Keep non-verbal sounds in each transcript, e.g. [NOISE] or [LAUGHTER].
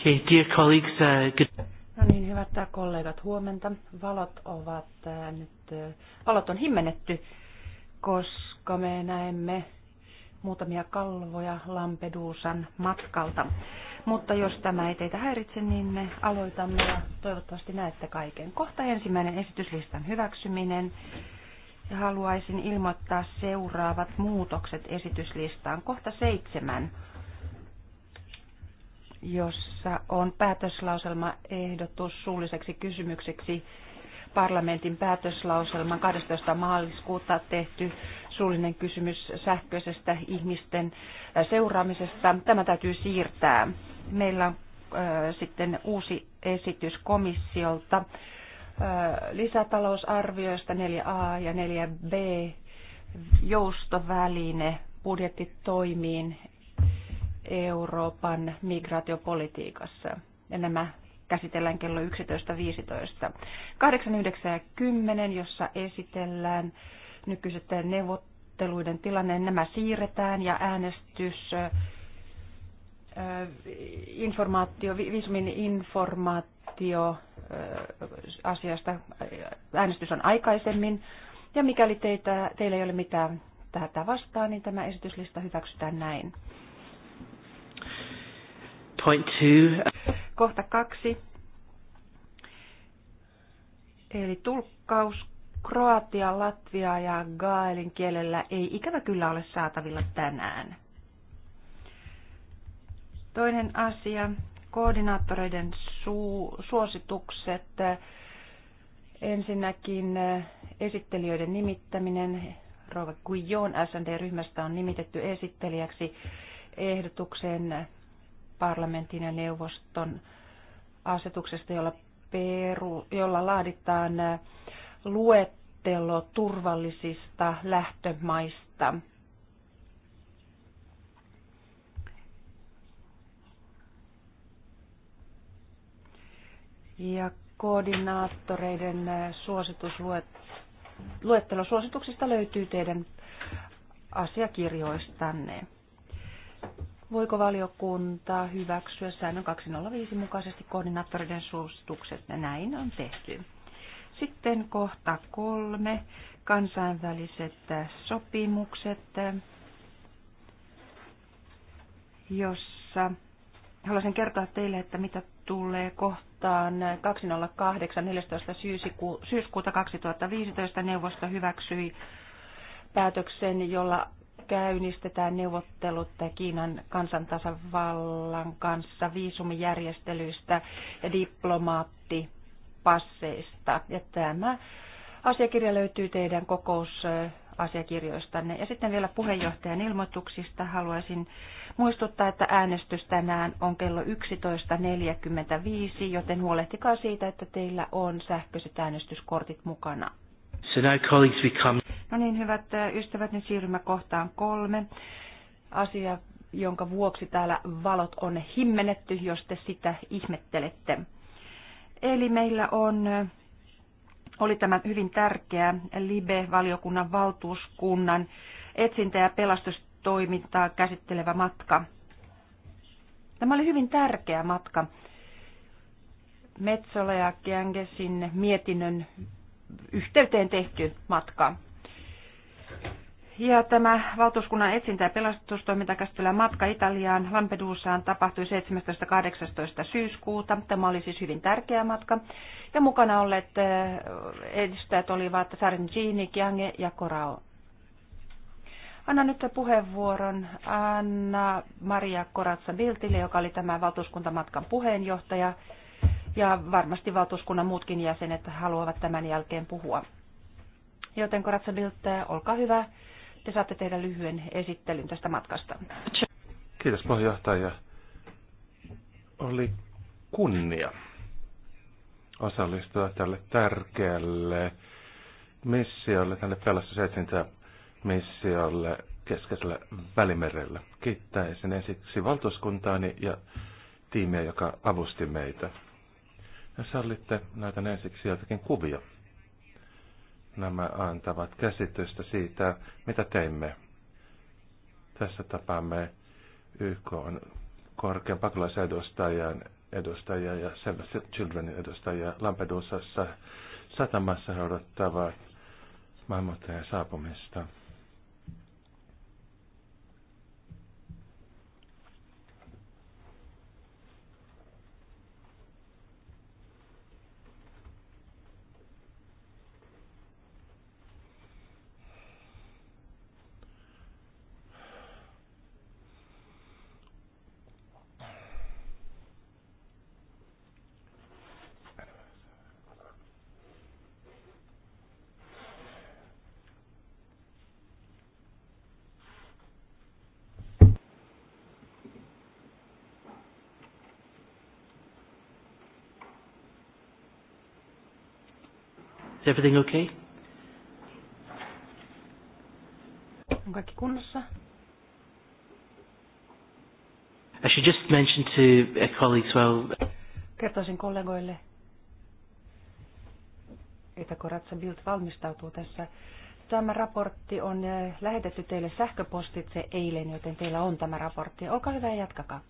Okay, dear colleagues, uh, good... No niin, hyvät kollegat, huomenta. Valot ovat äh, nyt, äh, valot on himmennetty, koska me näemme muutamia kalvoja Lampedusan matkalta. Mutta jos tämä ei teitä häiritse, niin me aloitamme ja toivottavasti näette kaiken. Kohta ensimmäinen esityslistan hyväksyminen. Ja haluaisin ilmoittaa seuraavat muutokset esityslistaan. Kohta seitsemän jossa on päätöslauselma ehdotus suulliseksi kysymykseksi parlamentin päätöslauselman 12. maaliskuuta tehty suullinen kysymys sähköisestä ihmisten äh, seuraamisesta. Tämä täytyy siirtää. Meillä on äh, sitten uusi esitys komissiolta äh, lisätalousarvioista 4a ja 4b joustoväline budjettitoimiin Euroopan migraatiopolitiikassa. Ja nämä käsitellään kello 11.15. 8.9.10, jossa esitellään nykyiset neuvotteluiden tilanne. Nämä siirretään ja äänestys informaatio, viisumin informaatio asiasta äänestys on aikaisemmin. Ja mikäli teitä, teillä ei ole mitään tätä vastaan, niin tämä esityslista hyväksytään näin. Point two. Kohta kaksi. Eli tulkkaus Kroatia, Latvia ja Gaelin kielellä ei ikävä kyllä ole saatavilla tänään. Toinen asia, koordinaattoreiden su- suositukset. Ensinnäkin eh, esittelijöiden nimittäminen. Rova Guillon SND-ryhmästä on nimitetty esittelijäksi ehdotukseen parlamentin ja neuvoston asetuksesta, jolla, peru, jolla laaditaan luettelo turvallisista lähtömaista. Ja koordinaattoreiden luettelo suosituksista löytyy teidän asiakirjoistanne voiko valiokunta hyväksyä säännön 205 mukaisesti koordinaattoriden suositukset ja näin on tehty. Sitten kohta kolme, kansainväliset sopimukset, jossa haluaisin kertoa teille, että mitä tulee kohtaan 208 14. syyskuuta 2015 neuvosto hyväksyi päätöksen, jolla käynnistetään neuvottelut Kiinan kansantasavallan kanssa viisumijärjestelyistä ja diplomaattipasseista. Ja tämä asiakirja löytyy teidän kokousasiakirjoistanne. Ja sitten vielä puheenjohtajan ilmoituksista haluaisin muistuttaa, että äänestys tänään on kello 11.45, joten huolehtikaa siitä, että teillä on sähköiset äänestyskortit mukana. So now colleagues come. No niin, hyvät ystävät, nyt siirrymme kohtaan kolme. Asia, jonka vuoksi täällä valot on himmenetty, jos te sitä ihmettelette. Eli meillä on, oli tämä hyvin tärkeä LIBE-valiokunnan valtuuskunnan etsintä- ja pelastustoimintaa käsittelevä matka. Tämä oli hyvin tärkeä matka Metsola ja Kiangesin mietinnön yhteyteen tehty matka. Ja tämä valtuuskunnan etsintä- ja pelastustoiminta käsittelyä matka Italiaan Lampedusaan tapahtui 17.–18. syyskuuta. Tämä oli siis hyvin tärkeä matka. Ja mukana olleet edistäjät olivat Sargini, Kiange ja Korao. Anna nyt puheenvuoron Anna Maria Koratsa Biltille, joka oli tämän valtuuskuntamatkan puheenjohtaja ja varmasti valtuuskunnan muutkin jäsenet haluavat tämän jälkeen puhua. Joten Koratsa olkaa hyvä. Te saatte tehdä lyhyen esittelyn tästä matkasta. Kiitos puheenjohtaja. Oli kunnia osallistua tälle tärkeälle missiolle, tälle missiolle keskeiselle välimerellä. Kiittäisin ensiksi valtuuskuntaani ja tiimiä, joka avusti meitä. Jos sallitte, näytän ensiksi sieltäkin kuvia. Nämä antavat käsitystä siitä, mitä teimme. Tässä tapaamme YK on korkean pakolaisedustajan edustajia ja Save Childrenin edustajia Lampedusassa satamassa he odottavat maailmoittajan saapumista. everything okay? On kaikki kunnossa? I should just mention to a uh, colleague as well. Kertoisin kollegoille, että Koratsa Bild valmistautuu tässä. Tämä raportti on äh, lähetetty teille sähköpostitse eilen, joten teillä on tämä raportti. Olkaa hyvä ja jatkakaa.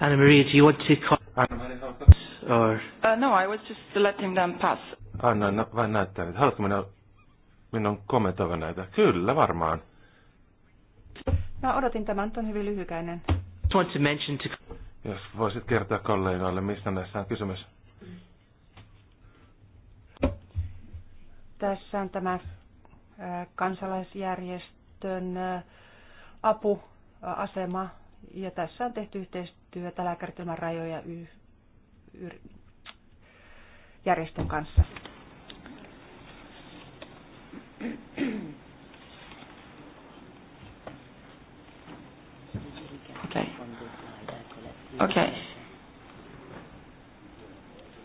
Anna Maria, do you want to comment? Or... Uh, no, I was just letting them pass. Anna, no, vain näyttää nyt. Haluatko minä, minun kommentoida näitä? Kyllä, varmaan. Mä odotin tämän, on hyvin lyhykäinen. Want to mention to... Jos voisit kertoa kollegoille, mistä näissä on kysymys. Tässä on tämä äh, kansalaisjärjestön äh, apuasema ja tässä on tehty yhteistyötä lääkäritilman rajoja y- y- järjestön kanssa. Okay. Okay.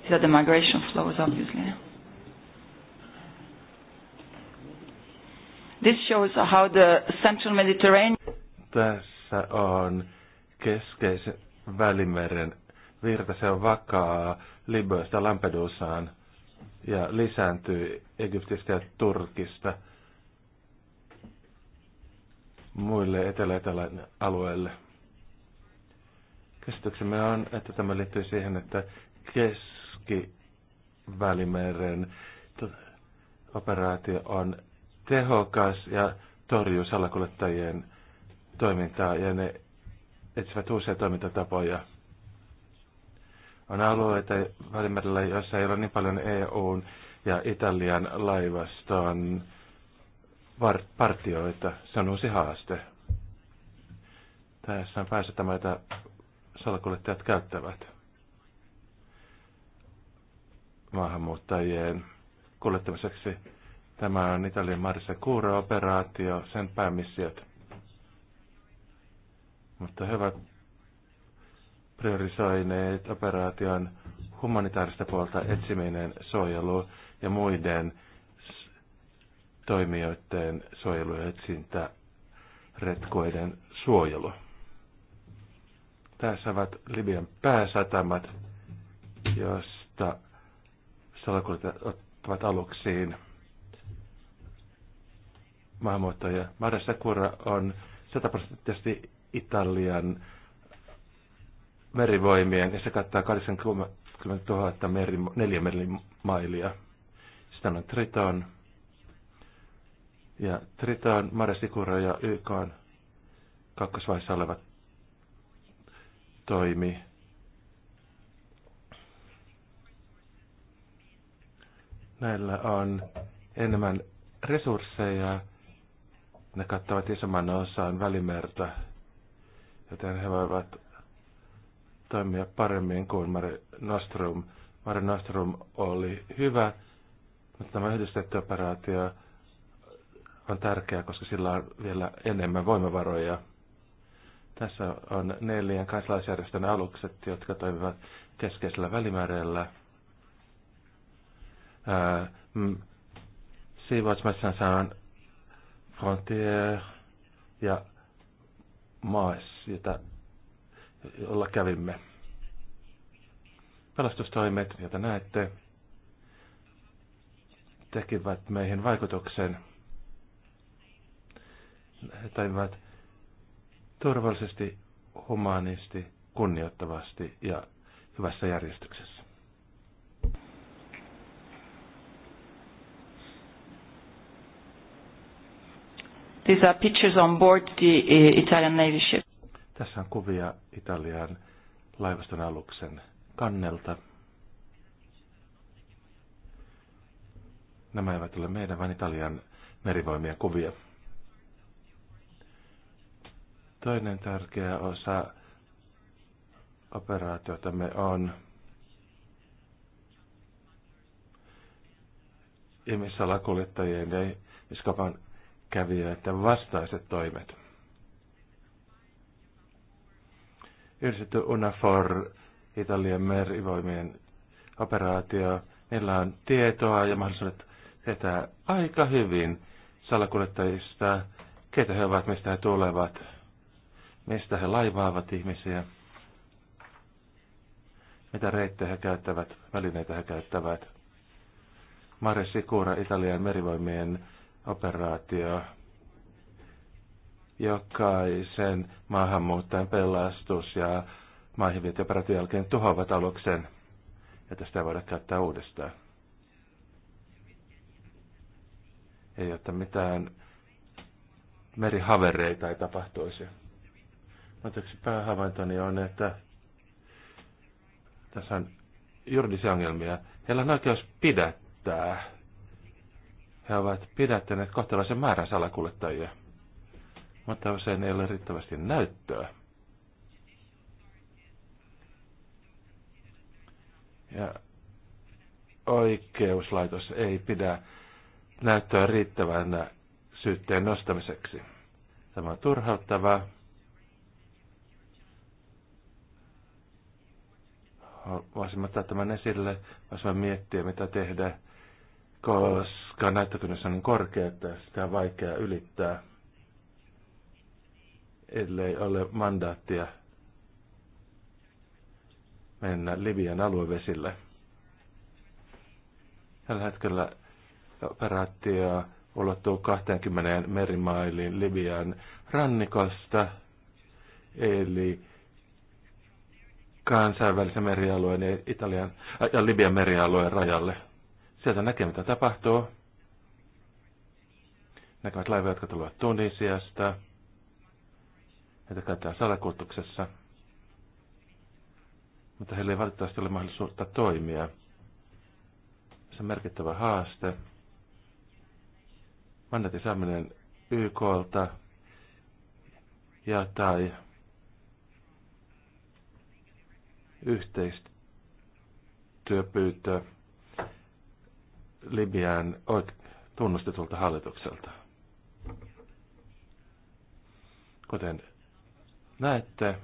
So the migration flow is obviously. This shows how the central Mediterranean. Tässä tässä on keskeisen välimeren virta. Se on vakaa Libyasta Lampedusaan ja lisääntyy Egyptistä ja Turkista muille etelä alueille. Käsityksemme on, että tämä liittyy siihen, että keskivälimeren operaatio on tehokas ja torjuu salakuljettajien toimintaa ja ne etsivät uusia toimintatapoja. On alueita Välimerellä, joissa ei ole niin paljon EUn ja Italian laivaston partioita. Se on uusi haaste. Tässä on päästötämäitä salakuljettajat käyttävät maahanmuuttajien kuljettamiseksi. Tämä on Italian Marsa Kuura-operaatio, sen päämissiot mutta he ovat priorisoineet operaation humanitaarista puolta etsiminen, suojelu ja muiden toimijoiden suojelu ja etsintä retkoiden suojelu. Tässä ovat Libian pääsatamat, josta salakulta ottavat aluksiin maahanmuuttajia. Marassa Kura on sataprosenttisesti Italian merivoimien, ja se kattaa 80 000 meri, neljä merimailia. Sitten on Triton, ja Triton, Sicura ja YK on kakkosvaiheessa oleva toimi. Näillä on enemmän resursseja. Ne kattavat isomman osan välimerta joten he voivat toimia paremmin kuin Mari Nostrum. Mari Nostrum oli hyvä, mutta tämä yhdistetty operaatio on tärkeä, koska sillä on vielä enemmän voimavaroja. Tässä on neljän kansalaisjärjestön alukset, jotka toimivat keskeisellä välimerellä. Siivousmässänsä on Frontier ja maassa, jolla kävimme. Pelastustoimet, joita näette, tekivät meihin vaikutuksen. He toimivat turvallisesti, humanisti, kunnioittavasti ja hyvässä järjestyksessä. These are pictures on board the eh, Italian Navy ship. Tässä on kuvia Italian laivaston aluksen kannelta. Nämä eivät ole meidän, vaan Italian merivoimien kuvia. Toinen tärkeä osa me on ihmissalakuljettajien ja ihmiskaupan kävijöiden vastaiset toimet. Yhdistetty UNAFOR, Italian merivoimien operaatio, niillä on tietoa ja mahdollisuudet tietää aika hyvin salakuljettajista, keitä he ovat, mistä he tulevat, mistä he laivaavat ihmisiä, mitä reittejä he käyttävät, välineitä he käyttävät. Mare Sicura, Italian merivoimien operaatio. Jokaisen maahanmuuttajan pelastus ja maihinvientioperaation jälkeen tuhoavat aluksen, ja tästä ei voida käyttää uudestaan. Ei jotta mitään merihavereita ei tapahtuisi. Mutta yksi päähavaintoni on, että tässä on juridisia ongelmia. Heillä on oikeus pidättää he ovat pidättäneet kohtalaisen määrän salakuljettajia, mutta usein ei ole riittävästi näyttöä. Ja oikeuslaitos ei pidä näyttöä riittävänä syytteen nostamiseksi. Tämä on turhauttavaa. Voisimme ottaa tämän esille, voisimme miettiä mitä tehdä koska näyttökynnys on korkea, että sitä on vaikea ylittää, ellei ole mandaattia mennä Libian aluevesille. Tällä hetkellä operaatio ulottuu 20 merimailin Libian rannikosta, eli kansainvälisen merialueen ja, Italian, ja Libian merialueen rajalle. Sieltä näkee, mitä tapahtuu. Näkevät laivoja, jotka tulevat Tunisiasta. Heitä käytetään salakultuksessa. Mutta heillä ei valitettavasti ole mahdollisuutta toimia. Se on merkittävä haaste. Mandatin saaminen YKlta ja tai yhteistyöpyyntö Libian tunnustetulta hallitukselta. Kuten näette,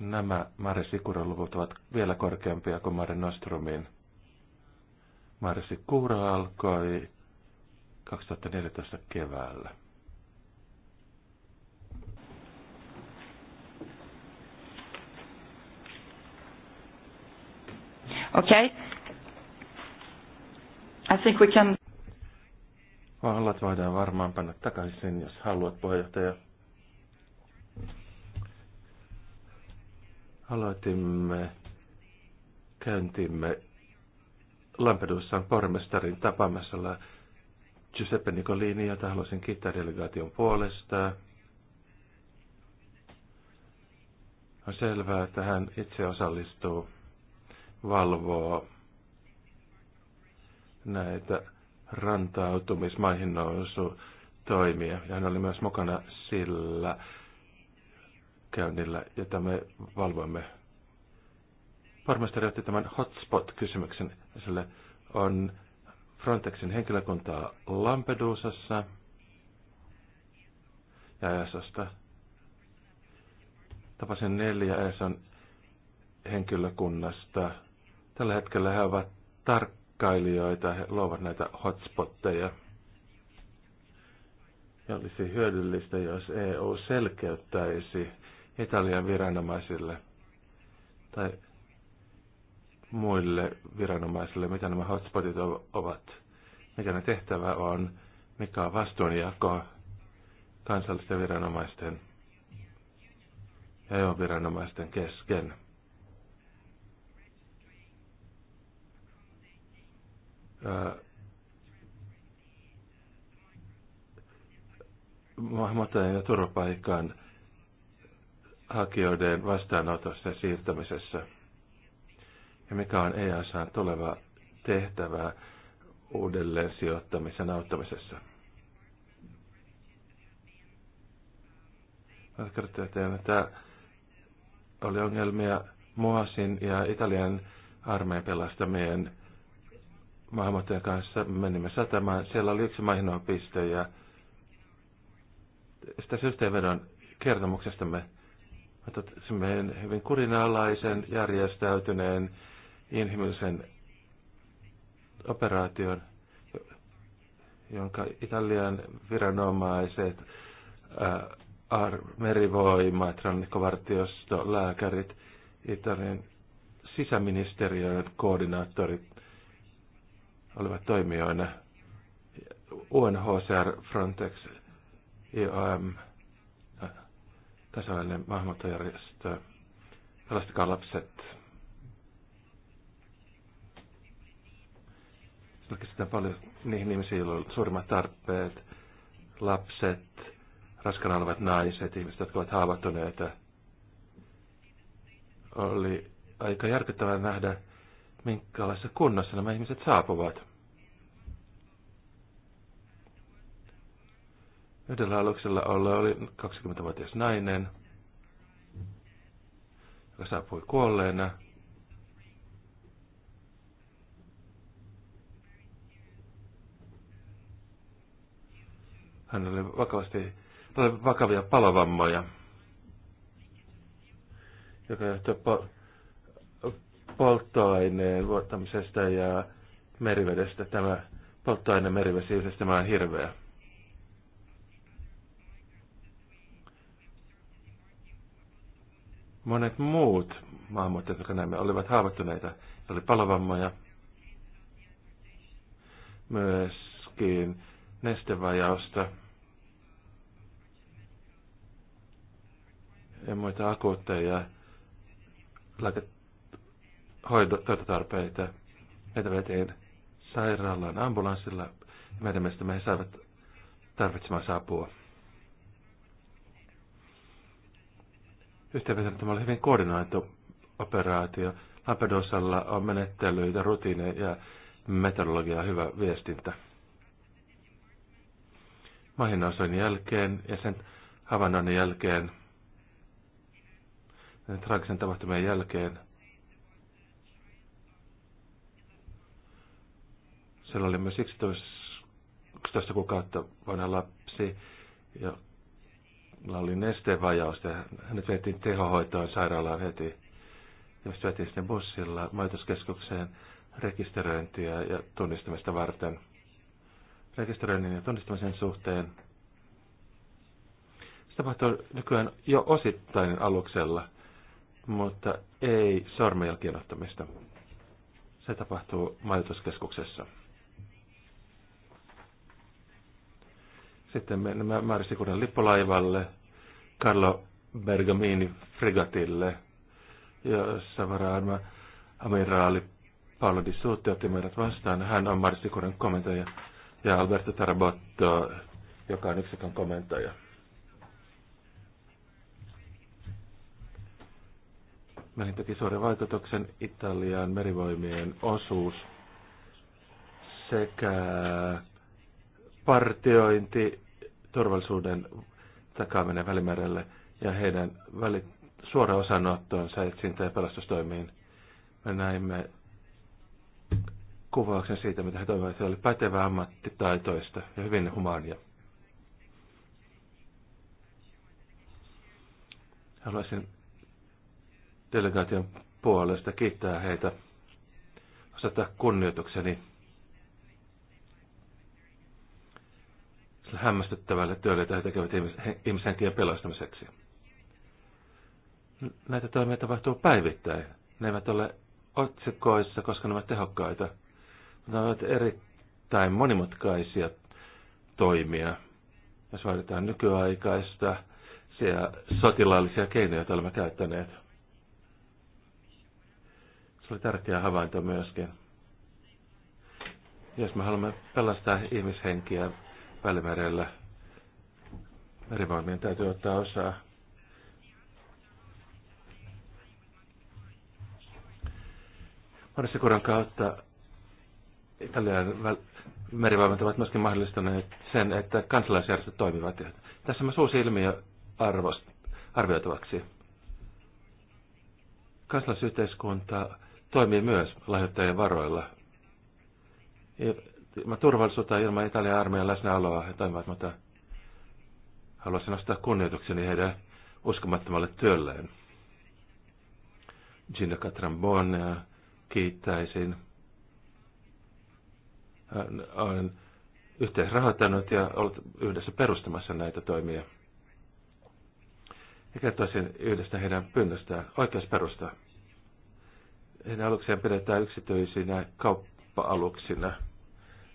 nämä Marisikuran luvut ovat vielä korkeampia kuin Mare Nostrumin. Marisikura alkoi 2014 keväällä. Okay. I think we can... Vallat voidaan varmaan panna takaisin, jos haluat, puheenjohtaja. Aloitimme käyntimme Lampedusan pormestarin tapaamisella Giuseppe Nicolini, jota haluaisin kiittää delegaation puolesta. On selvää, että hän itse osallistuu valvoo näitä rantautumismaihin nousu toimia. Ja hän oli myös mukana sillä käynnillä, jota me valvoimme. Pormestari otti tämän hotspot-kysymyksen esille. On Frontexin henkilökuntaa Lampedusassa ja ESOsta. Tapasin neljä ESOn henkilökunnasta Tällä hetkellä he ovat tarkkailijoita, he luovat näitä hotspotteja. Ja olisi hyödyllistä, jos EU selkeyttäisi Italian viranomaisille tai muille viranomaisille, mitä nämä hotspotit ovat, mikä ne tehtävä on, mikä on vastuunjako kansallisten viranomaisten ja EU-viranomaisten kesken. maahanmuuttajien ja turvapaikan hakijoiden vastaanotossa ja siirtämisessä. Ja mikä on EASAn tuleva tehtävä uudelleen sijoittamisen auttamisessa. Kertoo, että oli ongelmia Moasin ja Italian armeijan pelastamien maahanmuuttajan kanssa menimme satamaan. Siellä oli yksi piste ja sitä yhteenvedon kertomuksesta me hyvin kurinalaisen, järjestäytyneen, inhimillisen operaation, jonka Italian viranomaiset, ää, äh, merivoimat, rannikkovartiosto, lääkärit, Italian sisäministeriön koordinaattorit olivat toimijoina. UNHCR, Frontex, IOM, tasoinen maahanmuuttojärjestö, pelastakaa lapset. Oikeastaan paljon niihin ihmisiin, joilla on suurimmat tarpeet, lapset, raskana olevat naiset, ihmiset, jotka ovat haavoittuneita. Oli aika järkyttävää nähdä, minkälaisessa kunnossa nämä ihmiset saapuvat. Yhdellä aluksella olla oli 20-vuotias nainen, joka saapui kuolleena. Hän oli, vakavasti, oli vakavia palovammoja, joka johtui po- polttoaineen vuottamisesta ja merivedestä. Tämä polttoaine merivesi yhdistelmä on hirveä. monet muut maahanmuuttajat, jotka näemme, olivat haavoittuneita. Oli palovammoja, myöskin nestevajausta ja muita akuutteja lääkehoitotarpeita. Meitä vetiin sairaalaan ambulanssilla ja meidän mielestä me saivat tarvitsemaan apua. yhteenvetona tämä oli hyvin koordinoitu operaatio. Lampedusalla on menettelyitä, rutiineja ja metodologia hyvä viestintä. Mahinnausoinnin jälkeen ja sen havainnoinnin jälkeen, sen traagisen tapahtumien jälkeen, siellä oli myös 11, 11 kuukautta vanha lapsi, oli nestevajaus ja hänet vietiin tehohoitoon sairaalaan heti. Ja sitten vietiin sinne bussilla majoituskeskukseen rekisteröintiä ja tunnistamista varten. Rekisteröinnin ja tunnistamisen suhteen se tapahtuu nykyään jo osittain aluksella, mutta ei ottamista. Se tapahtuu majoituskeskuksessa. Sitten menimme kuuden lippulaivalle, Carlo Bergamini fregatille, jossa varaarma amiraali Paolo di Sutti otti meidät vastaan. Hän on Marsikudan komentaja ja Alberto Tarabotto, joka on yksikön komentaja. Meihin teki suuren vaikutuksen Italian merivoimien osuus sekä partiointi turvallisuuden takaaminen Välimerelle ja heidän välit, suora osanottoonsa etsintä- ja pelastustoimiin. Me näimme kuvauksen siitä, mitä he toimivat. Se oli pätevä ammattitaitoista ja hyvin humaania. Haluaisin delegaation puolesta kiittää heitä, osata kunnioitukseni hämmästyttävälle työlle, jota he tekevät ihmishenkien pelastamiseksi. Näitä toimia tapahtuu päivittäin. Ne eivät ole otsikoissa, koska ne ovat tehokkaita, ne ovat erittäin monimutkaisia toimia. Jos vaaditaan nykyaikaista sotilaallisia keinoja, joita olemme käyttäneet. Se oli tärkeä havainto myöskin. Jos me haluamme pelastaa ihmishenkiä Välimerellä. Merivoimien täytyy ottaa osaa. Marssikuran kautta Italian väl- merivoimat ovat myöskin mahdollistaneet sen, että kansalaisjärjestöt toimivat. Tässä on uusi ilmiö arvost, arvioitavaksi. Kansalaisyhteiskunta toimii myös lahjoittajien varoilla. Mä turvallisuutta ilman Italian armeijan läsnäoloa. He toimivat, mutta haluaisin nostaa kunnioitukseni heidän uskomattomalle työlleen. Gina Catrambonea äh, kiittäisin. Hän on yhteisrahoittanut ja ollut yhdessä perustamassa näitä toimia. Ja kertoisin yhdestä heidän pyynnöstään oikeusperusta. Heidän alukseen pidetään yksityisinä kauppa-aluksina –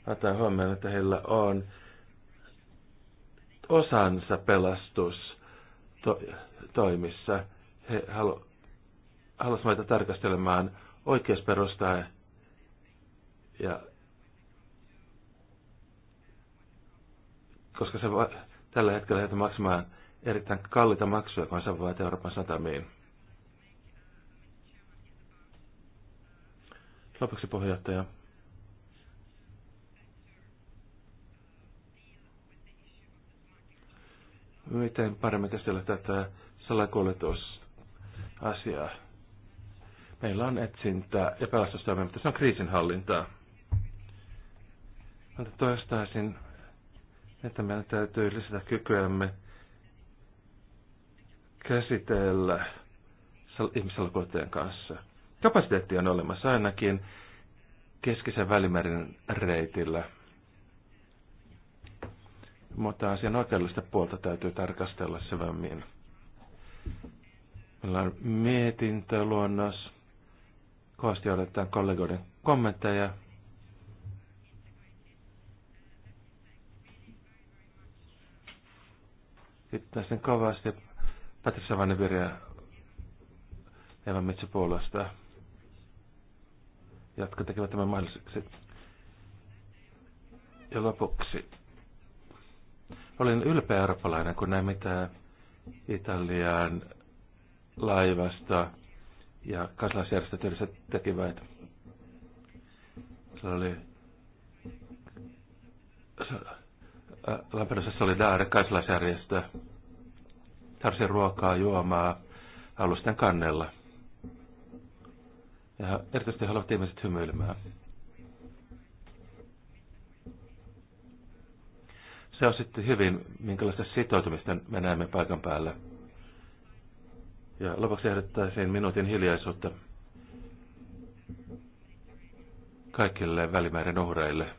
ottaa huomioon, että heillä on osansa pelastustoimissa. He halu, halusivat meitä tarkastelemaan oikeusperusta ja koska se va, tällä hetkellä heitä maksamaan erittäin kalliita maksuja, kun se voi Euroopan satamiin. Lopuksi puheenjohtaja. miten paremmin käsitellä tätä salakuljetusasiaa. Meillä on etsintä ja pelastustoimia, mutta se on kriisinhallintaa. Mutta toistaisin, että meidän täytyy lisätä kykyämme käsitellä ihmisalakoitteen kanssa. Kapasiteetti on olemassa ainakin keskisen välimerin reitillä mutta asian oikeudellista puolta täytyy tarkastella syvemmin. Meillä on mietintöluonnos. Kovasti odotetaan kollegoiden kommentteja. Sitten sen kovasti Patrick ja Eva Metsäpuolesta, Jatka tekevät tämän mahdolliseksi. Ja lopuksi Olin ylpeä eurooppalainen, kun näin mitä Italian laivasta ja kansalaisjärjestöt yhdessä tekivät. Se oli Lampedusa Solidaare kansalaisjärjestö. Tarsin ruokaa, juomaa alusten kannella. Ja erityisesti haluavat ihmiset hymyilemään. Se on sitten hyvin, minkälaista sitoutumista me näemme paikan päällä. Ja lopuksi ehdottaisin minuutin hiljaisuutta kaikille välimäärin uhreille.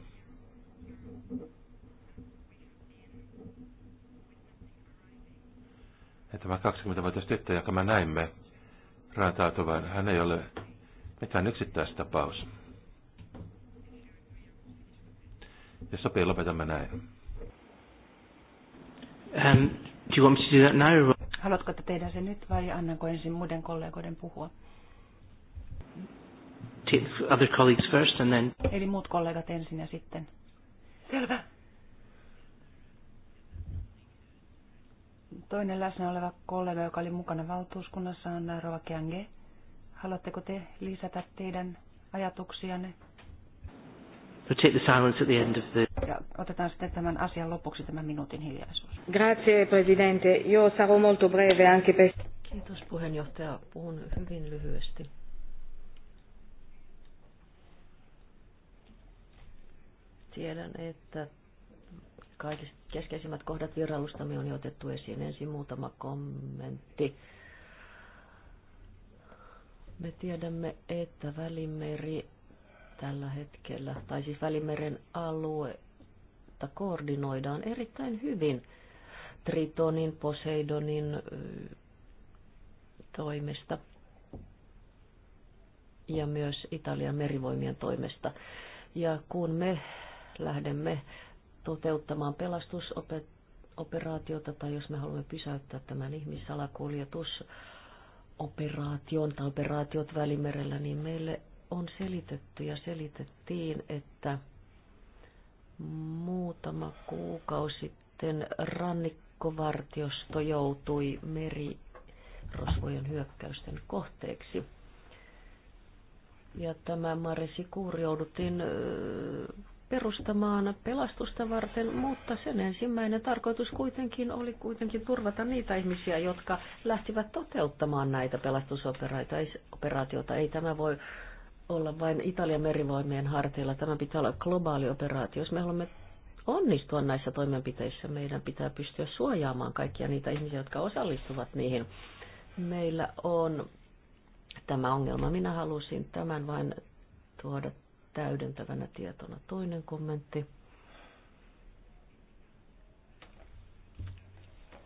Ja tämä 20-vuotias tyttö, jonka me näimme rantautuvan, hän ei ole mitään yksittäistapaus. Ja sopii lopetamme näin. Um, do you want me to do that now? Haluatko te tehdä sen nyt vai annanko ensin muiden kollegoiden puhua? Take other colleagues first and then... Eli muut kollegat ensin ja sitten. Selvä. Toinen läsnä oleva kollega, joka oli mukana valtuuskunnassa, on Rova Kiange. Haluatteko te lisätä teidän ajatuksianne otetaan sitten tämän asian lopuksi tämä minuutin hiljaisuus. Grazie, presidente. Io sarò molto breve anche per... Kiitos puheenjohtaja. Puhun hyvin lyhyesti. Tiedän, että kaikista keskeisimmät kohdat virallustamme on jo otettu esiin. Ensin muutama kommentti. Me tiedämme, että Välimeri tällä hetkellä, tai siis Välimeren aluetta koordinoidaan erittäin hyvin Tritonin, Poseidonin toimesta ja myös Italian merivoimien toimesta. Ja kun me lähdemme toteuttamaan pelastusoperaatiota tai jos me haluamme pysäyttää tämän ihmissalakuljetusoperaation tai operaatiot Välimerellä, niin meille on selitetty ja selitettiin, että muutama kuukausi sitten rannikkovartiosto joutui merirosvojen hyökkäysten kohteeksi. Ja tämä Marisi Kuuri jouduttiin perustamaan pelastusta varten, mutta sen ensimmäinen tarkoitus kuitenkin oli kuitenkin turvata niitä ihmisiä, jotka lähtivät toteuttamaan näitä pelastusoperaatioita. Ei tämä voi olla vain Italian merivoimien harteilla. Tämä pitää olla globaali operaatio. Jos me haluamme onnistua näissä toimenpiteissä, meidän pitää pystyä suojaamaan kaikkia niitä ihmisiä, jotka osallistuvat niihin. Meillä on tämä ongelma. Minä halusin tämän vain tuoda täydentävänä tietona. Toinen kommentti.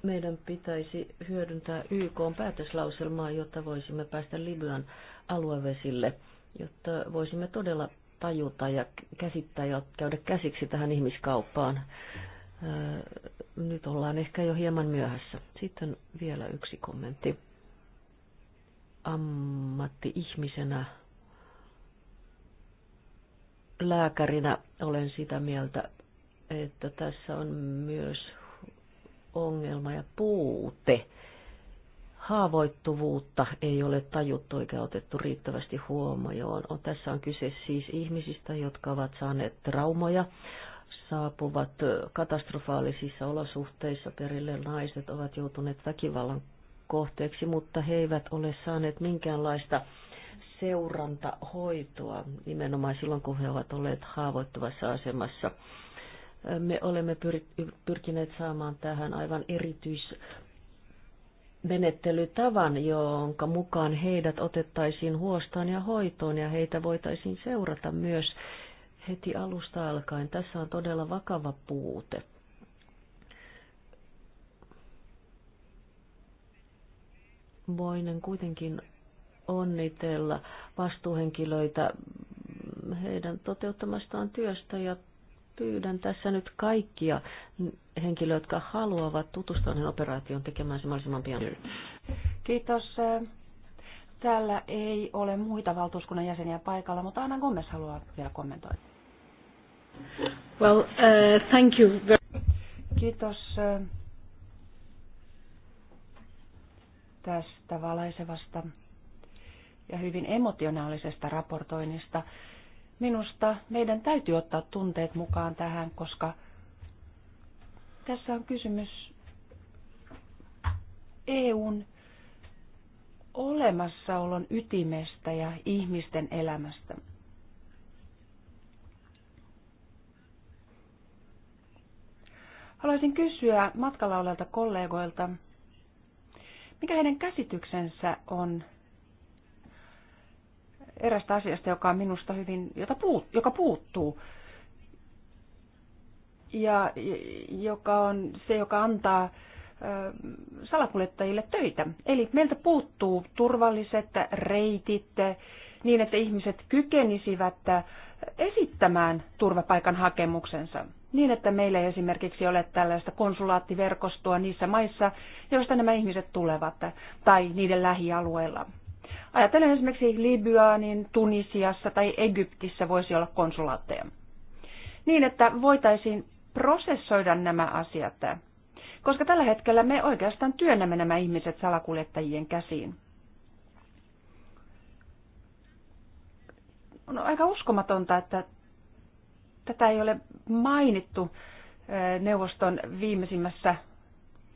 Meidän pitäisi hyödyntää YK päätöslauselmaa, jotta voisimme päästä Libyan aluevesille jotta voisimme todella tajuta ja käsittää ja käydä käsiksi tähän ihmiskauppaan. Nyt ollaan ehkä jo hieman myöhässä. Sitten vielä yksi kommentti. Ammatti-ihmisenä, lääkärinä olen sitä mieltä, että tässä on myös ongelma ja puute haavoittuvuutta ei ole tajuttu eikä otettu riittävästi huomioon. Tässä on kyse siis ihmisistä, jotka ovat saaneet traumoja, saapuvat katastrofaalisissa olosuhteissa perille. Naiset ovat joutuneet väkivallan kohteeksi, mutta he eivät ole saaneet minkäänlaista seurantahoitoa nimenomaan silloin, kun he ovat olleet haavoittuvassa asemassa. Me olemme pyrkineet saamaan tähän aivan erityis menettelytavan, jonka mukaan heidät otettaisiin huostaan ja hoitoon ja heitä voitaisiin seurata myös heti alusta alkaen. Tässä on todella vakava puute. Voinen kuitenkin onnitella vastuuhenkilöitä heidän toteuttamastaan työstä ja pyydän tässä nyt kaikkia henkilöitä, jotka haluavat tutustua näihin operaation tekemään se mahdollisimman pian. Kiitos. Täällä ei ole muita valtuuskunnan jäseniä paikalla, mutta Anna Gomez haluaa vielä kommentoida. Well, uh, thank you. Very... Kiitos uh, tästä valaisevasta ja hyvin emotionaalisesta raportoinnista minusta meidän täytyy ottaa tunteet mukaan tähän, koska tässä on kysymys EUn olemassaolon ytimestä ja ihmisten elämästä. Haluaisin kysyä matkalla olevilta kollegoilta, mikä heidän käsityksensä on erästä asiasta, joka on minusta hyvin, jota puut, joka puuttuu. Ja joka on se, joka antaa salakuljettajille töitä. Eli meiltä puuttuu turvalliset reitit niin, että ihmiset kykenisivät esittämään turvapaikan hakemuksensa. Niin, että meillä ei esimerkiksi ole tällaista konsulaattiverkostoa niissä maissa, joista nämä ihmiset tulevat, tai niiden lähialueilla. Ajatellen esimerkiksi Libyaa, niin Tunisiassa tai Egyptissä voisi olla konsulaatteja. Niin, että voitaisiin prosessoida nämä asiat, koska tällä hetkellä me oikeastaan työnnämme nämä ihmiset salakuljettajien käsiin. On aika uskomatonta, että tätä ei ole mainittu eh, neuvoston viimeisimmässä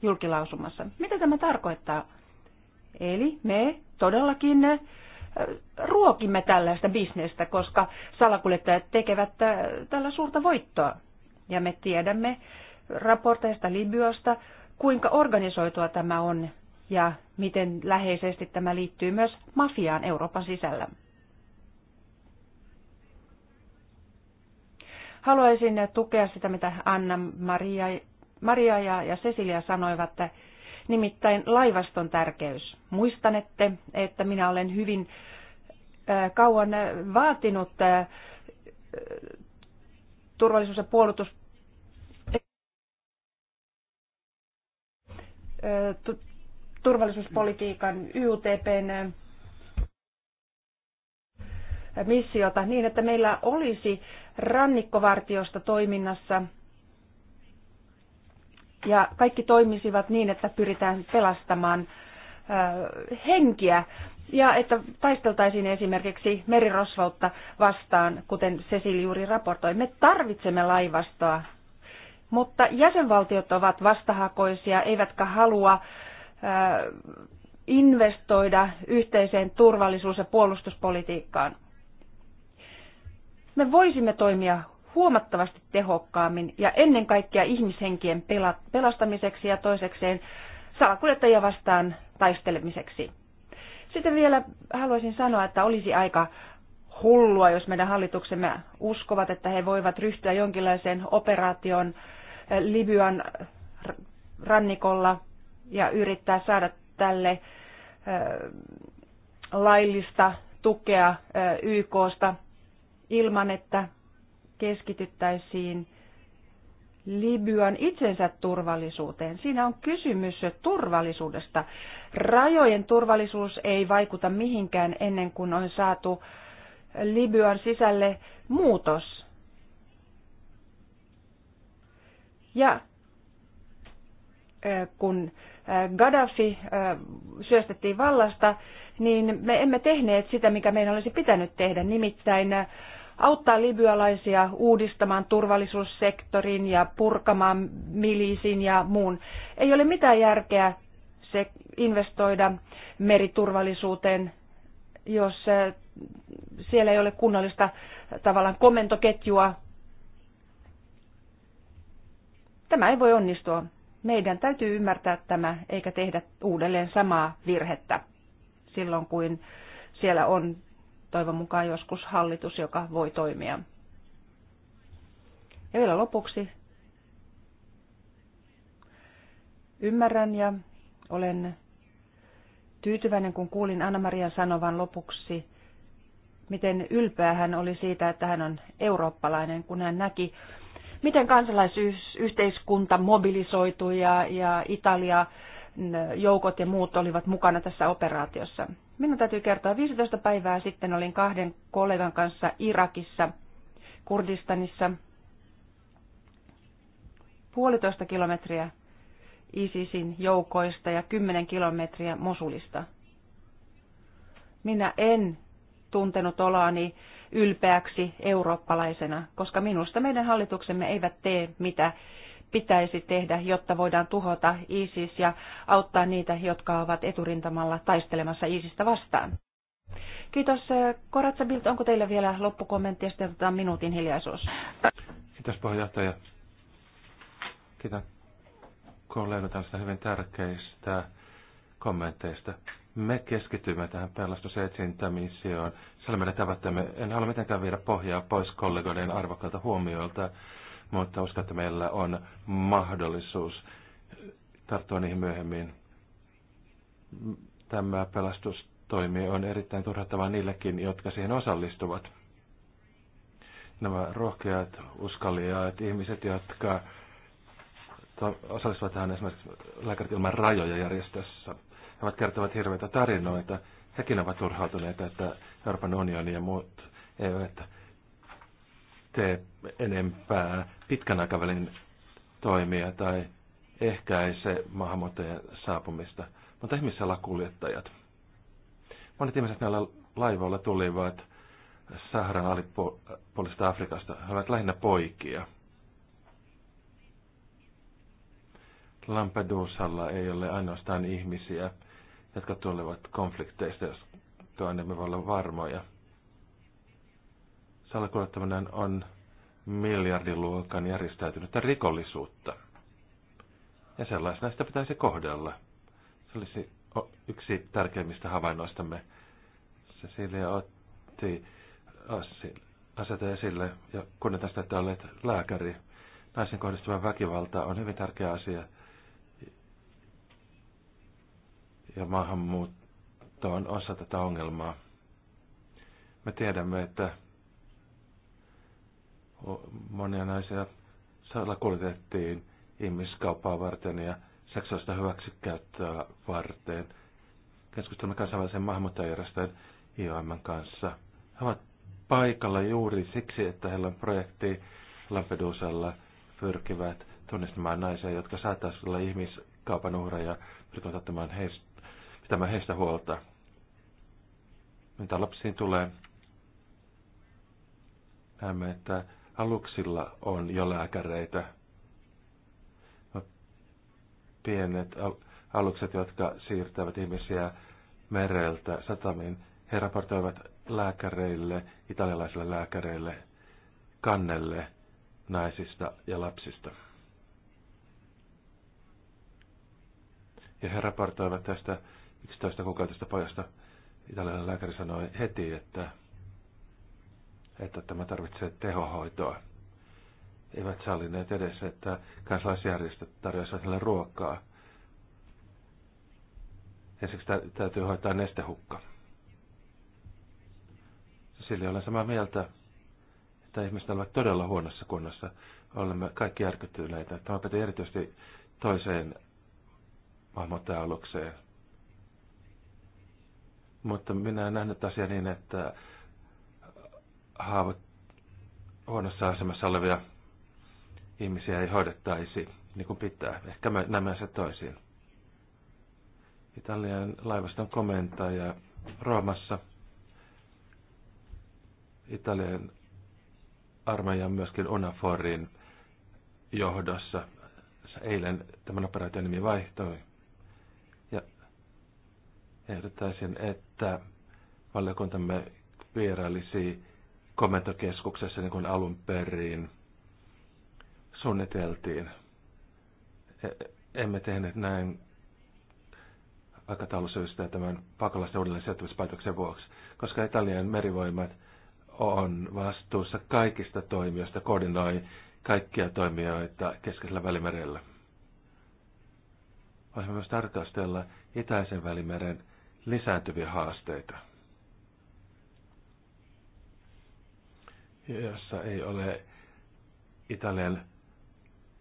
julkilausumassa. Mitä tämä tarkoittaa? Eli me todellakin äh, ruokimme tällaista bisnestä, koska salakuljettajat tekevät äh, tällä suurta voittoa. Ja me tiedämme raporteista Libyasta, kuinka organisoitua tämä on ja miten läheisesti tämä liittyy myös mafiaan Euroopan sisällä. Haluaisin tukea sitä, mitä Anna, Maria, Maria ja, ja Cecilia sanoivat, että nimittäin laivaston tärkeys. Muistanette, että minä olen hyvin kauan vaatinut turvallisuus- ja puolustus turvallisuuspolitiikan YUTPn missiota niin, että meillä olisi rannikkovartiosta toiminnassa ja kaikki toimisivat niin, että pyritään pelastamaan henkiä ja että taisteltaisiin esimerkiksi merirosvoutta vastaan, kuten Cecil juuri raportoi. Me tarvitsemme laivastoa, mutta jäsenvaltiot ovat vastahakoisia, eivätkä halua investoida yhteiseen turvallisuus- ja puolustuspolitiikkaan. Me voisimme toimia huomattavasti tehokkaammin ja ennen kaikkea ihmishenkien pelastamiseksi ja toisekseen salakuljettajia vastaan taistelemiseksi. Sitten vielä haluaisin sanoa, että olisi aika hullua, jos meidän hallituksemme uskovat, että he voivat ryhtyä jonkinlaiseen operaatioon eh, Libyan rannikolla ja yrittää saada tälle eh, laillista tukea eh, YKsta ilman, että keskityttäisiin Libyan itsensä turvallisuuteen. Siinä on kysymys turvallisuudesta. Rajojen turvallisuus ei vaikuta mihinkään ennen kuin on saatu Libyan sisälle muutos. Ja kun Gaddafi syöstettiin vallasta, niin me emme tehneet sitä, mikä meidän olisi pitänyt tehdä, nimittäin auttaa libyalaisia uudistamaan turvallisuussektorin ja purkamaan milisin ja muun. Ei ole mitään järkeä se investoida meriturvallisuuteen, jos eh, siellä ei ole kunnollista tavallaan komentoketjua. Tämä ei voi onnistua. Meidän täytyy ymmärtää tämä eikä tehdä uudelleen samaa virhettä silloin, kun siellä on toivon mukaan joskus hallitus, joka voi toimia. Ja vielä lopuksi ymmärrän ja olen tyytyväinen, kun kuulin Anna-Maria sanovan lopuksi, miten ylpeä hän oli siitä, että hän on eurooppalainen, kun hän näki, miten kansalaisyhteiskunta mobilisoitui ja, ja Italia joukot ja muut olivat mukana tässä operaatiossa. Minun täytyy kertoa, 15 päivää sitten olin kahden kollegan kanssa Irakissa, Kurdistanissa, puolitoista kilometriä ISISin joukoista ja kymmenen kilometriä Mosulista. Minä en tuntenut olaani ylpeäksi eurooppalaisena, koska minusta meidän hallituksemme eivät tee, mitä pitäisi tehdä, jotta voidaan tuhota ISIS ja auttaa niitä, jotka ovat eturintamalla taistelemassa ISISistä vastaan. Kiitos. Koratsa Bild, onko teillä vielä loppukommentti ja sitten otetaan minuutin hiljaisuus? Kiitos puheenjohtaja. Kiitän kollegoita tästä hyvin tärkeistä kommenteista. Me keskitymme tähän pelastusetsintämissioon. Sillä meidän tavoitteemme, en halua mitenkään viedä pohjaa pois kollegoiden arvokkailta huomioilta mutta uskon, että meillä on mahdollisuus tarttua niihin myöhemmin. Tämä pelastustoimi on erittäin turhattava niillekin, jotka siihen osallistuvat. Nämä rohkeat, uskalliaat ihmiset, jotka osallistuvat tähän esimerkiksi Lääkärit ilman rajoja järjestössä. He ovat kertovat hirveitä tarinoita. Hekin ovat turhautuneita, että Euroopan unioni ja muut eivät tee enempää pitkän aikavälin toimia tai ehkäise maahanmuuttajien saapumista, mutta kuljettajat. Monet ihmiset näillä laivoilla tulivat Saharan alipuolisesta Afrikasta. He ovat lähinnä poikia. Lampedusalla ei ole ainoastaan ihmisiä, jotka tulevat konflikteista, toinen me voi olla varmoja – salakuljettaminen on miljardiluokan järjestäytynyttä rikollisuutta. Ja sellaisena sitä pitäisi kohdella. Se olisi yksi tärkeimmistä havainnoistamme. Cecilia otti aseta esille, ja kun tästä että olet lääkäri, naisen kohdistuva väkivalta on hyvin tärkeä asia. Ja maahanmuutto on osa tätä ongelmaa. Me tiedämme, että monia naisia salakuljetettiin ihmiskauppaa varten ja seksuaalista hyväksikäyttöä varten. Keskustelemme kansainvälisen maahanmuuttajärjestön IOM kanssa. He ovat paikalla juuri siksi, että heillä on projekti Lampedusalla pyrkivät tunnistamaan naisia, jotka saattaisivat olla ihmiskaupan uhreja, pyrkivät ottamaan heistä, pitämään heistä huolta. Mitä lapsiin tulee, näemme, että aluksilla on jo lääkäreitä. No, pienet alukset, jotka siirtävät ihmisiä mereltä satamiin, he raportoivat lääkäreille, italialaisille lääkäreille, kannelle naisista ja lapsista. Ja he raportoivat tästä 11 kuukautista pojasta. Italialainen lääkäri sanoi heti, että että tämä tarvitsee tehohoitoa. Eivät sallineet edes, että kansalaisjärjestöt tarjoaisivat heille ruokaa. Ensiksi täytyy hoitaa nestehukka. Sillä olen samaa mieltä, että ihmiset ovat todella huonossa kunnossa. Olemme kaikki järkyttyneitä. Tämä pätee erityisesti toiseen maailmantaulukseen. Mutta minä en nähnyt asiaa niin, että haavoit, huonossa asemassa olevia ihmisiä ei hoidettaisi niin kuin pitää. Ehkä me nämä se toisiin. Italian laivaston komentaja Roomassa. Italian armeijan myöskin Onaforin johdossa. Eilen tämän operaation nimi vaihtoi. Ja ehdottaisin, että valiokuntamme vierailisi komentokeskuksessa niin alun perin suunniteltiin. E, emme tehneet näin aikataulusyistä tämän pakolaisten uudelleen sijoittamispäätöksen vuoksi, koska Italian merivoimat on vastuussa kaikista toimijoista, koordinoi kaikkia toimijoita keskellä välimerellä. Voimme myös tarkastella itäisen välimeren lisääntyviä haasteita. jossa ei ole Italian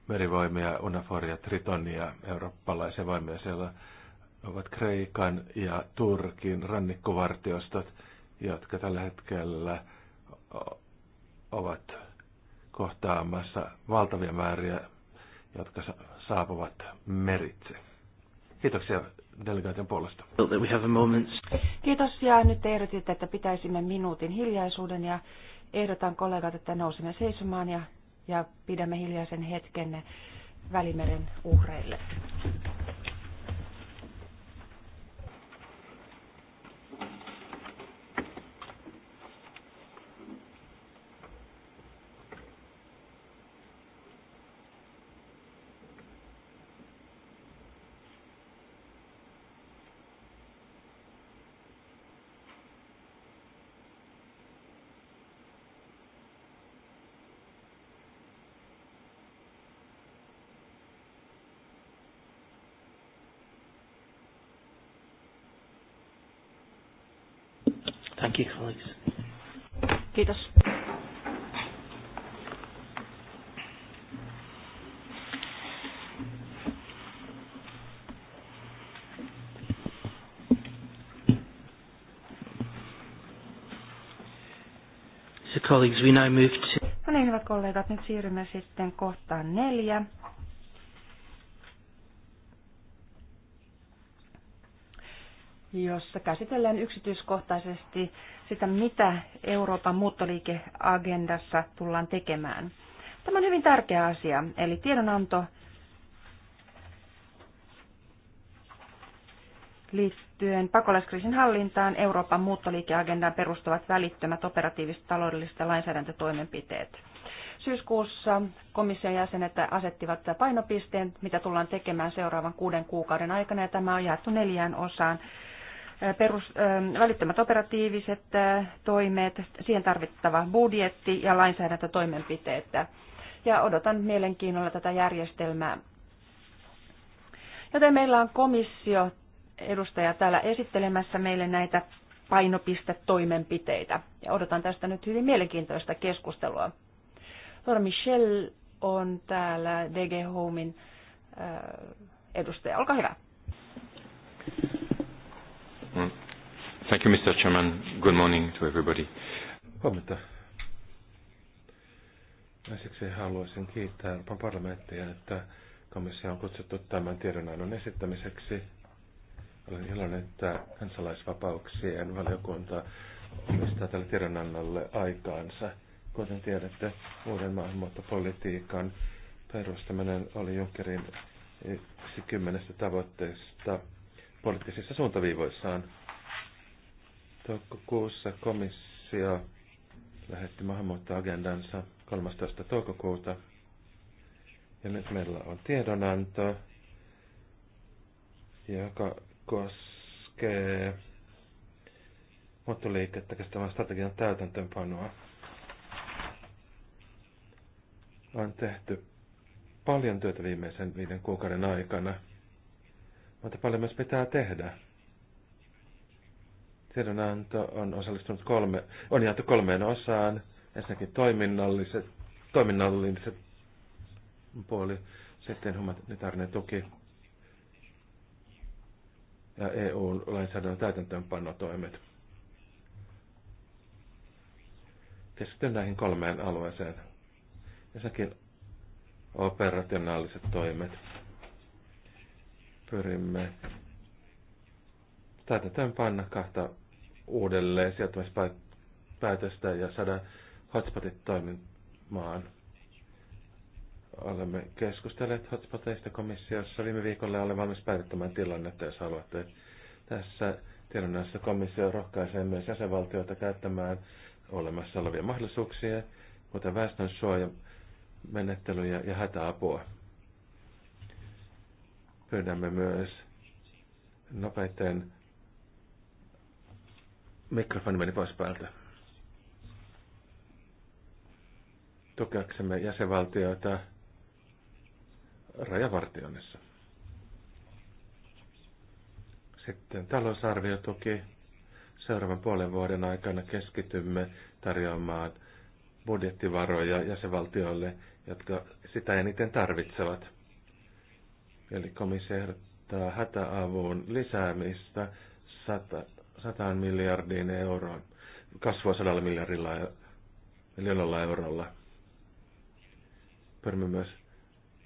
merivoimia, Unaforia, Tritonia, eurooppalaisia voimia. Siellä ovat Kreikan ja Turkin rannikkovartiostot, jotka tällä hetkellä ovat kohtaamassa valtavia määriä, jotka saapuvat meritse. Kiitoksia delegaation puolesta. Kiitos ja nyt ehdotitte, että pitäisimme minuutin hiljaisuuden ja ehdotan kollegat, että nousemme seisomaan ja, ja pidämme hiljaisen hetken Välimeren uhreille. Thank you, colleagues. Kiitos. colleagues, we now move to... No niin, hyvät kollegat, nyt siirrymme sitten kohtaan neljä. jossa käsitellään yksityiskohtaisesti sitä, mitä Euroopan muuttoliikeagendassa tullaan tekemään. Tämä on hyvin tärkeä asia, eli tiedonanto liittyen pakolaiskriisin hallintaan Euroopan muuttoliikeagendaan perustuvat välittömät operatiiviset taloudelliset ja lainsäädäntötoimenpiteet. Syyskuussa komission jäsenet asettivat painopisteen, mitä tullaan tekemään seuraavan kuuden kuukauden aikana, ja tämä on jaettu neljään osaan perus, välittömät operatiiviset toimet, siihen tarvittava budjetti ja lainsäädäntötoimenpiteet. Ja odotan mielenkiinnolla tätä järjestelmää. Joten meillä on komissio edustaja täällä esittelemässä meille näitä painopistetoimenpiteitä. Ja odotan tästä nyt hyvin mielenkiintoista keskustelua. Laura Michel on täällä DG Homein edustaja. Olkaa hyvä. Mm. Thank you, Mr. Chairman. Good morning to everybody. Huomenta. Ensiksi haluaisin kiittää Euroopan parlamenttia, että komissio on kutsuttu tämän tiedonannon esittämiseksi. Olen iloinen, että kansalaisvapauksien valiokunta omistaa tälle tiedonannolle aikaansa. Kuten tiedätte, uuden maahanmuuttopolitiikan perustaminen oli Junckerin yksi kymmenestä tavoitteesta poliittisissa suuntaviivoissaan. Toukokuussa komissio lähetti maahanmuuttoagendansa 13. toukokuuta. Ja nyt meillä on tiedonanto, joka koskee muuttoliikettä kestävän strategian täytäntöönpanoa. On tehty paljon työtä viimeisen viiden kuukauden aikana – mutta paljon myös pitää tehdä. Tiedonanto on osallistunut kolme, on jaettu kolmeen osaan. Ensinnäkin toiminnalliset, toiminnalliset puoli, sitten humanitaarinen tuki ja EU-lainsäädännön täytäntöönpanotoimet. Keskityn näihin kolmeen alueeseen. Ensinnäkin operationaaliset toimet pyrimme täytetään panna kahta uudelleen sijoittamispäätöstä ja saada hotspotit toimimaan. Olemme keskustelleet hotspoteista komissiossa viime viikolla ja olen valmis päivittämään tilannetta, jos haluatte. Tässä tiedonannossa komissio rohkaisee myös jäsenvaltioita käyttämään olemassa olevia mahdollisuuksia, kuten väestönsuoja, menettelyjä ja hätäapua. Pyydämme myös nopeiten mikrofoni meni pois päältä. Tukeaksemme jäsenvaltioita rajavartioinnissa. Sitten talousarviotuki. Seuraavan puolen vuoden aikana keskitymme tarjoamaan budjettivaroja jäsenvaltioille, jotka sitä eniten tarvitsevat. Eli komissio ehdottaa hätäavun lisäämistä 100, 100 miljardiin euroon, kasvua 100 miljardilla miljoonalla eurolla. Pyrimme myös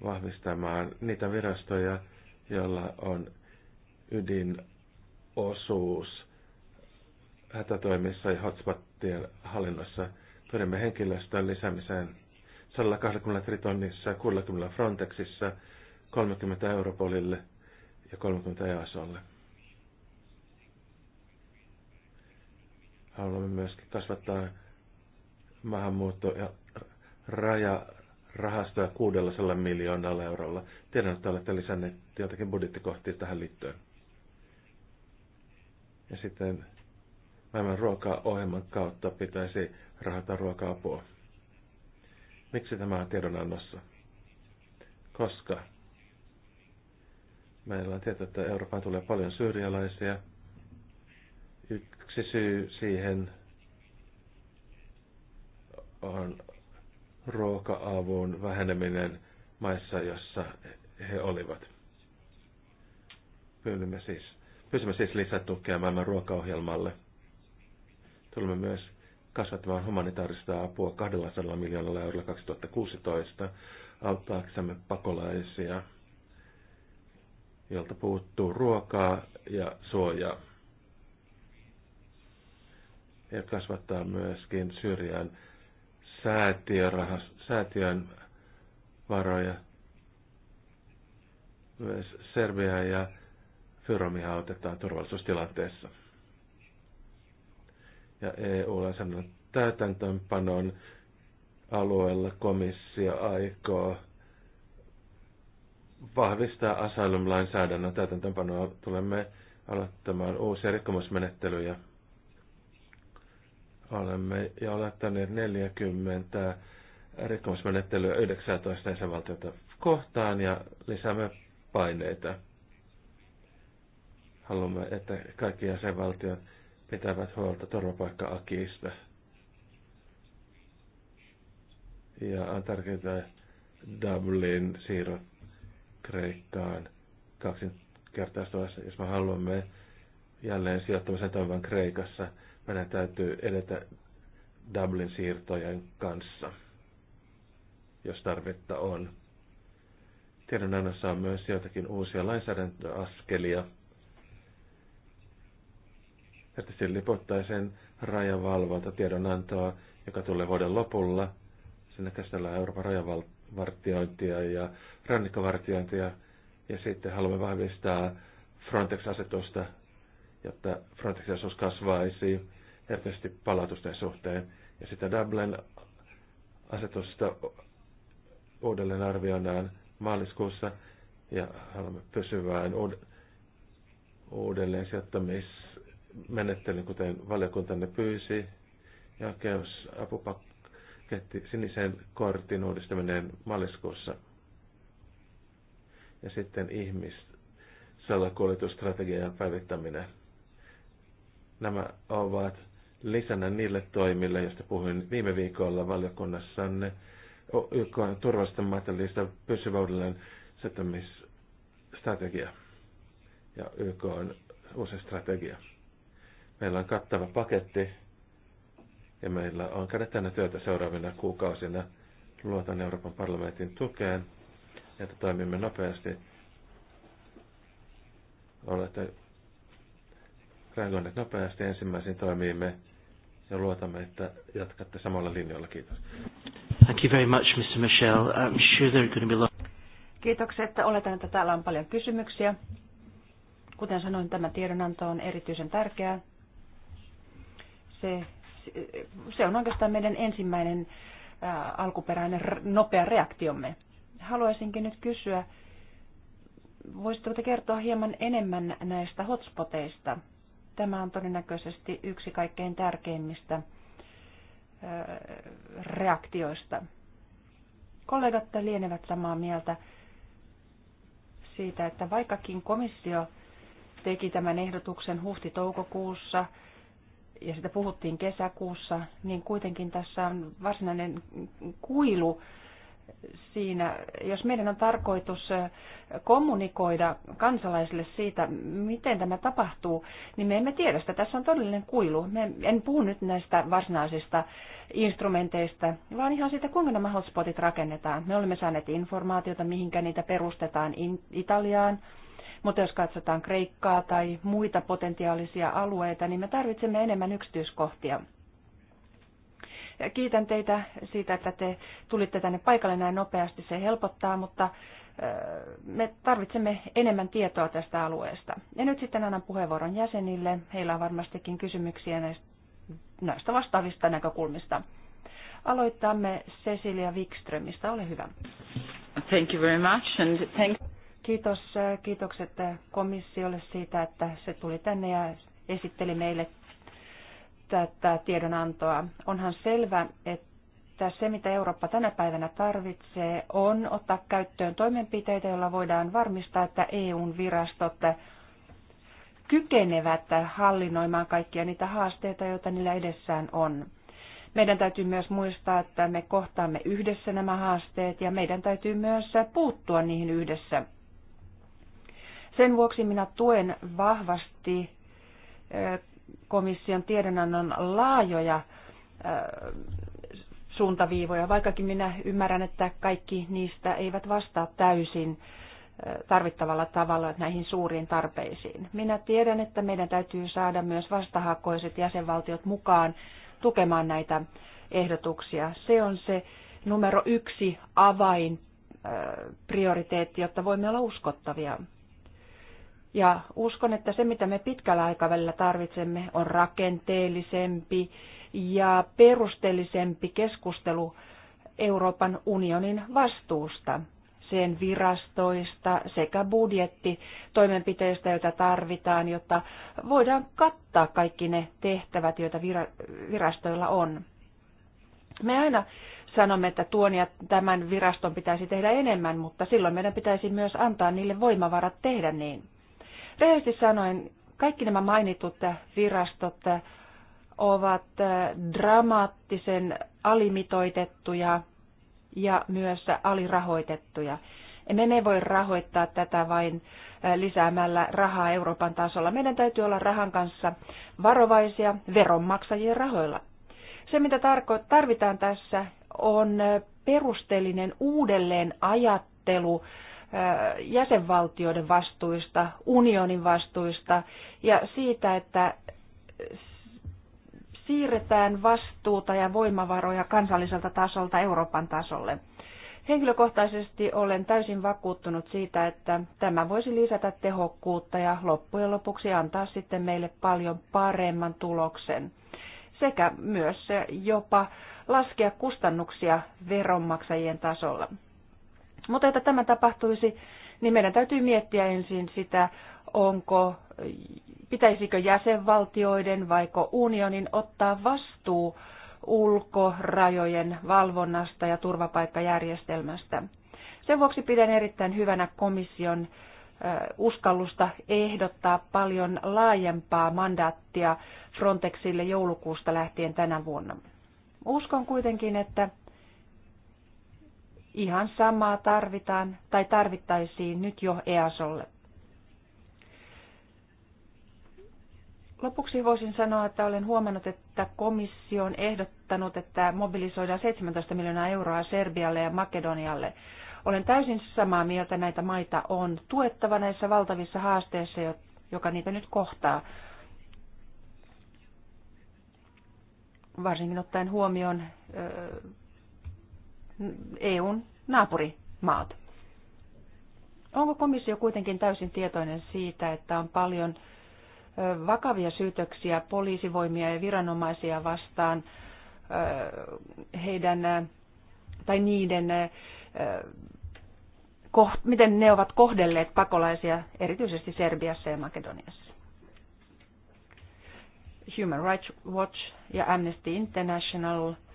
vahvistamaan niitä virastoja, joilla on ydinosuus hätätoimissa ja hotspottien hallinnossa, Pyrimme henkilöstön lisäämiseen 120 tritonnissa, 60 Frontexissa – 30 Europolille ja 30 EASOlle. Haluamme myöskin kasvattaa maahanmuutto- ja rajarahastoja 600 miljoonalla eurolla. Tiedän, että olette lisänneet jotakin budjettikohtia tähän liittyen. Ja sitten maailman ruokaohjelman kautta pitäisi rahata ruoka-apua. Miksi tämä on tiedonannossa? Koska Meillä on tieto, että Eurooppaan tulee paljon syyrialaisia. Yksi syy siihen on ruoka-avun väheneminen maissa, jossa he olivat. Pyydämme siis, pyysimme siis lisätukea maailman ruokaohjelmalle. Tulemme myös kasvattamaan humanitaarista apua 200 miljoonalla eurolla 2016 auttaaksemme pakolaisia – jolta puuttuu ruokaa ja suojaa. Ja kasvattaa myöskin syrjään säätiön varoja. Myös Serbia ja Fyromia otetaan turvallisuustilanteessa. Ja eu sanonut täytäntöönpanon alueella komissio aikoo vahvistaa asylum-lainsäädännön täytäntöönpanoa. Tulemme aloittamaan uusia rikkomusmenettelyjä. Olemme jo aloittaneet 40 rikkomusmenettelyä 19 jäsenvaltiota kohtaan ja lisäämme paineita. Haluamme, että kaikki jäsenvaltiot pitävät huolta turvapaikka-akiista. Ja on tärkeää Dublin siirrot Kreikkaan kertaa, jos me haluamme jälleen sijoittamisen toimivan Kreikassa, meidän täytyy edetä Dublin-siirtojen kanssa, jos tarvetta on. Tiedonannossa on myös joitakin uusia lainsäädäntöaskelia. Että sillä lipottaisen rajavalvonta tiedonantoa, joka tulee vuoden lopulla. Sinne käsitellään Euroopan rajavalvonta vartiointia ja rannikkovartiointia. Ja sitten haluamme vahvistaa Frontex-asetusta, jotta frontex asetus kasvaisi erityisesti palautusten suhteen. Ja sitä Dublin-asetusta uudelleen arvioidaan maaliskuussa ja haluamme pysyvään uudelleen sijoittamismenettelyn, kuten valiokuntanne pyysi. Ja oikeusapupak käytti sinisen kortin uudistaminen maaliskuussa. Ja sitten ihmissalakuljetusstrategian päivittäminen. Nämä ovat lisänä niille toimille, joista puhuin viime viikolla valiokunnassanne. ne on turvallisten materiaalista pysyvä uudelleen strategia ja YK on uusi strategia. Meillä on kattava paketti ja meillä on kädet tänne työtä seuraavina kuukausina. Luotan Euroopan parlamentin tukeen, että toimimme nopeasti. Olette reagoineet nopeasti ensimmäisiin toimiimme ja luotamme, että jatkatte samalla linjalla. Kiitos. Thank you very much, Mr. Michel. I'm sure there are going to be lot... Kiitokset. Oletan, että täällä on paljon kysymyksiä. Kuten sanoin, tämä tiedonanto on erityisen tärkeää. Se se on oikeastaan meidän ensimmäinen alkuperäinen nopea reaktiomme. Haluaisinkin nyt kysyä, voisitteko te kertoa hieman enemmän näistä hotspoteista? Tämä on todennäköisesti yksi kaikkein tärkeimmistä reaktioista. Kollegat lienevät samaa mieltä siitä, että vaikkakin komissio teki tämän ehdotuksen huhti-toukokuussa – ja sitä puhuttiin kesäkuussa, niin kuitenkin tässä on varsinainen kuilu siinä, jos meidän on tarkoitus kommunikoida kansalaisille siitä, miten tämä tapahtuu, niin me emme tiedä sitä. Tässä on todellinen kuilu. Me en puhu nyt näistä varsinaisista instrumenteista, vaan ihan siitä, kuinka nämä hotspotit rakennetaan. Me olemme saaneet informaatiota, mihinkä niitä perustetaan Italiaan, mutta jos katsotaan Kreikkaa tai muita potentiaalisia alueita, niin me tarvitsemme enemmän yksityiskohtia. Kiitän teitä siitä, että te tulitte tänne paikalle näin nopeasti. Se helpottaa, mutta me tarvitsemme enemmän tietoa tästä alueesta. Ja nyt sitten annan puheenvuoron jäsenille. Heillä on varmastikin kysymyksiä näistä, näistä vastaavista näkökulmista. Aloitamme Cecilia Wikströmistä. Ole hyvä. Thank you very much and thank Kiitos, kiitokset komissiolle siitä, että se tuli tänne ja esitteli meille tätä tiedonantoa. Onhan selvä, että se mitä Eurooppa tänä päivänä tarvitsee on ottaa käyttöön toimenpiteitä, joilla voidaan varmistaa, että EUn virastot kykenevät hallinnoimaan kaikkia niitä haasteita, joita niillä edessään on. Meidän täytyy myös muistaa, että me kohtaamme yhdessä nämä haasteet ja meidän täytyy myös puuttua niihin yhdessä. Sen vuoksi minä tuen vahvasti komission tiedonannon laajoja suuntaviivoja, vaikkakin minä ymmärrän, että kaikki niistä eivät vastaa täysin tarvittavalla tavalla näihin suuriin tarpeisiin. Minä tiedän, että meidän täytyy saada myös vastahakoiset jäsenvaltiot mukaan tukemaan näitä ehdotuksia. Se on se numero yksi avain prioriteetti, jotta voimme olla uskottavia. Ja uskon, että se mitä me pitkällä aikavälillä tarvitsemme on rakenteellisempi ja perusteellisempi keskustelu Euroopan unionin vastuusta, sen virastoista sekä budjettitoimenpiteistä, joita tarvitaan, jotta voidaan kattaa kaikki ne tehtävät, joita virastoilla on. Me aina sanomme, että tuon ja tämän viraston pitäisi tehdä enemmän, mutta silloin meidän pitäisi myös antaa niille voimavarat tehdä niin. Rehellisesti sanoen, kaikki nämä mainitut virastot ovat äh, dramaattisen alimitoitettuja ja myös alirahoitettuja. Emme me voi rahoittaa tätä vain äh, lisäämällä rahaa Euroopan tasolla. Meidän täytyy olla rahan kanssa varovaisia veronmaksajien rahoilla. Se, mitä tarvitaan tässä, on äh, perusteellinen uudelleenajattelu ajattelu jäsenvaltioiden vastuista, unionin vastuista ja siitä, että siirretään vastuuta ja voimavaroja kansalliselta tasolta Euroopan tasolle. Henkilökohtaisesti olen täysin vakuuttunut siitä, että tämä voisi lisätä tehokkuutta ja loppujen lopuksi antaa sitten meille paljon paremman tuloksen sekä myös jopa laskea kustannuksia veronmaksajien tasolla. Mutta että tämä tapahtuisi, niin meidän täytyy miettiä ensin sitä, onko, pitäisikö jäsenvaltioiden vaiko unionin ottaa vastuu ulkorajojen valvonnasta ja turvapaikkajärjestelmästä. Sen vuoksi pidän erittäin hyvänä komission uskallusta ehdottaa paljon laajempaa mandaattia Frontexille joulukuusta lähtien tänä vuonna. Uskon kuitenkin, että ihan samaa tarvitaan tai tarvittaisiin nyt jo EASOlle. Lopuksi voisin sanoa, että olen huomannut, että komissio on ehdottanut, että mobilisoidaan 17 miljoonaa euroa Serbialle ja Makedonialle. Olen täysin samaa mieltä, näitä maita on tuettava näissä valtavissa haasteissa, joka niitä nyt kohtaa. Varsinkin ottaen huomioon EUn naapurimaat. Onko komissio kuitenkin täysin tietoinen siitä, että on paljon vakavia syytöksiä poliisivoimia ja viranomaisia vastaan heidän tai niiden, miten ne ovat kohdelleet pakolaisia erityisesti Serbiassa ja Makedoniassa? Human Rights Watch ja Amnesty International –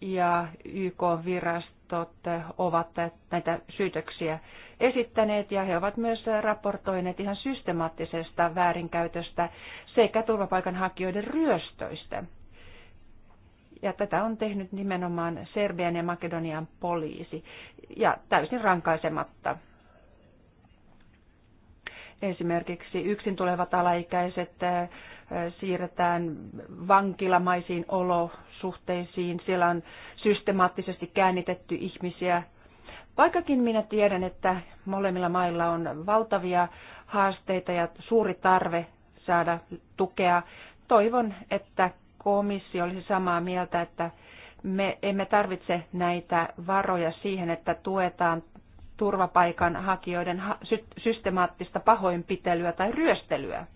ja YK-virastot ovat näitä syytöksiä esittäneet ja he ovat myös raportoineet ihan systemaattisesta väärinkäytöstä sekä turvapaikanhakijoiden ryöstöistä. Ja tätä on tehnyt nimenomaan Serbian ja Makedonian poliisi ja täysin rankaisematta. Esimerkiksi yksin tulevat alaikäiset siirretään vankilamaisiin olosuhteisiin. Siellä on systemaattisesti käännitetty ihmisiä. Vaikkakin minä tiedän, että molemmilla mailla on valtavia haasteita ja suuri tarve saada tukea, toivon, että komissio olisi samaa mieltä, että me emme tarvitse näitä varoja siihen, että tuetaan turvapaikanhakijoiden systemaattista pahoinpitelyä tai ryöstelyä.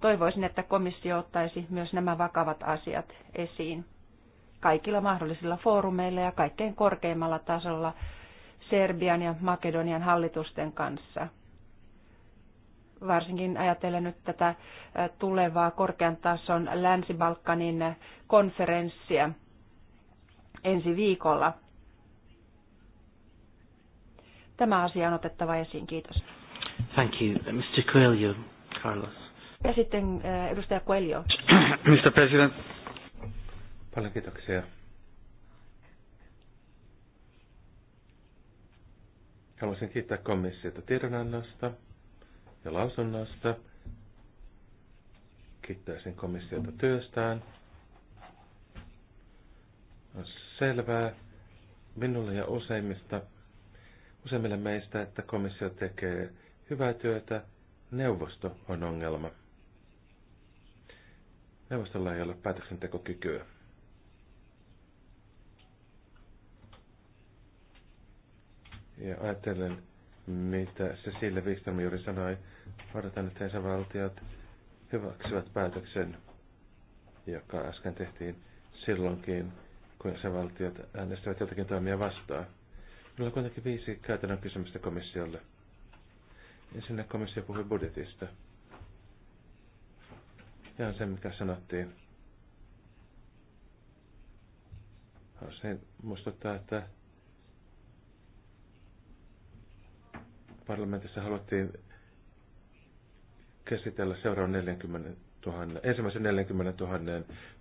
Toivoisin, että komissio ottaisi myös nämä vakavat asiat esiin kaikilla mahdollisilla foorumeilla ja kaikkein korkeimmalla tasolla Serbian ja Makedonian hallitusten kanssa. Varsinkin ajatellen nyt tätä tulevaa korkean tason Länsi-Balkanin konferenssia ensi viikolla. Tämä asia on otettava esiin. Kiitos. Thank you. Mr. Coelho, Carlos. Ja sitten äh, edustaja Coelho. [CLEARS THROAT] Mr. President. Paljon kiitoksia. Haluaisin kiittää komissiota tiedonannosta ja lausunnosta. Kiittäisin komissiota työstään. On selvää minulle ja useimmista, useimmille meistä, että komissio tekee hyvää työtä. Neuvosto on ongelma. Neuvostolla ei ole päätöksentekokykyä. Ja ajattelen, mitä Cecilia Wikström juuri sanoi, odotan, että ensävaltiot hyväksyvät päätöksen, joka äsken tehtiin silloinkin, kun jäsenvaltiot äänestävät jotakin toimia vastaan. Meillä on kuitenkin viisi käytännön kysymystä komissiolle. Ensinnäkin komissio puhui budjetista ihan se, mikä sanottiin. Se muistuttaa, että parlamentissa haluttiin käsitellä seuraavan 40 000, ensimmäisen 40 000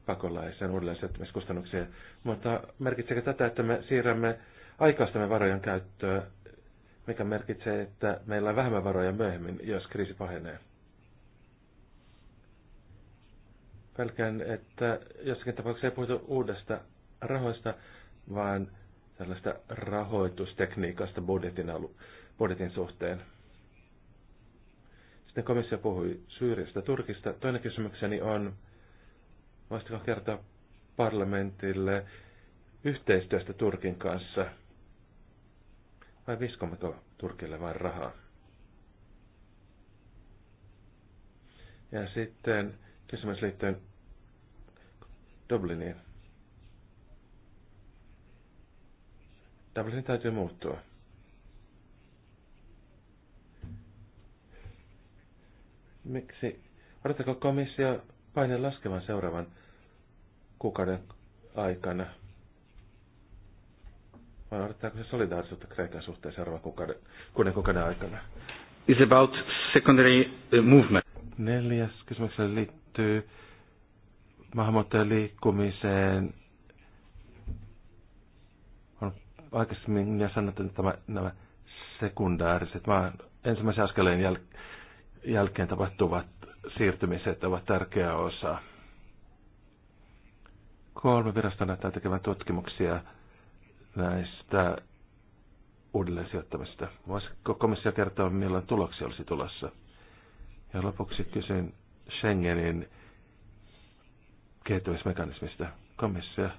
pakolaisen syöttämiskustannuksia. Mutta merkitsekö tätä, että me siirrämme aikaistamme varojen käyttöä, mikä merkitsee, että meillä on vähemmän varoja myöhemmin, jos kriisi pahenee? Pelkään, että jossakin tapauksessa ei puhuta uudesta rahoista, vaan tällaista rahoitustekniikasta budjetin, alu, budjetin suhteen. Sitten komissio puhui Syyriasta Turkista. Toinen kysymykseni on, voisitko kertoa parlamentille yhteistyöstä Turkin kanssa? Vai viskommeko Turkille vain rahaa? Ja sitten kysymys liittyen Dubliniin. Dublinin täytyy muuttua. Miksi? Odottako komissio paine laskevan seuraavan kuukauden aikana? Vai odottaako se solidaarisuutta Kreikan suhteen seuraavan kuukauden, kuuden kuukauden aikana? Is about secondary uh, movement. Neljäs kysymys liittyy maahanmuuttajien liikkumiseen on aikaisemmin jo sanottu, että tämä, nämä sekundääriset, maan, ensimmäisen askeleen jäl, jälkeen tapahtuvat siirtymiset ovat tärkeä osa. Kolme virastoa näyttää tekemään tutkimuksia näistä uudelleen sijoittamista. Voisiko komissio kertoa, milloin tuloksia olisi tulossa? Ja lopuksi kysyn Schengenin kehittämismekanismista Komissio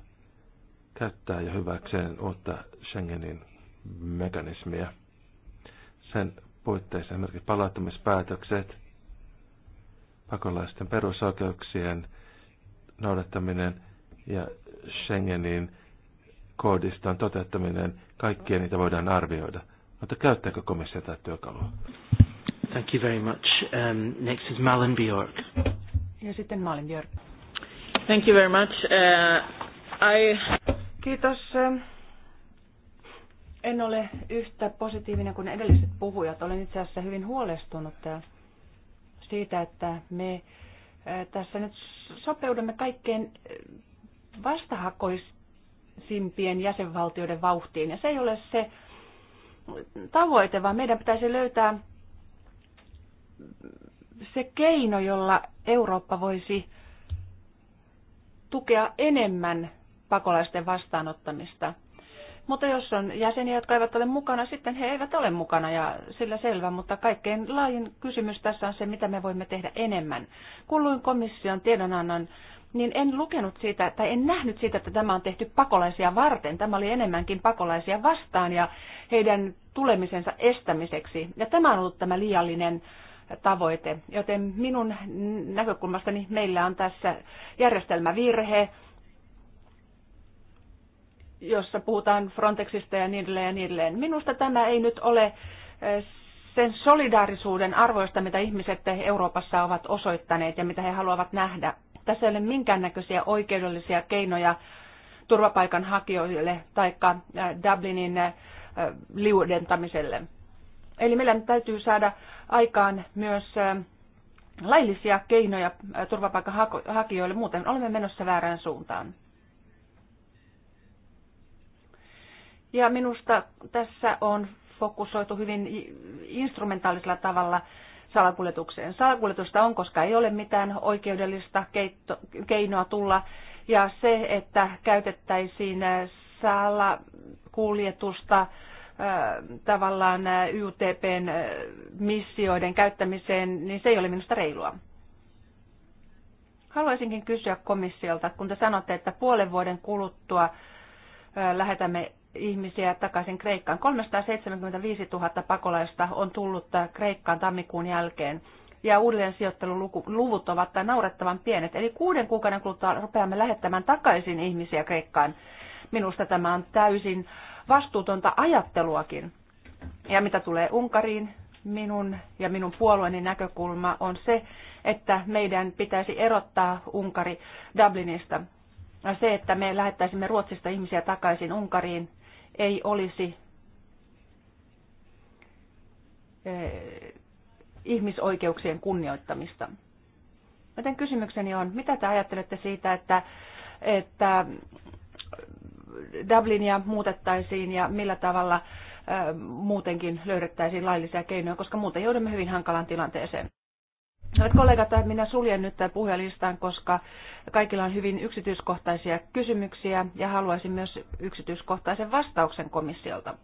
käyttää ja hyväkseen uutta Schengenin mekanismia. Sen puitteissa esimerkiksi palauttamispäätökset, pakolaisten perusoikeuksien noudattaminen ja Schengenin koodiston toteuttaminen, kaikkia niitä voidaan arvioida. Mutta käyttääkö komissio tätä työkalua? Thank you very much. Um, next is Malin Björk. Ja sitten Malin Björk. Thank you very much. Uh, I... Kiitos. En ole yhtä positiivinen kuin edelliset puhujat. Olen itse asiassa hyvin huolestunut siitä, että me eh, tässä nyt sopeudumme kaikkein eh, vastahakoisimpien jäsenvaltioiden vauhtiin. Ja se ei ole se tavoite, vaan meidän pitäisi löytää se keino, jolla Eurooppa voisi tukea enemmän pakolaisten vastaanottamista. Mutta jos on jäseniä, jotka eivät ole mukana, sitten he eivät ole mukana ja sillä selvä. Mutta kaikkein laajin kysymys tässä on se, mitä me voimme tehdä enemmän. Kun luin komission tiedonannon, niin en lukenut siitä, tai en nähnyt siitä, että tämä on tehty pakolaisia varten. Tämä oli enemmänkin pakolaisia vastaan ja heidän tulemisensa estämiseksi. Ja tämä on ollut tämä liiallinen äh, tavoite. Joten minun näkökulmastani meillä on tässä järjestelmävirhe, jossa puhutaan Frontexista ja niin edelleen ja niin edelleen. Minusta tämä ei nyt ole eh, sen solidaarisuuden arvoista, mitä ihmiset Euroopassa ovat osoittaneet ja mitä he haluavat nähdä. Tässä ei ole minkäännäköisiä oikeudellisia keinoja turvapaikanhakijoille tai eh, Dublinin eh, liudentamiselle. Eli meidän täytyy saada aikaan myös laillisia keinoja turvapaikanhakijoille, muuten olemme menossa väärään suuntaan. Ja minusta tässä on fokusoitu hyvin instrumentaalisella tavalla salakuljetukseen. Salakuljetusta on, koska ei ole mitään oikeudellista keitto, keinoa tulla. Ja se, että käytettäisiin salakuljetusta tavallaan YTPn missioiden käyttämiseen, niin se ei ole minusta reilua. Haluaisinkin kysyä komissiolta, kun te sanotte, että puolen vuoden kuluttua lähetämme ihmisiä takaisin Kreikkaan. 375 000 pakolaista on tullut Kreikkaan tammikuun jälkeen ja uudelleen sijoitteluluvut ovat tai naurettavan pienet. Eli kuuden kuukauden kuluttua rupeamme lähettämään takaisin ihmisiä Kreikkaan. Minusta tämä on täysin äh, vastuutonta ajatteluakin. Ja mitä tulee Unkariin, minun ja minun puolueeni näkökulma on se, että meidän pitäisi erottaa Unkari Dublinista. Se, että me lähettäisimme Ruotsista ihmisiä takaisin Unkariin, ei olisi ihmisoikeuksien kunnioittamista. Joten kysymykseni on, mitä te ajattelette siitä, että, että Dublinia muutettaisiin ja millä tavalla muutenkin löydettäisiin laillisia keinoja, koska muuten joudumme hyvin hankalaan tilanteeseen. Hyvät kollegat, minä suljen nyt tämän puhelistaan, koska kaikilla on hyvin yksityiskohtaisia kysymyksiä ja haluaisin myös yksityiskohtaisen vastauksen komissiolta.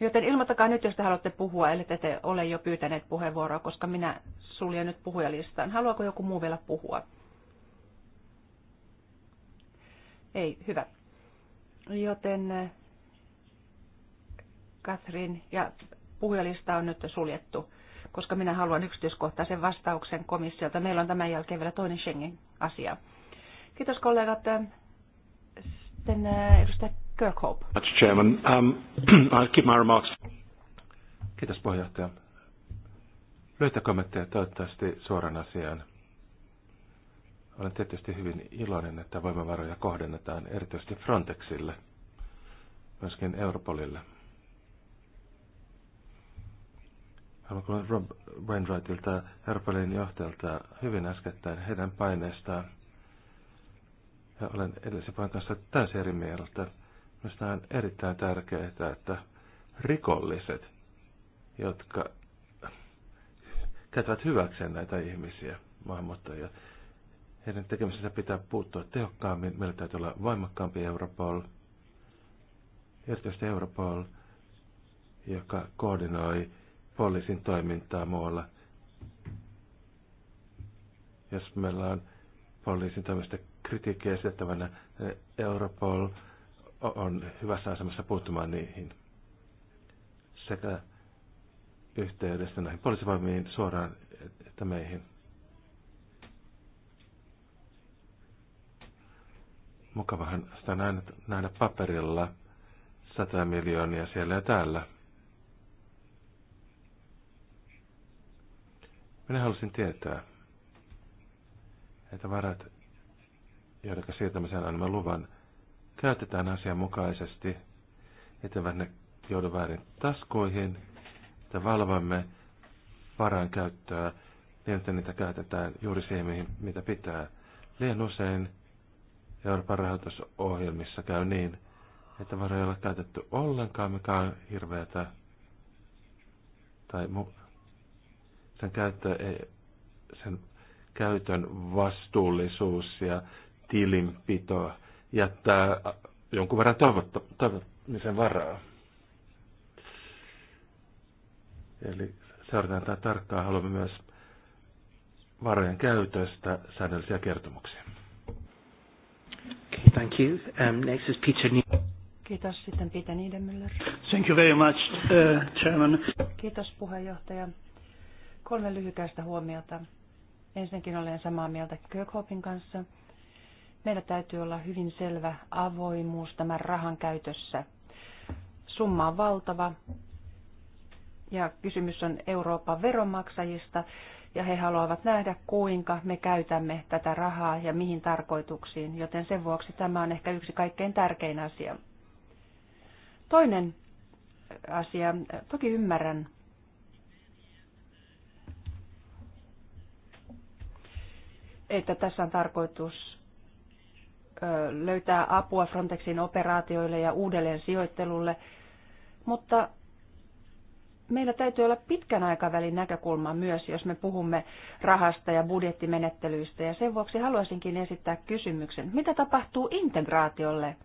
Joten ilmoittakaa nyt, jos te haluatte puhua, eli te, te ole jo pyytäneet puheenvuoroa, koska minä suljen nyt puhujalistan. Haluaako joku muu vielä puhua? Ei, hyvä. Joten Katrin ja puhujalista on nyt suljettu, koska minä haluan yksityiskohtaisen vastauksen komissiolta. Meillä on tämän jälkeen vielä toinen Schengen-asia. Kiitos kollegat. Sitten äh, edustaja Kirkhope. Chairman. Um, [CLEARS THROAT] I'll keep my remarks. Kiitos puheenjohtaja. Löytä kommentteja toivottavasti suoran asiaan. Olen tietysti hyvin iloinen, että voimavaroja kohdennetaan erityisesti Frontexille, myöskin Europolille. Haluan kuulla Rob Wainwrightilta, Europolin johtajalta, hyvin äskettäin heidän paineestaan. Ja olen edellisen pojan kanssa täysin eri mieltä. Minusta on erittäin tärkeää, että rikolliset, jotka käyttävät hyväkseen näitä ihmisiä, maahanmuuttajia, heidän tekemisensä pitää puuttua tehokkaammin. Meillä täytyy olla voimakkaampi Europol, erityisesti Europol, joka koordinoi poliisin toimintaa muualla. Jos meillä on poliisin toimista kritiikkiä esitettävänä, niin Europol on hyvässä asemassa puuttumaan niihin. Sekä yhteydessä näihin poliisivoimiin suoraan että meihin. Mukavahan sitä nähdä, nähdä paperilla 100 miljoonia siellä ja täällä. Minä halusin tietää, että varat, joiden siirtämiseen annamme luvan, käytetään asianmukaisesti, etteivät ne joudu väärin taskuihin, että valvomme varan käyttöä niin, että niitä käytetään juuri siihen, mitä pitää. Liian usein Euroopan rahoitusohjelmissa käy niin, että varoja ei ole käytetty ollenkaan, mikä on hirveätä. Tai mu- sen, käyttö ei, sen käytön vastuullisuus ja tilinpito jättää jonkun verran toivottamisen varaa. Eli seurataan tämä tarkkaan. Haluamme myös varojen käytöstä säännöllisiä kertomuksia. Okay, thank you. Um, next is Peter Niedermüller. Kiitos. Sitten Peter Niedermüller. Thank you very much, uh, Chairman. Kiitos puheenjohtaja. Kolme lyhykäistä huomiota. Ensinnäkin olen samaa mieltä Kirkhopin kanssa. Meillä täytyy olla hyvin selvä avoimuus tämän rahan käytössä. Summa on valtava ja kysymys on Euroopan veronmaksajista ja he haluavat nähdä, kuinka me käytämme tätä rahaa ja mihin tarkoituksiin, joten sen vuoksi tämä on ehkä yksi kaikkein tärkein asia. Toinen asia, toki ymmärrän, että tässä on tarkoitus löytää apua Frontexin operaatioille ja uudelleen sijoittelulle, mutta meillä täytyy olla pitkän aikavälin näkökulma myös, jos me puhumme rahasta ja budjettimenettelyistä. Ja sen vuoksi haluaisinkin esittää kysymyksen, mitä tapahtuu integraatiolle,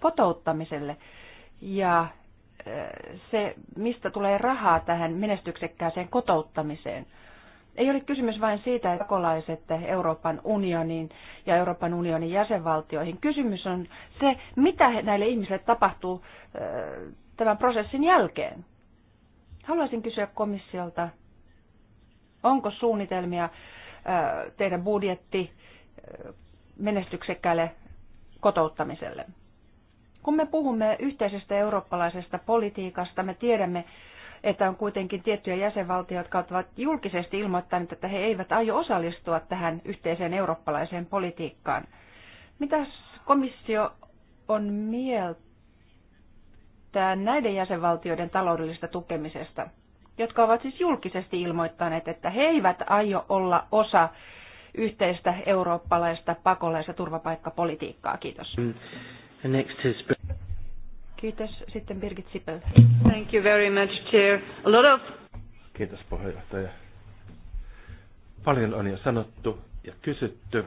kotouttamiselle ja se, mistä tulee rahaa tähän menestyksekkääseen kotouttamiseen. Ei ole kysymys vain siitä, että pakolaiset Euroopan unionin ja Euroopan unionin jäsenvaltioihin. Kysymys on se, mitä näille ihmisille tapahtuu tämän prosessin jälkeen. Haluaisin kysyä komissiolta, onko suunnitelmia tehdä budjetti menestyksekkäälle kotouttamiselle? Kun me puhumme yhteisestä eurooppalaisesta politiikasta, me tiedämme, että on kuitenkin tiettyjä jäsenvaltioita, jotka ovat julkisesti ilmoittaneet, että he eivät aio osallistua tähän yhteiseen eurooppalaiseen politiikkaan. Mitäs komissio on mieltä? päättää näiden jäsenvaltioiden taloudellisesta tukemisesta, jotka ovat siis julkisesti ilmoittaneet, että he eivät aio olla osa yhteistä eurooppalaista pakolais- ja turvapaikkapolitiikkaa. Kiitos. Mm. Next is... Kiitos. Sitten Birgit Sipel. Thank you very much, Chair. A lot of... Kiitos puheenjohtaja. Paljon on jo sanottu ja kysytty.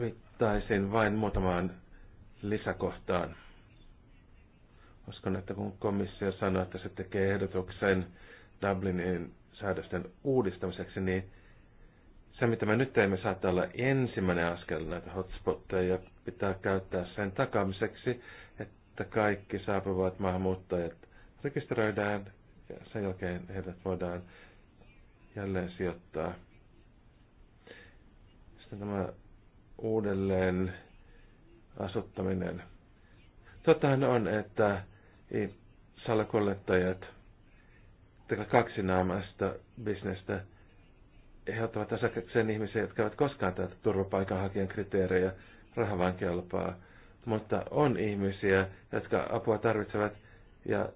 Wait viittaisin vain muutamaan lisäkohtaan. Uskon, että kun komissio sanoo, että se tekee ehdotuksen Dublinin säädösten uudistamiseksi, niin se, mitä me nyt teemme, saattaa olla ensimmäinen askel näitä hotspotteja. ja Pitää käyttää sen takaamiseksi, että kaikki saapuvat maahanmuuttajat rekisteröidään ja sen jälkeen heidät voidaan jälleen sijoittaa. Sitten tämä uudelleen asuttaminen. Tottahan on, että salakuljettajat tekevät kaksi naamasta bisnestä. He ottavat sen ihmisiä, jotka eivät koskaan täytä turvapaikanhakijan kriteerejä, raha kelpaa. Mutta on ihmisiä, jotka apua tarvitsevat ja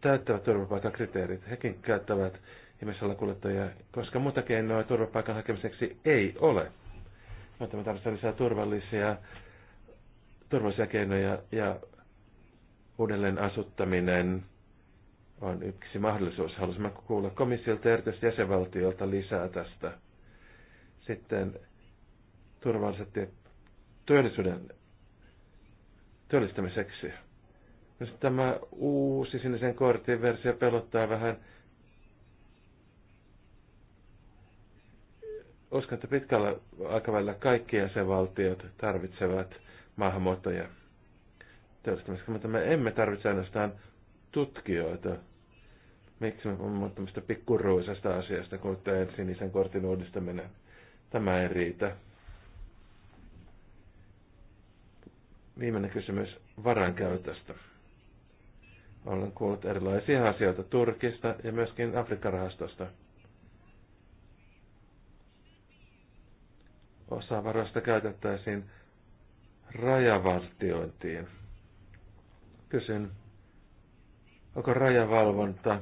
täyttävät turvapaikan kriteerit. Hekin käyttävät kuljettajia, koska muuta keinoa turvapaikan hakemiseksi ei ole mutta me tarvitsemme lisää turvallisia, turvallisia keinoja ja uudelleen asuttaminen on yksi mahdollisuus. Haluaisimme kuulla komissiolta ja erityisesti jäsenvaltiolta lisää tästä. Sitten turvalliset ja työllisyyden työllistämiseksi. Jos tämä uusi sinisen kortin versio pelottaa vähän, Uskon, että pitkällä aikavälillä kaikki jäsenvaltiot tarvitsevat maahanmuuttajia teollistamista, mutta me emme tarvitse ainoastaan tutkijoita. Miksi me puhumme tämmöistä pikkuruisesta asiasta, kun tämä sinisen kortin uudistaminen, tämä ei riitä. Viimeinen kysymys varankäytöstä. Olen kuullut erilaisia asioita Turkista ja myöskin Afrikan rahastosta. osa varoista käytettäisiin rajavartiointiin. Kysyn, onko rajavalvonta,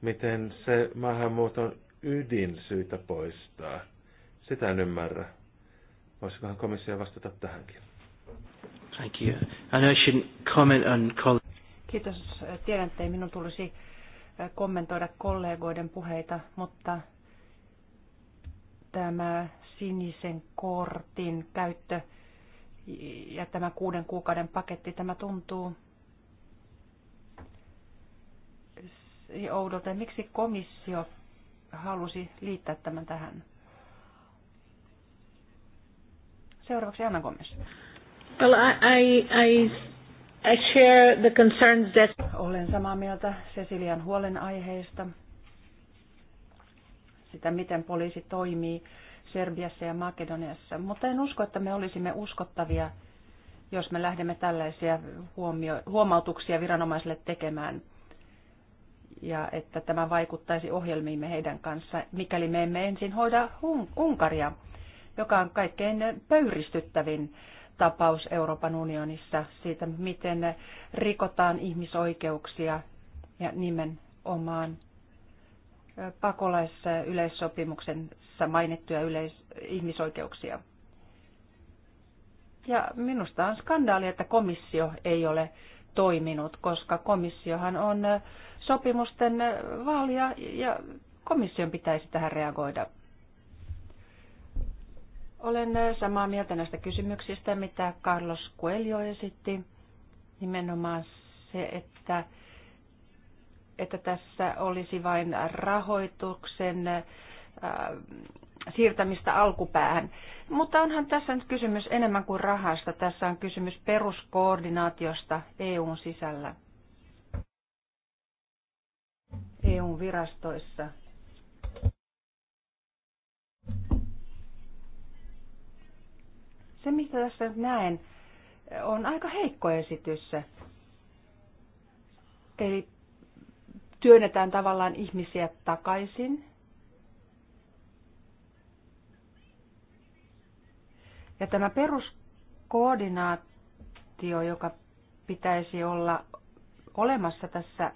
miten se maahanmuuton ydin syytä poistaa? Sitä en ymmärrä. Voisikohan komissio vastata tähänkin? Thank you. And I shouldn't comment on... Kiitos. Tiedän, että ei minun tulisi kommentoida kollegoiden puheita, mutta tämä sinisen kortin käyttö ja tämä kuuden kuukauden paketti, tämä tuntuu oudolta. Miksi komissio halusi liittää tämän tähän? Seuraavaksi Anna Gomes. Well, I, I, I share the concerns that... Olen samaa mieltä Cecilian huolenaiheista, sitä miten poliisi toimii Serbiassa ja Makedoniassa, mutta en usko, että me olisimme uskottavia, jos me lähdemme tällaisia huomio- huomautuksia viranomaisille tekemään ja että tämä vaikuttaisi ohjelmiimme heidän kanssa, mikäli me emme ensin hoida Hun- Unkaria, joka on kaikkein pöyristyttävin tapaus Euroopan unionissa siitä, miten rikotaan ihmisoikeuksia ja nimenomaan pakolaisyleissopimuksen tässä mainittuja yleis- ihmisoikeuksia. Ja minusta on skandaali, että komissio ei ole toiminut, koska komissiohan on sopimusten vaalia ja komission pitäisi tähän reagoida. Olen samaa mieltä näistä kysymyksistä, mitä Carlos Coelho esitti. Nimenomaan se, että, että tässä olisi vain rahoituksen Äh, siirtämistä alkupäähän. Mutta onhan tässä nyt kysymys enemmän kuin rahasta. Tässä on kysymys peruskoordinaatiosta EUn sisällä. EUn virastoissa. Se, mitä tässä nyt näen, on aika heikko esitys. Eli työnnetään tavallaan ihmisiä takaisin Ja tämä peruskoordinaatio, joka pitäisi olla olemassa tässä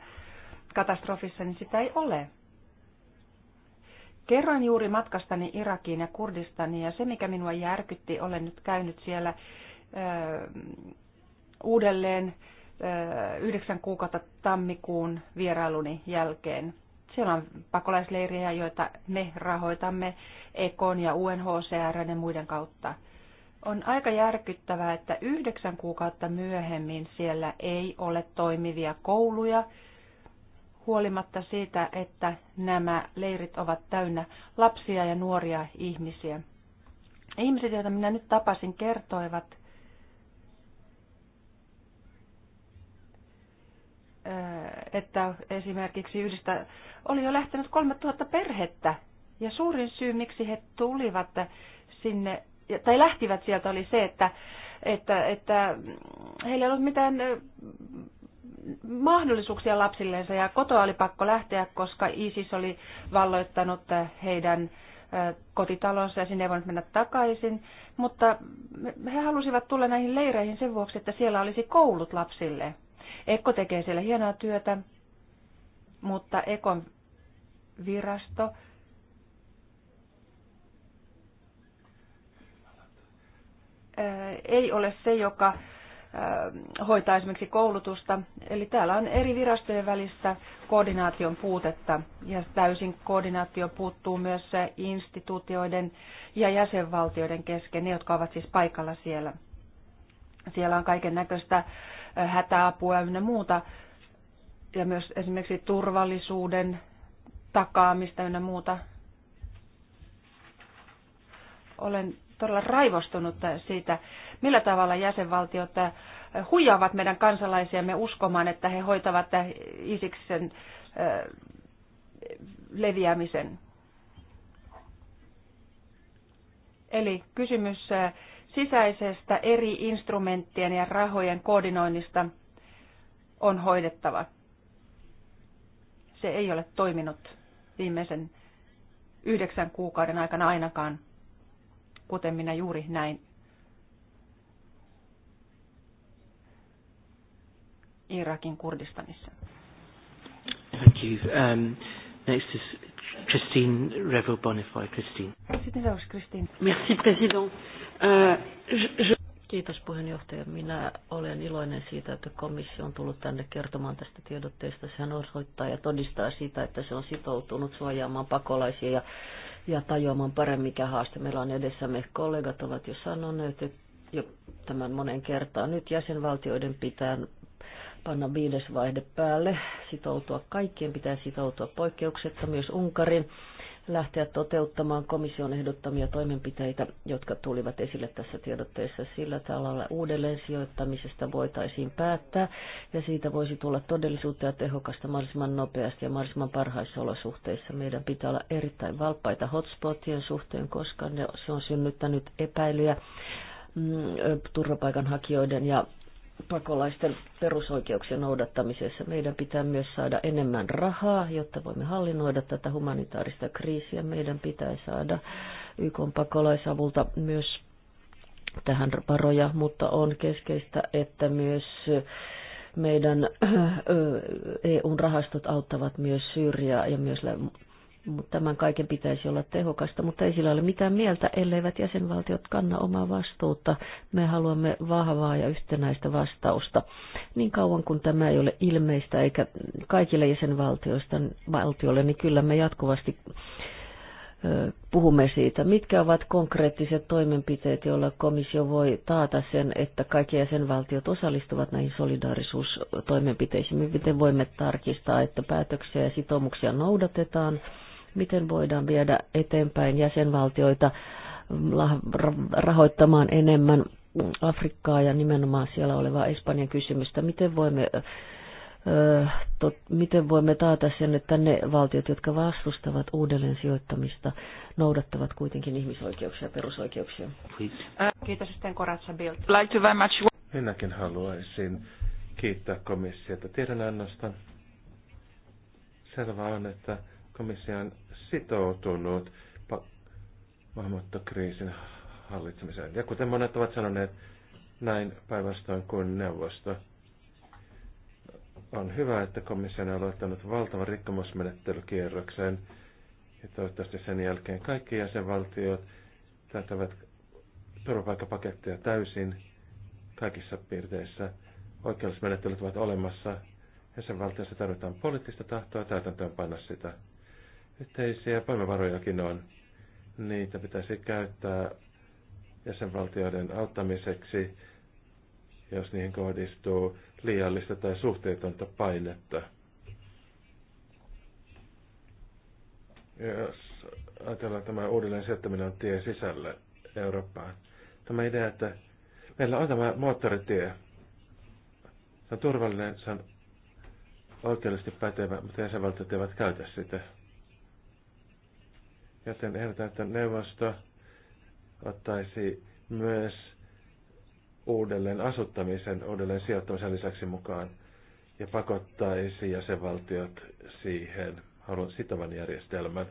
katastrofissa, niin sitä ei ole. Kerroin juuri matkastani Irakiin ja Kurdistaniin ja se, mikä minua järkytti, olen nyt käynyt siellä ö, uudelleen ö, yhdeksän kuukautta tammikuun vierailuni jälkeen. Siellä on pakolaisleirejä, joita me rahoitamme EKon ja UNHCR ja muiden kautta. On aika järkyttävää, että yhdeksän kuukautta myöhemmin siellä ei ole toimivia kouluja, huolimatta siitä, että nämä leirit ovat täynnä lapsia ja nuoria ihmisiä. Ihmiset, joita minä nyt tapasin, kertoivat, äh, että esimerkiksi yhdestä oli jo lähtenyt 3000 perhettä. Ja suurin syy, miksi he tulivat sinne, tai lähtivät sieltä, oli se, että, että, että heillä ei ollut mitään mahdollisuuksia lapsilleensa ja kotoa oli pakko lähteä, koska ISIS oli valloittanut heidän kotitalonsa ja sinne ei voinut mennä takaisin. Mutta he halusivat tulla näihin leireihin sen vuoksi, että siellä olisi koulut lapsille. Eko tekee siellä hienoa työtä, mutta Ekon virasto ei ole se, joka hoitaa esimerkiksi koulutusta. Eli täällä on eri virastojen välissä koordinaation puutetta ja täysin koordinaatio puuttuu myös instituutioiden ja jäsenvaltioiden kesken, ne jotka ovat siis paikalla siellä. Siellä on kaiken näköistä hätäapua ja muuta ja myös esimerkiksi turvallisuuden takaamista ynnä muuta. Olen todella raivostunut siitä, millä tavalla jäsenvaltiot huijaavat meidän kansalaisiamme uskomaan, että he hoitavat isiksen leviämisen. Eli kysymys sisäisestä eri instrumenttien ja rahojen koordinoinnista on hoidettava. Se ei ole toiminut viimeisen yhdeksän kuukauden aikana ainakaan kuten minä juuri näin Irakin Kurdistanissa. Thank you. Um, next is Christine Revel Bonifay. Christine. Sitten seuraavaksi Christine. Merci, President. Uh, je, je... Kiitos puheenjohtaja. Minä olen iloinen siitä, että komissio on tullut tänne kertomaan tästä tiedotteesta. Sehän osoittaa ja todistaa sitä, että se on sitoutunut suojaamaan pakolaisia ja ja tajuamaan paremmin, mikä haaste meillä on edessämme. Kollegat ovat jo sanoneet että jo tämän monen kertaan. Nyt jäsenvaltioiden pitää panna viides vaihde päälle, sitoutua, kaikkien pitää sitoutua poikkeuksetta, myös Unkarin lähteä toteuttamaan komission ehdottamia toimenpiteitä, jotka tulivat esille tässä tiedotteessa sillä tavalla uudelleen sijoittamisesta voitaisiin päättää ja siitä voisi tulla todellisuutta ja tehokasta mahdollisimman nopeasti ja mahdollisimman parhaissa olosuhteissa. Meidän pitää olla erittäin valppaita hotspotien suhteen, koska ne, se on synnyttänyt epäilyjä mm, turvapaikanhakijoiden ja pakolaisten perusoikeuksien noudattamisessa. Meidän pitää myös saada enemmän rahaa, jotta voimme hallinnoida tätä humanitaarista kriisiä. Meidän pitää saada YK pakolaisavulta myös tähän varoja, mutta on keskeistä, että myös meidän eu rahastot auttavat myös Syyriaa ja myös tämän kaiken pitäisi olla tehokasta, mutta ei sillä ole mitään mieltä, elleivät jäsenvaltiot kanna omaa vastuuta. Me haluamme vahvaa ja yhtenäistä vastausta. Niin kauan kuin tämä ei ole ilmeistä eikä kaikille jäsenvaltioista valtiolle, niin kyllä me jatkuvasti puhumme siitä, mitkä ovat konkreettiset toimenpiteet, joilla komissio voi taata sen, että kaikki jäsenvaltiot osallistuvat näihin solidaarisuustoimenpiteisiin. Miten voimme tarkistaa, että päätöksiä ja sitoumuksia noudatetaan? miten voidaan viedä eteenpäin jäsenvaltioita mm, rahoittamaan enemmän Afrikkaa ja nimenomaan siellä olevaa Espanjan kysymystä. Miten voimme, miten voimme taata sen, että ne valtiot, jotka vastustavat uudelleen sijoittamista, noudattavat kuitenkin ihmisoikeuksia ja perusoikeuksia? Kiitos sitten Koratsa Bild. Minäkin haluaisin kiittää komissiota tiedonannosta. Selvä on, että komission sitoutunut maahanmuuttokriisin hallitsemiseen. Ja kuten monet ovat sanoneet, näin päinvastoin kuin neuvosto. On hyvä, että komissio on aloittanut valtavan rikkomusmenettelykierroksen, ja toivottavasti sen jälkeen kaikki jäsenvaltiot täyttävät turvapaikkapaketteja täysin kaikissa piirteissä. Oikeusmenettelyt ovat olemassa. Jäsenvaltiossa tarvitaan poliittista tahtoa täytäntöönpanna sitä. Yhteisiä voimavarojakin on. Niitä pitäisi käyttää jäsenvaltioiden auttamiseksi, jos niihin kohdistuu liiallista tai suhteetonta painetta. Jos ajatellaan tämä uudelleen sijoittaminen on tie sisälle Eurooppaan. Tämä idea, että meillä on tämä moottoritie. Se on turvallinen, se on oikeudellisesti pätevä, mutta jäsenvaltiot eivät käytä sitä. Joten ehdotan, että neuvosto ottaisi myös uudelleen asuttamisen, uudelleen sijoittamisen lisäksi mukaan ja pakottaisi jäsenvaltiot siihen haluan sitovan järjestelmän.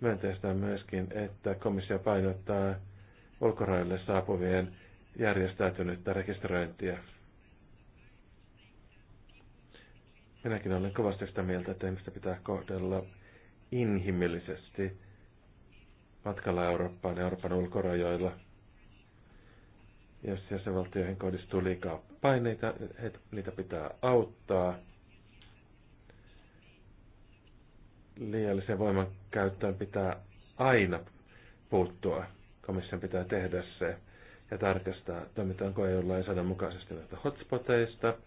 Myönteistä on myöskin, että komissio painottaa ulkorajoille saapuvien järjestäytynyttä rekisteröintiä. Minäkin olen kovasti sitä mieltä, että ihmistä pitää kohdella inhimillisesti matkalla Eurooppaan ja Euroopan ulkorajoilla. Jos jäsenvaltioihin kohdistuu liikaa paineita, niitä pitää auttaa. Liiallisen voiman käyttöön pitää aina puuttua. Komission pitää tehdä se ja tarkastaa, toimitaanko EU-lainsäädännön mukaisesti näitä hotspoteista –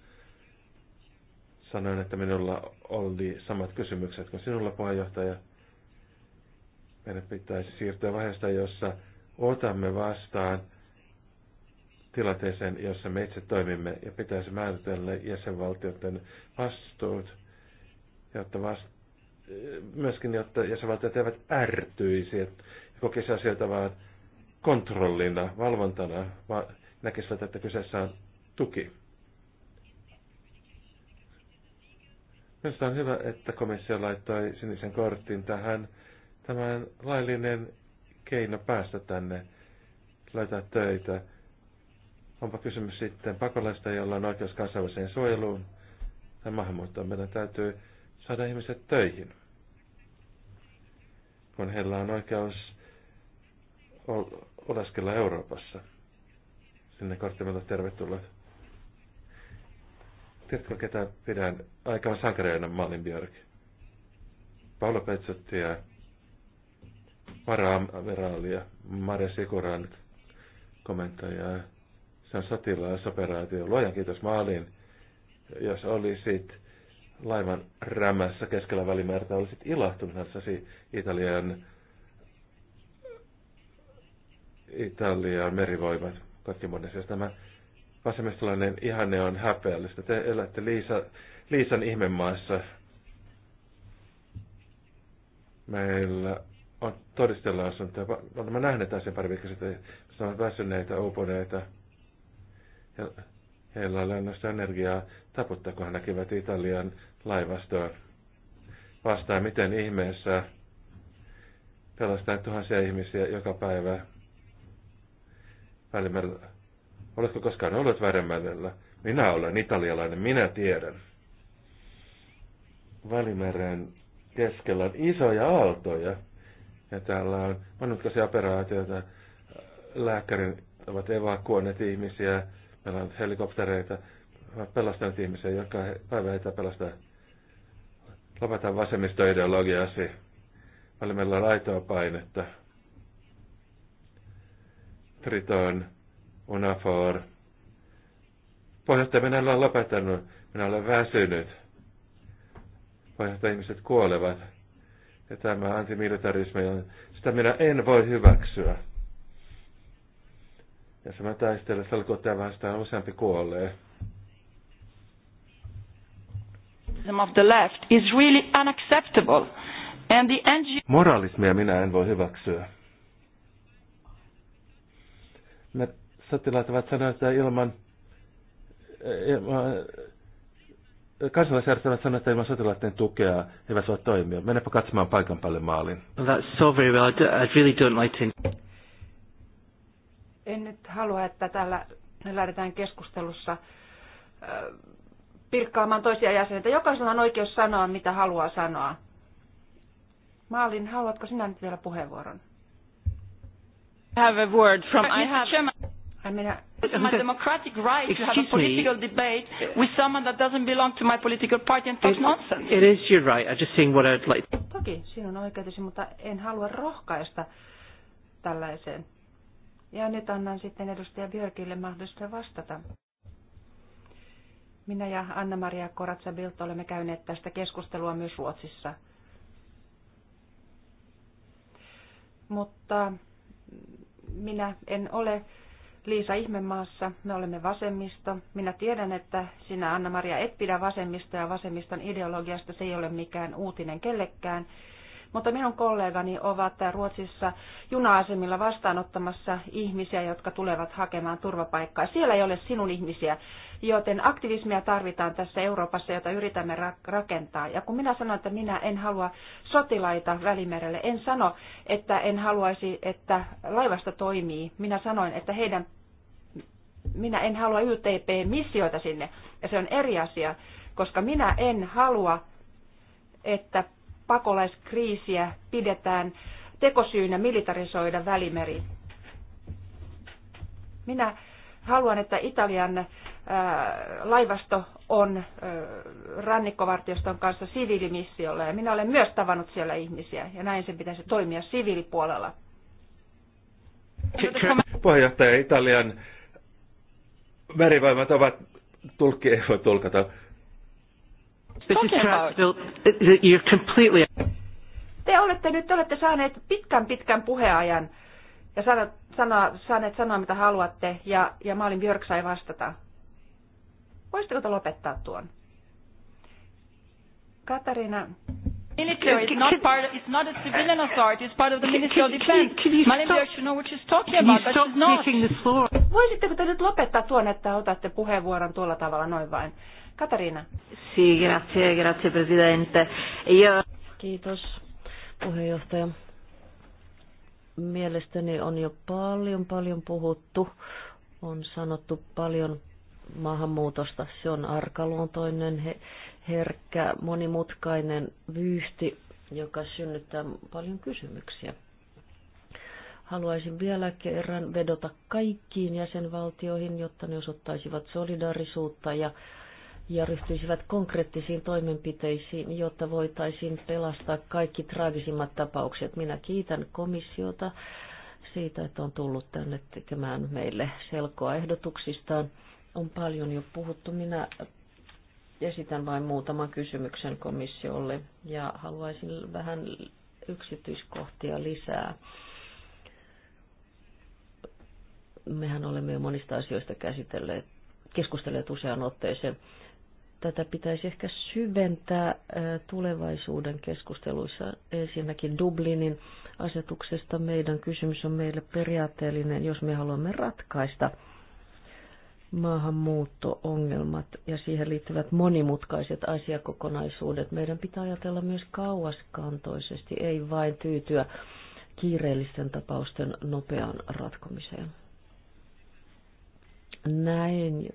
Sanoin, että minulla oli samat kysymykset kuin sinulla, puheenjohtaja. Meidän pitäisi siirtyä vaiheesta, jossa otamme vastaan tilanteeseen, jossa me itse toimimme ja pitäisi määritellä jäsenvaltioiden vastuut, jotta vast... myöskin jotta jäsenvaltiot eivät ärtyisi ja kokisi asioita vaan kontrollina, valvontana, vaan näkisivät, että kyseessä on tuki. Minusta on hyvä, että komissio laittoi sinisen kortin tähän. Tämän laillinen keino päästä tänne, laittaa töitä. Onpa kysymys sitten pakolaista, jolla on oikeus kansainväliseen suojeluun tai maahanmuuttoon. Meidän täytyy saada ihmiset töihin. Kun heillä on oikeus oleskella Euroopassa. Sinne korttimella tervetuloa. Tiedätkö, ketä pidän aikaan sankareina Malinbjörg? Paolo Petsotti ja varaamiraali Mare Sikoran komentaja. Se on sotilaisoperaatio. Luojan kiitos maalin, Jos olisit laivan rämässä keskellä välimerta, olisit ilahtuneessasi Italian, Italian merivoimat. Kaikki monessa. Tämä vasemmistolainen ihanne on häpeällistä. Te elätte Liisa, Liisan ihmemaassa. Meillä on todistella asuntoja. näen nähneet asian pari viikkoa sitten. Se on väsyneitä, uupuneita. Ja heillä on lennosta energiaa taputtaa, kun he näkivät Italian laivastoa. Vastaa miten ihmeessä pelastaa tuhansia ihmisiä joka päivä Välimerellä Oletko koskaan ollut Välimerellä? Minä olen italialainen, minä tiedän. Välimeren keskellä on isoja aaltoja. Ja täällä on monenlaisia operaatioita. Lääkärin ovat evakuoineet ihmisiä. Meillä on helikoptereita. pelastanut ihmisiä, joka päivä heitä pelastaa. Lopetan vasemmistoideologiasi. Välimerellä on aitoa painetta. Triton on Unafor. Pohjoittaja, minä olen lopettanut. Minä olen väsynyt. Pohjoittaja, ihmiset kuolevat. Ja tämä antimilitarismi on, sitä minä en voi hyväksyä. Ja se mä taistelen, alkoi tämä vastaan useampi kuolee. of the left is really unacceptable. And the NGO... Moralismia minä en voi hyväksyä. Me sotilaat ovat sanoneet, että ilman, eh, ilman eh, kansalaisjärjestelmät että ilman sotilaiden tukea eivät voi toimia. Mennäpä katsomaan paikan päälle maalin. That's so very well. I really don't like to... En nyt halua, että täällä lähdetään keskustelussa eh, pirkkaamaan toisia jäseniä. Jokaisella on oikeus sanoa, mitä haluaa sanoa. Maalin, haluatko sinä nyt vielä puheenvuoron? have a word from I have I mean, I... It's my democratic right to have a political me. debate with someone that doesn't belong to my political party and talks it, nonsense. It is your right. I'm just saying what I'd like. Toki sinun oikeutesi, mutta en halua rohkaista tällaiseen. Ja nyt annan sitten edustaja Björkille mahdollisuuden vastata. Minä ja Anna-Maria koratsa olemme käyneet tästä keskustelua myös Ruotsissa. Mutta minä en ole Liisa Ihmemaassa, me olemme vasemmisto. Minä tiedän, että sinä Anna-Maria et pidä vasemmista ja vasemmiston ideologiasta, se ei ole mikään uutinen kellekään. Mutta minun kollegani ovat Ruotsissa juna-asemilla vastaanottamassa ihmisiä, jotka tulevat hakemaan turvapaikkaa. Siellä ei ole sinun ihmisiä, Joten aktivismia tarvitaan tässä Euroopassa, jota yritämme rakentaa. Ja kun minä sanon, että minä en halua sotilaita välimerelle, en sano, että en haluaisi, että laivasta toimii. Minä sanoin, että heidän, minä en halua YTP-missioita sinne. Ja se on eri asia, koska minä en halua, että pakolaiskriisiä pidetään tekosyynä militarisoida välimeri. Minä haluan, että Italian laivasto on rannikkovartioston kanssa siviilimissiolla ja minä olen myös tavannut siellä ihmisiä ja näin sen pitäisi toimia siviilipuolella. Puheenjohtaja Italian merivoimat ovat, tulkki ei voi tulkata. Te olette nyt te olette saaneet pitkän pitkän puheajan ja sana, saaneet sanoa mitä haluatte ja, ja maalin Björk sai vastata. Voisitteko te lopettaa tuon? Katarina. Military is not part of, it's not a civilian authority, it's part of the Ministry of Defense. Malindia should know what she's talking about, but she's not. Voisitteko te nyt lopettaa tuon, että otatte puheenvuoron tuolla tavalla noin vain? Katariina. Si, grazie, grazie Presidente. Io... Kiitos puheenjohtaja. Mielestäni on jo paljon, paljon puhuttu. On sanottu paljon maahanmuutosta. Se on arkaluontoinen, herkkä, monimutkainen vyyhti, joka synnyttää paljon kysymyksiä. Haluaisin vielä kerran vedota kaikkiin jäsenvaltioihin, jotta ne osoittaisivat solidaarisuutta ja, ja ryhtyisivät konkreettisiin toimenpiteisiin, jotta voitaisiin pelastaa kaikki traagisimmat tapaukset. Minä kiitän komissiota siitä, että on tullut tänne tekemään meille selkoa ehdotuksistaan on paljon jo puhuttu. Minä esitän vain muutaman kysymyksen komissiolle ja haluaisin vähän yksityiskohtia lisää. Mehän olemme jo monista asioista käsitelleet, keskustelleet useaan otteeseen. Tätä pitäisi ehkä syventää tulevaisuuden keskusteluissa. Ensinnäkin Dublinin asetuksesta meidän kysymys on meille periaatteellinen, jos me haluamme ratkaista – maahanmuutto-ongelmat ja siihen liittyvät monimutkaiset asiakokonaisuudet. Meidän pitää ajatella myös kauaskantoisesti, ei vain tyytyä kiireellisten tapausten nopeaan ratkomiseen. Näin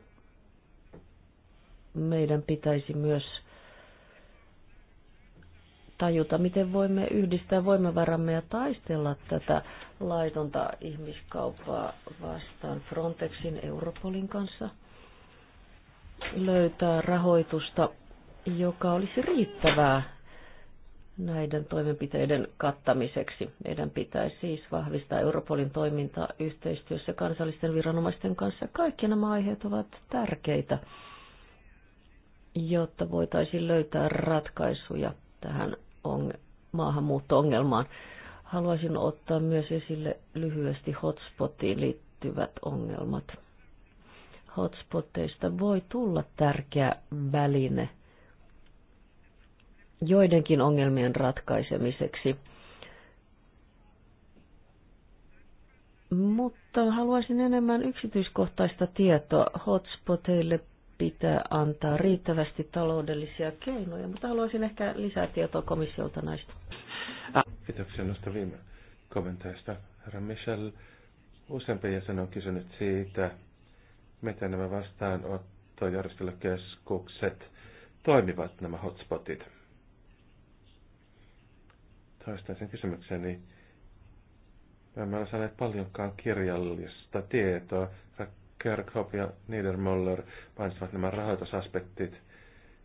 meidän pitäisi myös tajuta, miten voimme yhdistää voimavaramme ja taistella tätä laitonta ihmiskauppaa vastaan Frontexin Europolin kanssa löytää rahoitusta, joka olisi riittävää näiden toimenpiteiden kattamiseksi. Meidän pitäisi siis vahvistaa Europolin toimintaa yhteistyössä kansallisten viranomaisten kanssa. Kaikki nämä aiheet ovat tärkeitä, jotta voitaisiin löytää ratkaisuja tähän on- maahanmuutto-ongelmaan. Haluaisin ottaa myös esille lyhyesti hotspotiin liittyvät ongelmat. Hotspotteista voi tulla tärkeä väline joidenkin ongelmien ratkaisemiseksi. Mutta haluaisin enemmän yksityiskohtaista tietoa. Hotspoteille pitää antaa riittävästi taloudellisia keinoja, mutta haluaisin ehkä lisää tietoa komissiolta näistä. Kiitoksia noista viime kommenteista. Herra Michel, useampi jäsen on kysynyt siitä, miten nämä vastaanottojärjestelykeskukset toimivat, nämä hotspotit. Toistan sen kysymykseni. Me emme ole saaneet paljonkaan kirjallista tietoa. Kerkhoff ja Niedermöller mainitsivat nämä rahoitusaspektit –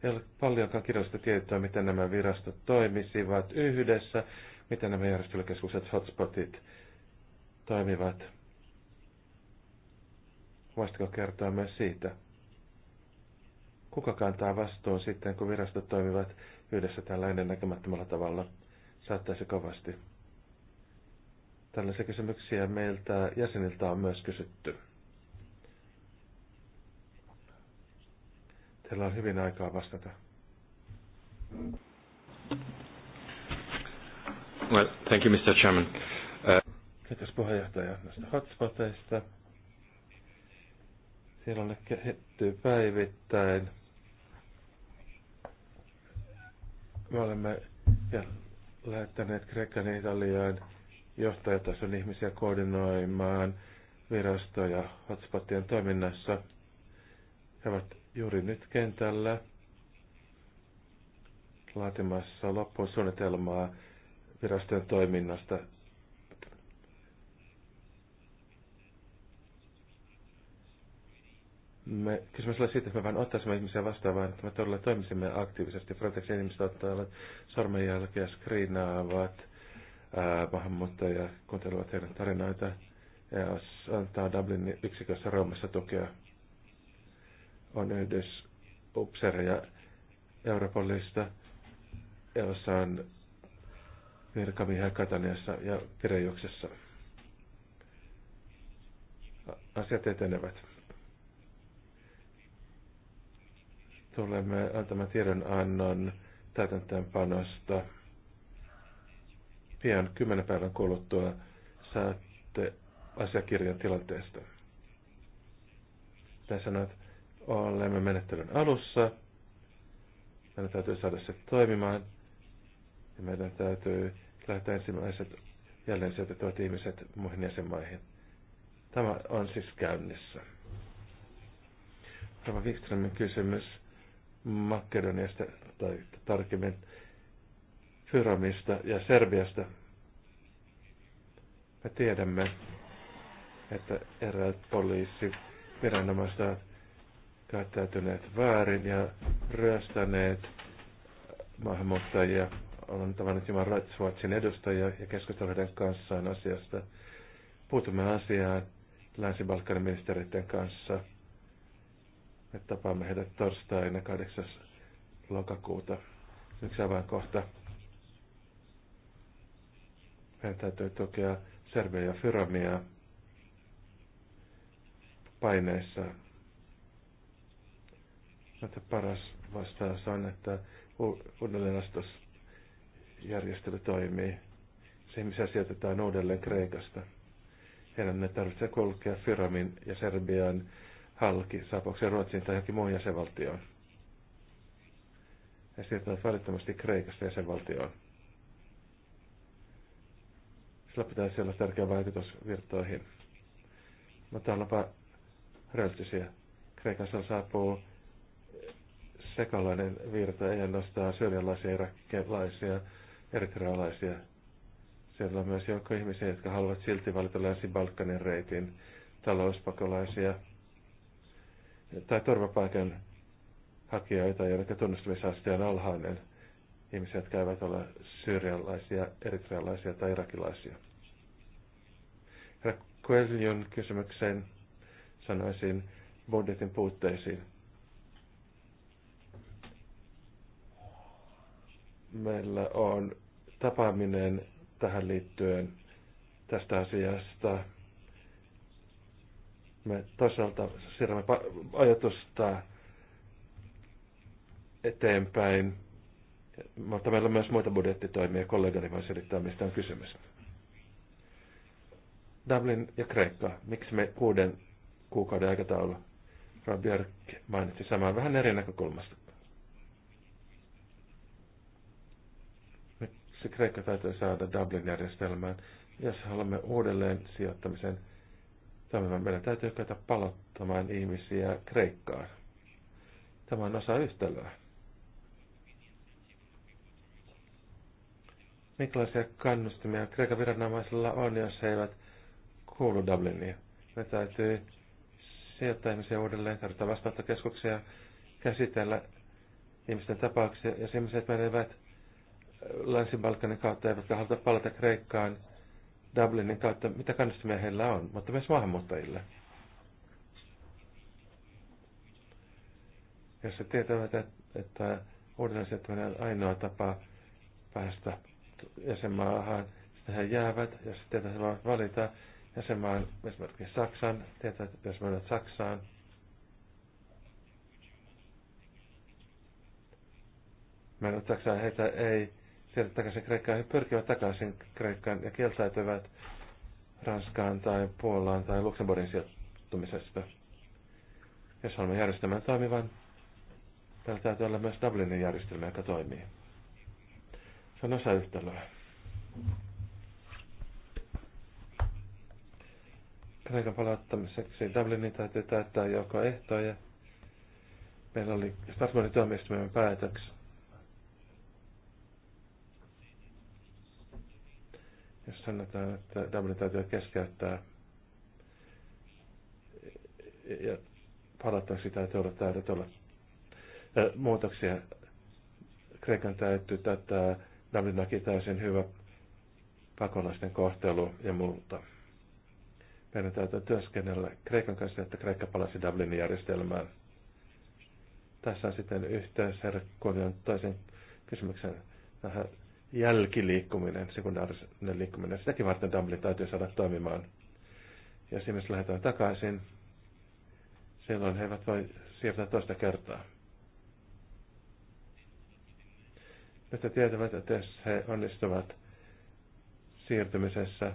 ei ole paljonkaan kirjallista tietoa, miten nämä virastot toimisivat yhdessä, miten nämä järjestelykeskukset, hotspotit toimivat. Voisitko kertoa myös siitä? Kuka kantaa vastuun sitten, kun virastot toimivat yhdessä tällä ennennäkemättömällä tavalla? Saattaisi kovasti. Tällaisia kysymyksiä meiltä jäseniltä on myös kysytty. Teillä on hyvin aikaa vastata. Well, thank you, Mr. Chairman. Uh... Kiitos puheenjohtaja näistä hotspoteista. Siellä on kehittyy päivittäin. Me olemme lähettäneet Kreikan ja Italiaan johtajatason ihmisiä koordinoimaan virastoja hotspotien toiminnassa. He ovat juuri nyt kentällä laatimassa loppusuunnitelmaa viraston virastojen toiminnasta. Me, kysymys oli siitä, että me vain ottaisimme ihmisiä vastaan, vaan että me todella toimisimme aktiivisesti. Frontexin ihmiset ottavat sormenjälkeä, screenaavat maahanmuuttajia, kuuntelevat heidän tarinoita ja antaa Dublinin yksikössä Roomassa tukea on yhdys upseereja Europolista, jossa on virkamiehiä Kataniassa ja Pirejuksessa. Asiat etenevät. Tulemme antamaan tiedonannon täytäntöönpanosta pian kymmenen päivän kuluttua saatte asiakirjan tilanteesta. Tässä sanoit, että Olemme menettelyn alussa. Meidän täytyy saada se toimimaan. Ja meidän täytyy lähteä ensimmäiset jälleen sijoitettavat ihmiset muihin jäsenmaihin. Tämä on siis käynnissä. Tämä Wikströmin kysymys Makedoniasta tai tarkemmin Fyromista ja Serbiasta. Me tiedämme, että eräät poliisiviranomaiset ovat käyttäytyneet väärin ja ryöstäneet maahanmuuttajia. Olen tavannut Juman Ratsvatsin edustajia ja heidän kanssaan asiasta. Puutumme asiaan Länsi-Balkanin ministeriöiden kanssa. Me tapaamme heidät torstaina 8. lokakuuta. Yksi kohta. Meidän täytyy tukea Serbia ja Fyramia paineissaan että paras vastaus on, että järjestely toimii. Se ihmisiä sijoitetaan uudelleen Kreikasta. Heidän ne tarvitsee kulkea Firamin ja Serbian halki, saapuakseen Ruotsiin tai johonkin muun jäsenvaltioon. He siirtyvät välittömästi Kreikasta jäsenvaltioon. Sillä pitäisi olla tärkeä vaikutus virtoihin. Mutta ollaanpa realistisia. Kreikassa saapuu sekalainen virta, ei ainoastaan syrjalaisia, irakilaisia, eritrealaisia. Siellä on myös joukko ihmisiä, jotka haluavat silti valita Länsi-Balkanin reitin talouspakolaisia tai turvapaikan hakijoita, joiden tunnustamisaste on alhainen. Ihmiset, jotka eivät ole syyrialaisia, eritrealaisia tai irakilaisia. Herra Coelion kysymykseen sanoisin budjetin puutteisiin Meillä on tapaaminen tähän liittyen tästä asiasta. Me toisaalta siirrämme ajatusta eteenpäin, mutta meillä on myös muita budjettitoimia. Kollegani voi selittää, mistä on kysymys. Dublin ja Kreikka. Miksi me kuuden kuukauden aikataulu? Rabjörk mainitsi samaan vähän eri näkökulmasta se Kreikka täytyy saada Dublin-järjestelmään. ja Jos haluamme uudelleen sijoittamisen tämän meidän täytyy kyetä palottamaan ihmisiä Kreikkaan. Tämä on osa yhtälöä. Minkälaisia kannustimia Kreikan viranomaisilla on, jos he eivät kuulu Dubliniin? Me täytyy sijoittaa ihmisiä uudelleen, tarvitaan vastaanottokeskuksia, käsitellä ihmisten tapauksia, jos ihmiset menevät Länsi-Balkanin kautta, eivätkä haluta palata Kreikkaan Dublinin kautta, mitä kannustimia heillä on, mutta myös maahanmuuttajille. Jos se tietävät, että uudelleen on ainoa tapa päästä jäsenmaahan, sitten he jäävät, ja sitten että voivat valita jäsenmaan, esimerkiksi Saksan, tietävät, että jos menet Saksaan, menet Saksaan, heitä ei sieltä takaisin Kreikkaan. He pyrkivät takaisin Kreikkaan ja kieltäytyvät Ranskaan tai Puolaan tai Luxemburgin sijoittumisesta. Jos haluamme järjestelmän toimivan, täällä täytyy olla myös Dublinin järjestelmä, joka toimii. Se on osa yhtälöä. Kreikan palauttamiseksi Dublinin täytyy täyttää joko ehtoja. Meillä oli Strasbourgin tuomioistuimen päätöksi. Jos sanotaan, että Dublin täytyy keskeyttää ja sitä, että olla täydet olla muutoksia. Kreikan täytyy tätä Dublin täysin hyvä pakolaisten kohtelu ja muuta. Meidän täytyy työskennellä Kreikan kanssa, että Kreikka palasi Dublinin järjestelmään. Tässä on sitten yhteys herra toisen kysymyksen tähän jälkiliikkuminen, sekundaarinen liikkuminen, sitäkin varten Dumbledore täytyy saada toimimaan. Ja sinne lähdetään takaisin. Silloin he eivät voi siirtää toista kertaa. Nyt he tietävät, että jos he onnistuvat siirtymisessä,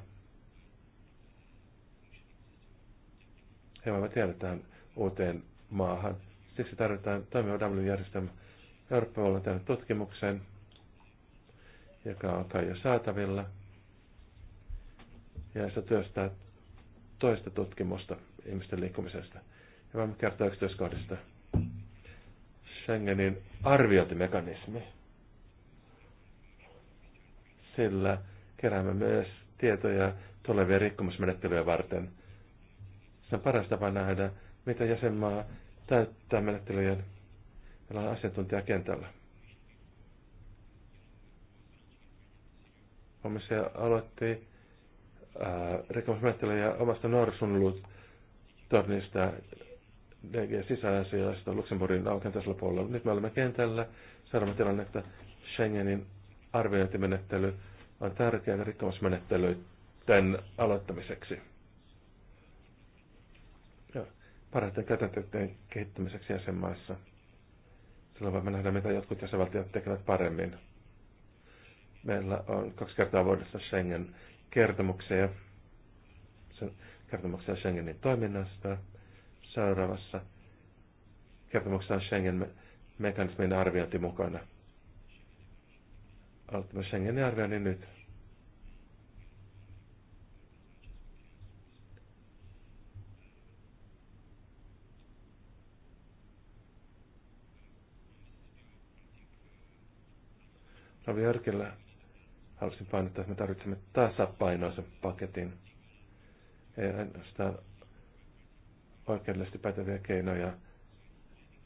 he voivat jäädä tähän uuteen maahan. Siksi tarvitaan toimiva Dublin-järjestelmä. Eurooppa on tehnyt tutkimuksen, joka on kai jo saatavilla. Ja se työstää toista tutkimusta ihmisten liikkumisesta. Ja voimme kertoa yksityiskohdista. Schengenin arviointimekanismi. Sillä keräämme myös tietoja tulevia rikkomusmenettelyjä varten. Se on paras tapa nähdä, mitä jäsenmaa täyttää menettelyjen. Meillä on asiantuntija kentällä. Komissio aloitti äh, ja omasta Norsunlut tornista DG sisäasioista Luxemburgin auken tasolla puolella. Nyt me olemme kentällä. tilanne, että Schengenin arviointimenettely on tärkeä tämän aloittamiseksi. parhaiten käytäntöiden kehittämiseksi jäsenmaissa. Silloin voimme nähdä, mitä jotkut jäsenvaltiot tekevät paremmin. Meillä on kaksi kertaa vuodessa Schengen kertomuksia, kertomuksia Schengenin toiminnasta. Seuraavassa kertomuksessa on Schengen mekanismin arviointi mukana. Aloitamme Schengenin arvioinnin nyt. Ravi Jörkillä halusin painottaa, että me tarvitsemme tasapainoisen paketin. Ei ainoastaan oikeudellisesti päteviä keinoja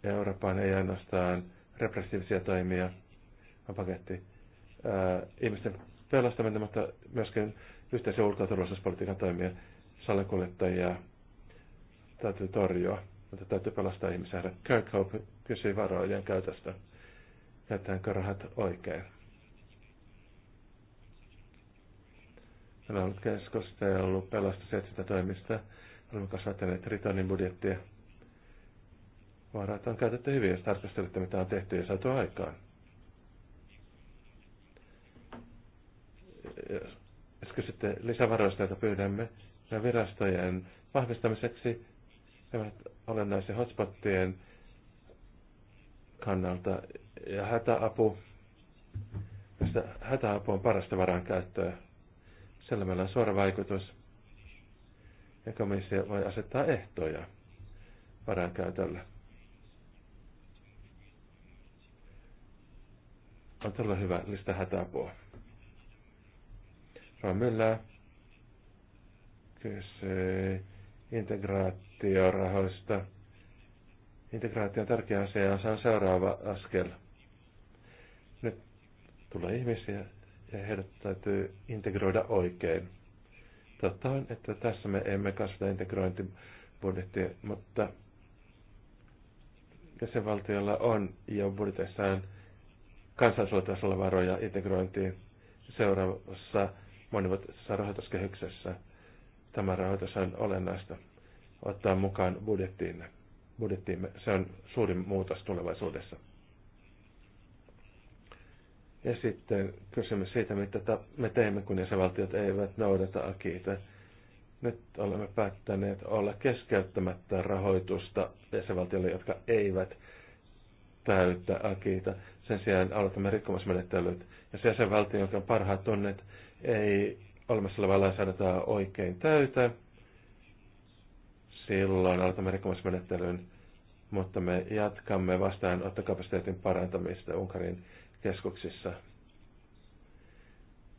Euroopan, ei ainoastaan repressiivisia toimia, vaan paketti ää, ihmisten pelastaminen, mutta myöskin yhteisen ulko- ja turvallisuuspolitiikan toimia, salakuljettajia täytyy torjua, mutta täytyy pelastaa ihmisiä. Kirkhope kysyi varojen käytöstä. Käytetäänkö rahat oikein? Meillä on ollut pelastus pelastusetsintä toimista. Olemme kasvattaneet Ritonin budjettia. Varat on käytetty hyvin, jos tarkastelette, mitä on tehty ja saatu aikaan. Jos kysytte lisävaroista, joita pyydämme, ja virastojen vahvistamiseksi, ne ovat olennaisia hotspottien kannalta. Ja hätäapu, hätäapu on parasta varan käyttöä sillä meillä on suora vaikutus. Ja komissio voi asettaa ehtoja varainkäytölle. On todella hyvä lista hätäapua. Ramilla kysyy integraatiorahoista. Integraatio on tärkeä asia ja se on seuraava askel. Nyt tulee ihmisiä, heidät täytyy integroida oikein. Totta on, että tässä me emme kasvata integrointibudjettia, mutta jäsenvaltiolla on jo budjetissaan kansansuotaisella varoja integrointiin seuraavassa monivuotisessa rahoituskehyksessä. Tämä rahoitus on olennaista ottaa mukaan budjettiin. budjettiimme. Se on suurin muutos tulevaisuudessa. Ja sitten kysymys siitä, mitä me teemme, kun jäsenvaltiot eivät noudata akiita. Nyt olemme päättäneet olla keskeyttämättä rahoitusta jäsenvaltioille, jotka eivät täyttä akiita. Sen sijaan aloitamme rikkomusmenettelyt. se jäsenvaltio, jonka parhaat tunnet, ei olemassa olevaa lainsäädäntöä oikein täytä, silloin aloitamme rikkomusmenettelyn, mutta me jatkamme vastaanottokapasiteetin parantamista Unkarin keskuksissa.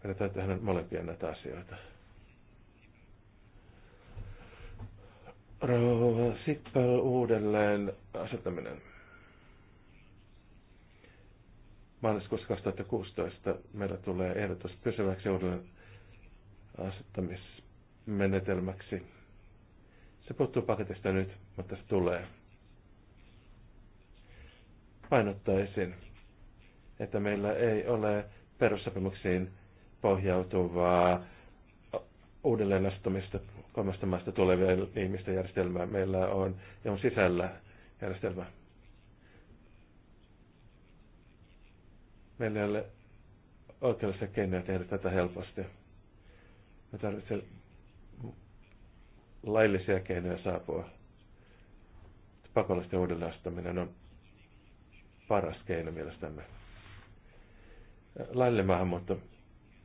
Meidän täytyy tehdä molempia näitä asioita. Rouva uudelleen asettaminen. Maaliskuussa 2016 meillä tulee ehdotus pysyväksi uudelleen asettamismenetelmäksi. Se puuttuu paketista nyt, mutta se tulee. Painottaisin että meillä ei ole perussopimuksiin pohjautuvaa uudelleenastumista kolmesta maasta tulevien ihmisten järjestelmää. Meillä on jo sisällä järjestelmä. Meillä ei ole oikeudellisia keinoja tehdä tätä helposti. Me tarvitsemme laillisia keinoja saapua. Pakolaisten uudelleenastaminen on paras keino mielestämme laillinen maahanmuutto.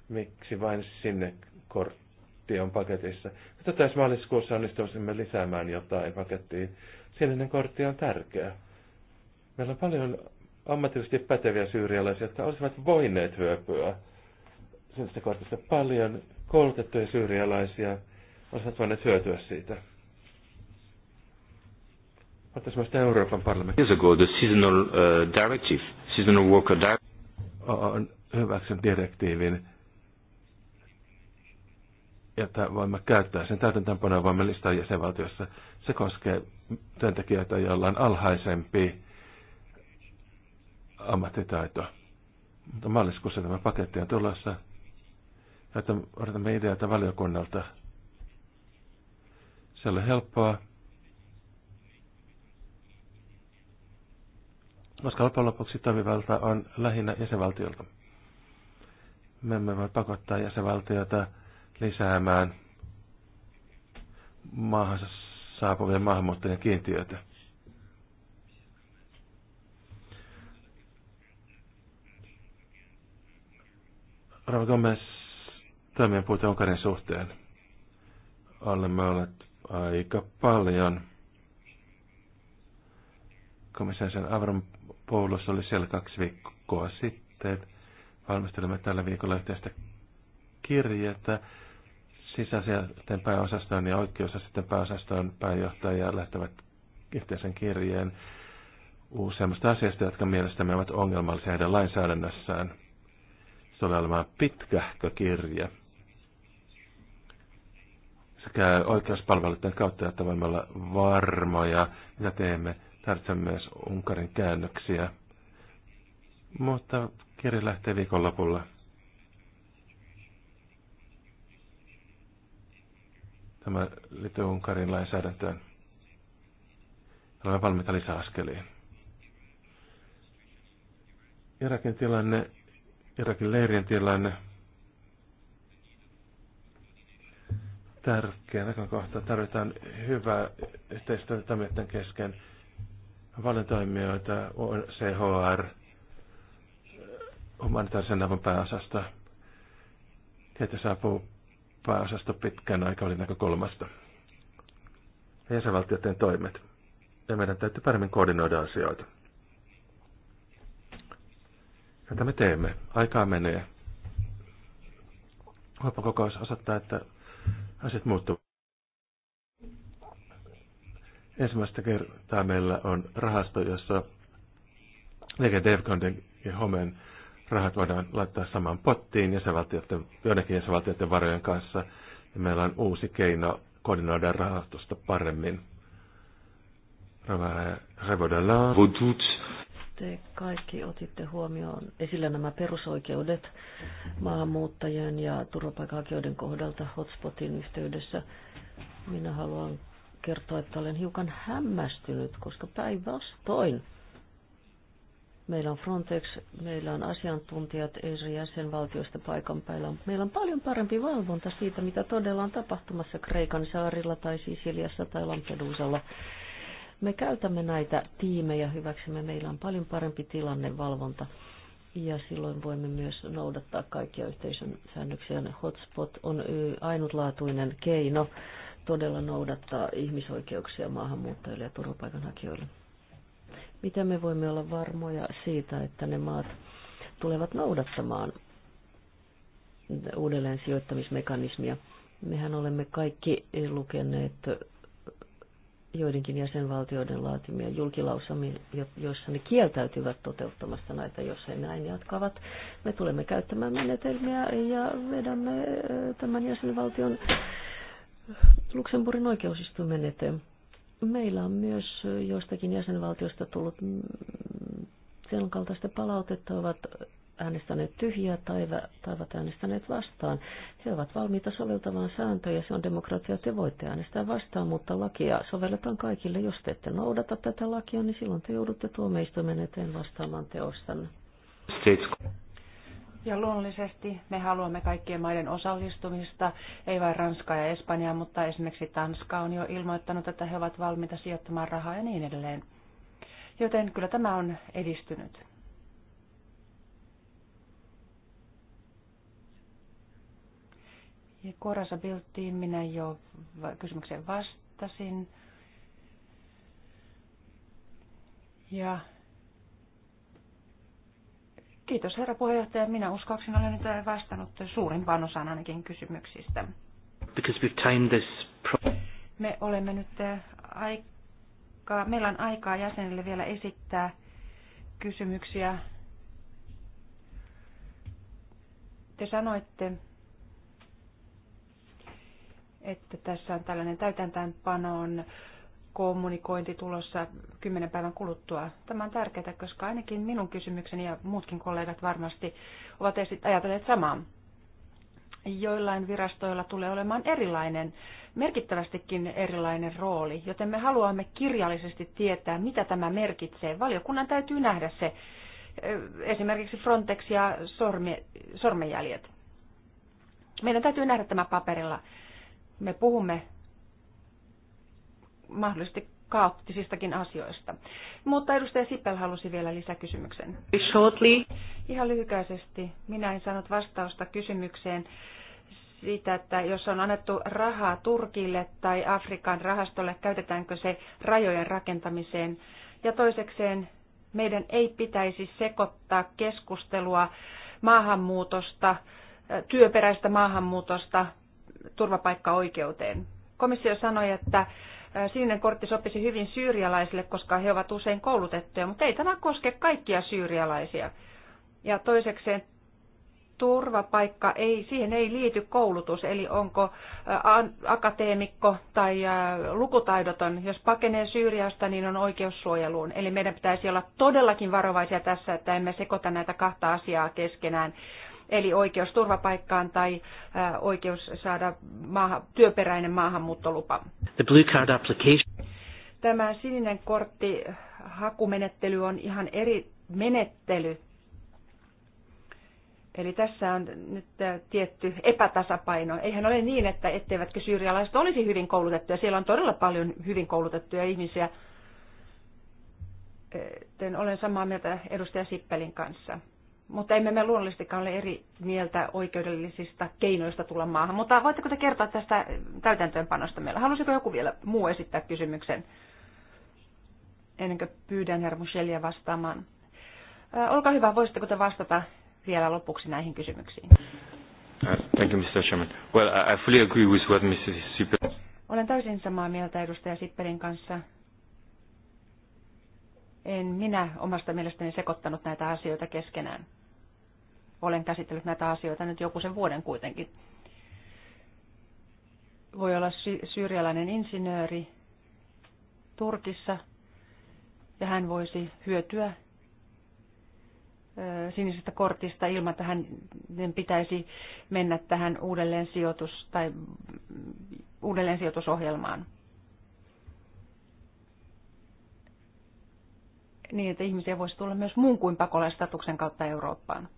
Miksi vain sinne kortti on paketissa? Tätä jos maaliskuussa onnistuisimme lisäämään jotain pakettiin. Sininen kortti on tärkeä. Meillä on paljon ammatillisesti päteviä syyrialaisia, jotka olisivat voineet hyöpyä sinistä kortista. Paljon koulutettuja syyrialaisia olisivat voineet hyötyä siitä. Euroopan parlamentti. Years ago, the seasonal uh, directive, seasonal worker directive, on hyväksyn direktiivin, että voimme käyttää sen täytäntöönpanoa voimme listaa jäsenvaltiossa. Se koskee työntekijöitä, joilla on alhaisempi ammattitaito. Mutta maaliskuussa tämä paketti on tulossa. Että odotamme ideata valiokunnalta. Se oli helppoa. Koska lopuksi toimivalta on lähinnä jäsenvaltiolta. Me emme voi pakottaa jäsenvaltioita lisäämään maahansa saapuvien maahanmuuttajien kiintiöitä. Rauha Gomez toimien puute Unkarin suhteen. Olemme olleet aika paljon. Komissaarisen Avram Poulos oli siellä kaksi viikkoa sitten valmistelemme tällä viikolla yhteistä kirjettä sisäisen pääosastoon ja sitten pääosastoon pääjohtaja lähtevät yhteisen kirjeen useammasta asiasta, jotka mielestämme ovat ongelmallisia heidän lainsäädännössään. Se tulee olemaan pitkähkö kirje. Sekä oikeuspalveluiden kautta, että voimme olla varmoja, mitä teemme. Tarvitsemme myös Unkarin käännöksiä. Mutta Kirja lähtee viikonlopulla. Tämä liittyy Unkarin lainsäädäntöön. Olemme valmiita lisäaskeliin. Irakin tilanne, Irakin leirien tilanne. Tärkeä näkökohta. Tarvitaan hyvää yhteistyötä tämän kesken. Valintoimijoita, CHR, humanitaarisen avun pääosasta. Kehitysapu pääosasto pitkän aikavälin kolmasta. Ja jäsenvaltioiden toimet. Ja meidän täytyy paremmin koordinoida asioita. Mitä me teemme. Aikaa menee. Huippukokous osoittaa, että asiat muuttuvat. Ensimmäistä kertaa meillä on rahasto, jossa Liike devkonden ja Homen rahat voidaan laittaa samaan pottiin ja joidenkin jäsenvaltioiden varojen kanssa. Ja meillä on uusi keino koordinoida rahastusta paremmin. Te kaikki otitte huomioon esillä nämä perusoikeudet maahanmuuttajien ja turvapaikanhakijoiden kohdalta hotspotin yhteydessä. Minä haluan kertoa, että olen hiukan hämmästynyt, koska päinvastoin Meillä on Frontex, meillä on asiantuntijat eri jäsenvaltioista paikan päällä. Meillä on paljon parempi valvonta siitä, mitä todella on tapahtumassa Kreikan saarilla tai Sisiliassa tai Lampedusalla. Me käytämme näitä tiimejä hyväksemme. Meillä on paljon parempi tilannevalvonta. Ja silloin voimme myös noudattaa kaikkia yhteisön säännöksiä. Hotspot on ainutlaatuinen keino todella noudattaa ihmisoikeuksia maahanmuuttajille ja turvapaikanhakijoille. Mitä me voimme olla varmoja siitä, että ne maat tulevat noudattamaan uudelleen sijoittamismekanismia? Mehän olemme kaikki lukeneet joidenkin jäsenvaltioiden laatimia julkilausumia, joissa ne kieltäytyvät toteuttamasta näitä, jos he näin jatkavat. Me tulemme käyttämään menetelmiä ja vedämme tämän jäsenvaltion Luxemburgin oikeusistuimen eteen. Meillä on myös joistakin jäsenvaltiosta tullut mm, sen kaltaista palautetta, ovat äänestäneet tyhjää tai, tai ovat äänestäneet vastaan. He ovat valmiita soveltamaan sääntöjä, se on demokratia, te voitte äänestää vastaan, mutta lakia sovelletaan kaikille. Jos te ette noudata tätä lakia, niin silloin te joudutte tuomioistuimen eteen vastaamaan teostanne. Ja luonnollisesti me haluamme kaikkien maiden osallistumista, ei vain Ranskaa ja Espanjaa, mutta esimerkiksi Tanska on jo ilmoittanut, että he ovat valmiita sijoittamaan rahaa ja niin edelleen. Joten kyllä tämä on edistynyt. Ja Korasa Biltiin minä jo kysymykseen vastasin. Ja Kiitos herra puheenjohtaja. Minä uskoakseni olen nyt vastannut suurimpaan osaan ainakin kysymyksistä. Because we've timed this Me olemme nyt äh, aikaa, meillä on aikaa jäsenille vielä esittää kysymyksiä. Te sanoitte, että tässä on tällainen täytäntäänpanoon kommunikointi tulossa kymmenen päivän kuluttua. Tämä on tärkeää, koska ainakin minun kysymykseni ja muutkin kollegat varmasti ovat ajatelleet samaa. Joillain virastoilla tulee olemaan erilainen, merkittävästikin erilainen rooli, joten me haluamme kirjallisesti tietää, mitä tämä merkitsee. Valiokunnan täytyy nähdä se, eh, esimerkiksi Frontex ja sormi, sormenjäljet. Meidän täytyy nähdä tämä paperilla. Me puhumme mahdollisesti kaoottisistakin asioista. Mutta edustaja Sippel halusi vielä lisäkysymyksen. Shortly. Ihan lyhykäisesti. Minä en saanut vastausta kysymykseen siitä, että jos on annettu rahaa Turkille tai Afrikan rahastolle, käytetäänkö se rajojen rakentamiseen. Ja toisekseen meidän ei pitäisi sekoittaa keskustelua maahanmuutosta, työperäistä maahanmuutosta turvapaikkaoikeuteen. Komissio sanoi, että Sininen kortti sopisi hyvin syyrialaisille, koska he ovat usein koulutettuja, mutta ei tämä koske kaikkia syyrialaisia. Ja toisekseen turvapaikka, ei, siihen ei liity koulutus, eli onko akateemikko tai lukutaidoton. Jos pakenee Syyriasta, niin on oikeus Eli meidän pitäisi olla todellakin varovaisia tässä, että emme sekoita näitä kahta asiaa keskenään eli oikeus turvapaikkaan tai oikeus saada maaha, työperäinen maahanmuuttolupa. The blue card application. Tämä sininen kortti hakumenettely on ihan eri menettely. Eli tässä on nyt tietty epätasapaino. Eihän ole niin, että etteivätkö syyrialaiset olisi hyvin koulutettuja. Siellä on todella paljon hyvin koulutettuja ihmisiä. olen samaa mieltä edustaja Sippelin kanssa mutta emme me luonnollisestikaan ole eri mieltä oikeudellisista keinoista tulla maahan. Mutta voitteko te kertoa tästä täytäntöönpanosta meillä? Haluaisiko joku vielä muu esittää kysymyksen ennen kuin pyydän herra Muschelia vastaamaan? Olkaa hyvä, voisitteko te vastata vielä lopuksi näihin kysymyksiin? Uh, thank you, Mr. Chairman. Well, I fully agree with what Olen täysin samaa mieltä edustaja Sipperin kanssa. En minä omasta mielestäni sekoittanut näitä asioita keskenään olen käsitellyt näitä asioita nyt joku sen vuoden kuitenkin. Voi olla sy- syyrialainen insinööri Turkissa ja hän voisi hyötyä sinisestä kortista ilman, että hänen pitäisi mennä tähän uudelleen sijoitus- tai uudelleen sijoitusohjelmaan. Niin, että ihmisiä voisi tulla myös muun kuin pakolaistatuksen kautta Eurooppaan.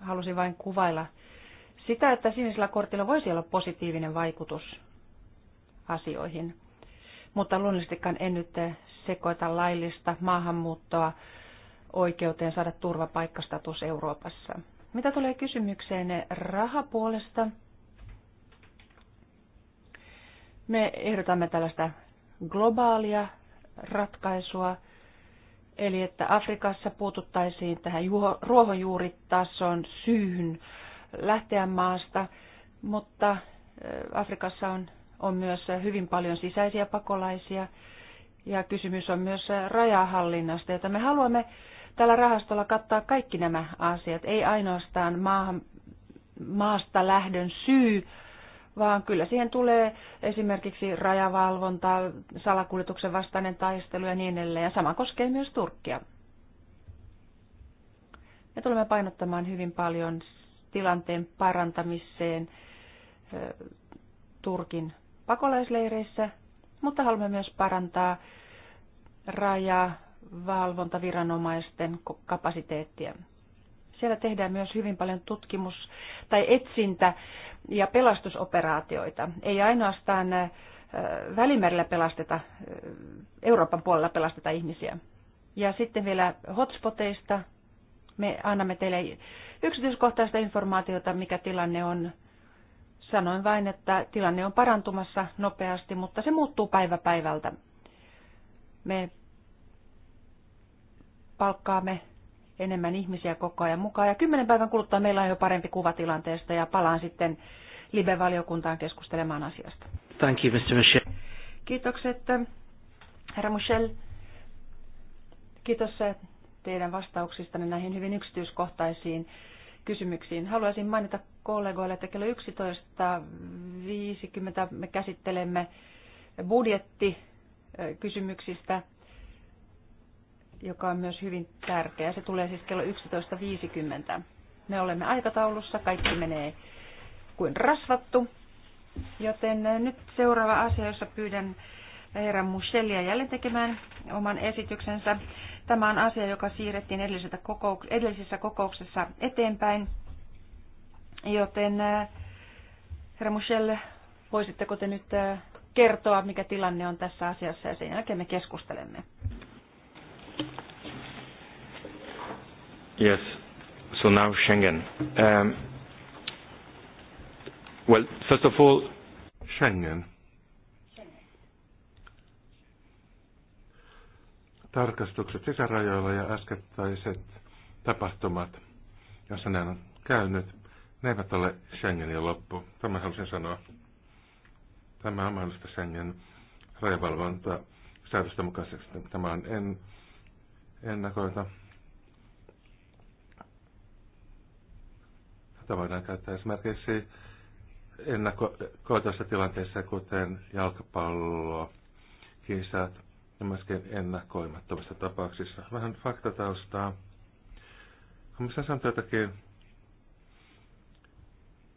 Halusin vain kuvailla sitä, että sinisellä kortilla voisi olla positiivinen vaikutus asioihin. Mutta luonnollisestikaan en nyt sekoita laillista maahanmuuttoa oikeuteen saada turvapaikkastatus Euroopassa. Mitä tulee kysymykseen rahapuolesta, me ehdotamme tällaista globaalia ratkaisua – Eli että Afrikassa puututtaisiin tähän ruohonjuuritason syyhyn lähteä maasta, mutta äh, Afrikassa on, on myös hyvin paljon sisäisiä pakolaisia ja kysymys on myös rajahallinnasta, jota me haluamme tällä rahastolla kattaa kaikki nämä asiat, ei ainoastaan maahan, maasta lähdön syy, vaan kyllä siihen tulee esimerkiksi rajavalvonta, salakuljetuksen vastainen taistelu ja niin edelleen. Ja sama koskee myös Turkkia. Me tulemme painottamaan hyvin paljon tilanteen parantamiseen Turkin pakolaisleireissä, mutta haluamme myös parantaa rajavalvontaviranomaisten kapasiteettia. Siellä tehdään myös hyvin paljon tutkimus- tai etsintä ja pelastusoperaatioita. Ei ainoastaan äh, Välimerellä pelasteta, äh, Euroopan puolella pelasteta ihmisiä. Ja sitten vielä hotspoteista. Me annamme teille yksityiskohtaista informaatiota, mikä tilanne on. Sanoin vain, että tilanne on parantumassa nopeasti, mutta se muuttuu päivä päivältä. Me palkkaamme enemmän ihmisiä koko ajan mukaan. Ja kymmenen päivän kuluttua meillä on jo parempi kuva tilanteesta ja palaan sitten Libe-valiokuntaan keskustelemaan asiasta. Thank you, Mr. Michel. Kiitokset, herra Michel. Kiitos eh, teidän vastauksistanne näihin hyvin yksityiskohtaisiin kysymyksiin. Haluaisin mainita kollegoille, että kello 11.50 me käsittelemme budjettikysymyksistä joka on myös hyvin tärkeä. Se tulee siis kello 11.50. Me olemme aikataulussa, kaikki menee kuin rasvattu. Joten nyt seuraava asia, jossa pyydän Herran Muschellia jälleen tekemään oman esityksensä. Tämä on asia, joka siirrettiin edellisessä kokouksessa eteenpäin. Joten eh, herra Muschel, voisitteko te nyt eh, kertoa, mikä tilanne on tässä asiassa ja sen jälkeen me keskustelemme. Yes. So now Schengen. Um, well, first of all, Schengen. Tarkastukset sisärajoilla ja äskettäiset tapahtumat, joissa näin on käynyt, ne eivät ole Schengenin loppu. Tämä halusin sanoa. Tämä on mahdollista Schengen rajavalvonta säädöstä mukaisesti. Tämä on en ennakoita. Tätä voidaan käyttää esimerkiksi ennakoitossa tilanteessa, kuten jalkapallo, kisat ja myöskin ennakoimattomissa tapauksissa. Vähän faktataustaa. Missä on jotakin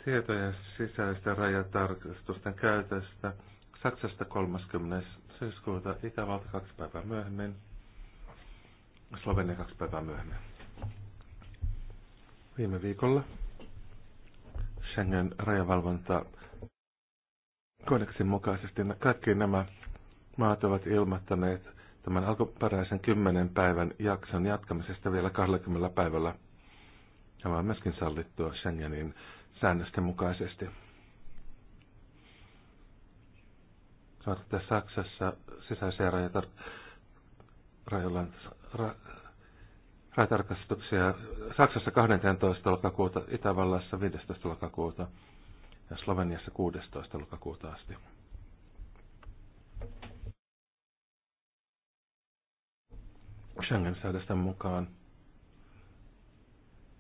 tietoja sisäisten rajatarkastusten käytöstä Saksasta 30. syyskuuta Itävalta kaksi päivää myöhemmin. Slovenia kaksi päivää myöhemmin. Viime viikolla Schengen rajavalvonta kodeksin mukaisesti kaikki nämä maat ovat ilmoittaneet tämän alkuperäisen kymmenen päivän jakson jatkamisesta vielä 20 päivällä. Tämä on myöskin sallittua Schengenin säännösten mukaisesti. Saatatte Saksassa sisäisiä rajoilla ra- rajatarkastuksia Saksassa 12. lokakuuta, Itävallassa 15. lokakuuta ja Sloveniassa 16. lokakuuta asti. Schengen-säädösten mukaan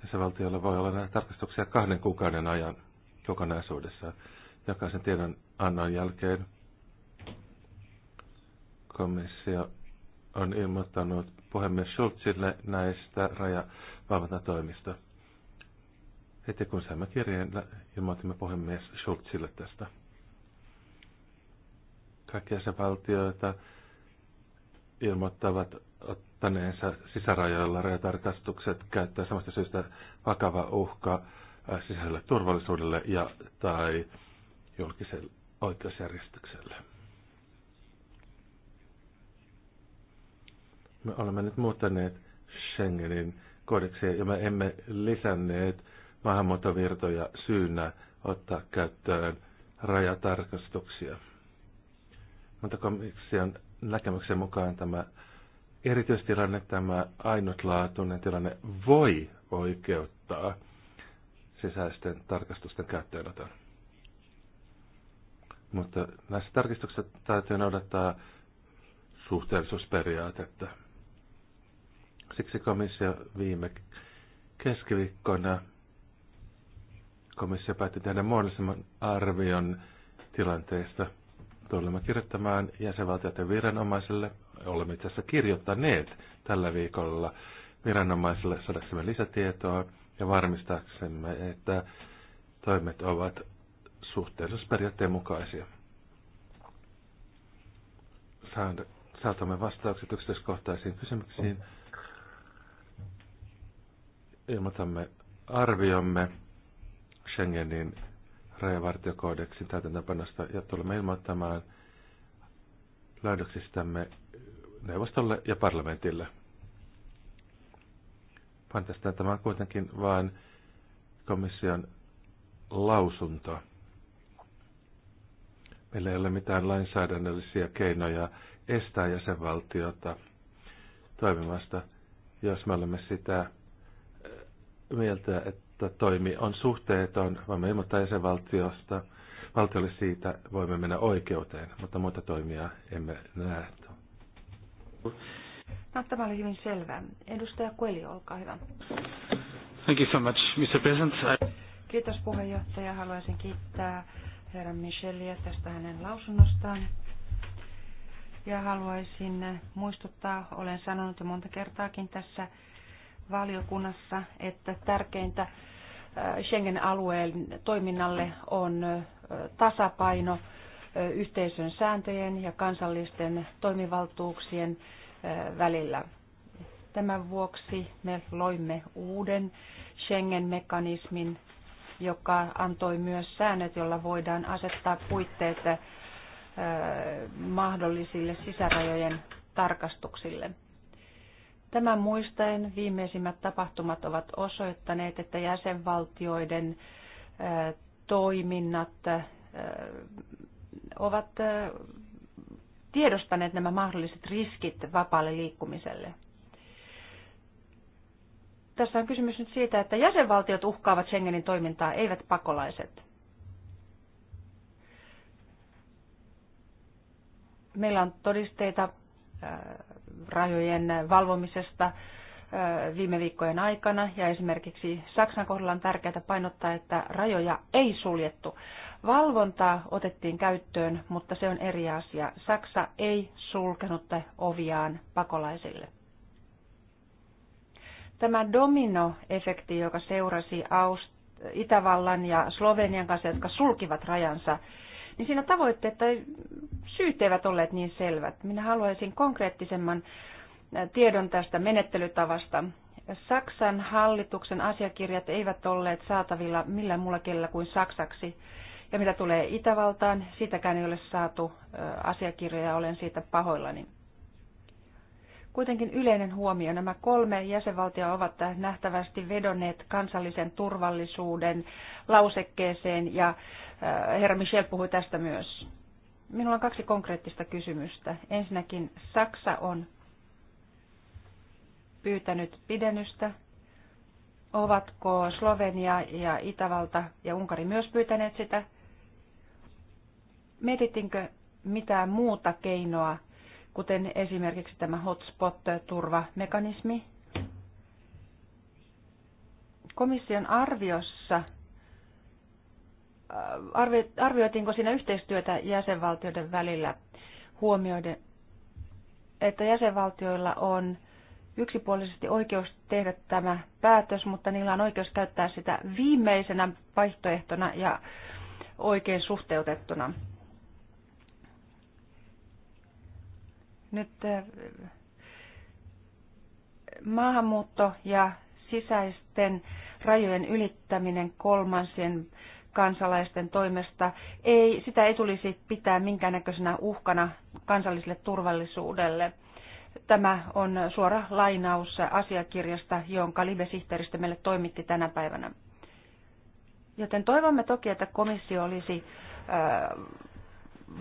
jäsenvaltiolla voi olla näitä tarkastuksia kahden kuukauden ajan kokonaisuudessa Jokaisen tiedon annan jälkeen komissio on ilmoittanut puhemies Schulzille näistä rajavalvontatoimista. Heti kun saimme kirjeen, ilmoitimme puhemies Schulzille tästä. Kaikki jäsenvaltioita ilmoittavat ottaneensa sisärajoilla rajatarkastukset käyttää samasta syystä vakava uhka äh, sisäiselle turvallisuudelle ja tai julkiselle oikeusjärjestykselle. Me olemme nyt muuttaneet Schengenin kodeksia ja me emme lisänneet maahanmuuttovirtoja syynä ottaa käyttöön rajatarkastuksia. Mutta komission näkemyksen mukaan tämä erityistilanne, tämä ainutlaatuinen tilanne voi oikeuttaa sisäisten tarkastusten käyttöönoton. Mutta näissä tarkistuksissa täytyy noudattaa suhteellisuusperiaatetta – Siksi komissio viime keskiviikkona komissio päätti tehdä muodollisemman arvion tilanteesta. Tulemme kirjoittamaan jäsenvaltioiden viranomaisille, olemme itse asiassa kirjoittaneet tällä viikolla viranomaisille saadaksemme lisätietoa ja varmistaaksemme, että toimet ovat suhteellisuusperiaatteen mukaisia. Saatamme vastaukset yksityiskohtaisiin kysymyksiin. Mm ilmoitamme arviomme Schengenin rajavartiokoodeksin täytäntöpanosta ja tulemme ilmoittamaan löydöksistämme neuvostolle ja parlamentille. Fantastinen tämä on kuitenkin vain komission lausunto. Meillä ei ole mitään lainsäädännöllisiä keinoja estää jäsenvaltiota toimimasta, jos me olemme sitä mieltä, että toimi on suhteeton, voimme ilmoittaa jäsenvaltiosta, valtiolle siitä voimme mennä oikeuteen, mutta muita toimia emme näe. No, tämä oli hyvin selvää. Edustaja Kueli, olkaa hyvä. Thank you so much, Mr. President. I... Kiitos puheenjohtaja. Haluaisin kiittää herra Michelia tästä hänen lausunnostaan. Ja haluaisin muistuttaa, olen sanonut jo monta kertaakin tässä valiokunnassa, että tärkeintä Schengen-alueen toiminnalle on tasapaino yhteisön sääntöjen ja kansallisten toimivaltuuksien välillä. Tämän vuoksi me loimme uuden Schengen-mekanismin, joka antoi myös säännöt, jolla voidaan asettaa puitteet mahdollisille sisärajojen tarkastuksille. Tämän muistaen viimeisimmät tapahtumat ovat osoittaneet, että jäsenvaltioiden toiminnat ovat tiedostaneet nämä mahdolliset riskit vapaalle liikkumiselle. Tässä on kysymys nyt siitä, että jäsenvaltiot uhkaavat Schengenin toimintaa, eivät pakolaiset. Meillä on todisteita rajojen valvomisesta viime viikkojen aikana. Ja esimerkiksi Saksan kohdalla on tärkeää painottaa, että rajoja ei suljettu. Valvontaa otettiin käyttöön, mutta se on eri asia. Saksa ei sulkenut oviaan pakolaisille. Tämä dominoefekti, joka seurasi Itävallan ja Slovenian kanssa, jotka sulkivat rajansa, niin siinä tavoitteet tai syyt eivät olleet niin selvät. Minä haluaisin konkreettisemman tiedon tästä menettelytavasta. Saksan hallituksen asiakirjat eivät olleet saatavilla millään muulla kellä kuin saksaksi. Ja mitä tulee Itävaltaan, siitäkään ei ole saatu asiakirjoja, olen siitä pahoillani. Kuitenkin yleinen huomio, nämä kolme jäsenvaltia ovat nähtävästi vedonneet kansallisen turvallisuuden lausekkeeseen ja Äh, herra Michel puhui tästä myös. Minulla on kaksi konkreettista kysymystä. Ensinnäkin Saksa on pyytänyt pidennystä. Ovatko Slovenia ja Itävalta ja Unkari myös pyytäneet sitä? Mietittiinkö mitään muuta keinoa, kuten esimerkiksi tämä hotspot-turvamekanismi? Komission arviossa arvioitiinko siinä yhteistyötä jäsenvaltioiden välillä huomioiden, että jäsenvaltioilla on yksipuolisesti oikeus tehdä tämä päätös, mutta niillä on oikeus käyttää sitä viimeisenä vaihtoehtona ja oikein suhteutettuna. Nyt äh, maahanmuutto ja sisäisten rajojen ylittäminen kolmansien kansalaisten toimesta, ei, sitä ei tulisi pitää minkäännäköisenä uhkana kansalliselle turvallisuudelle. Tämä on suora lainaus asiakirjasta, jonka Libe-sihteeristö meille toimitti tänä päivänä. Joten toivomme toki, että komissio olisi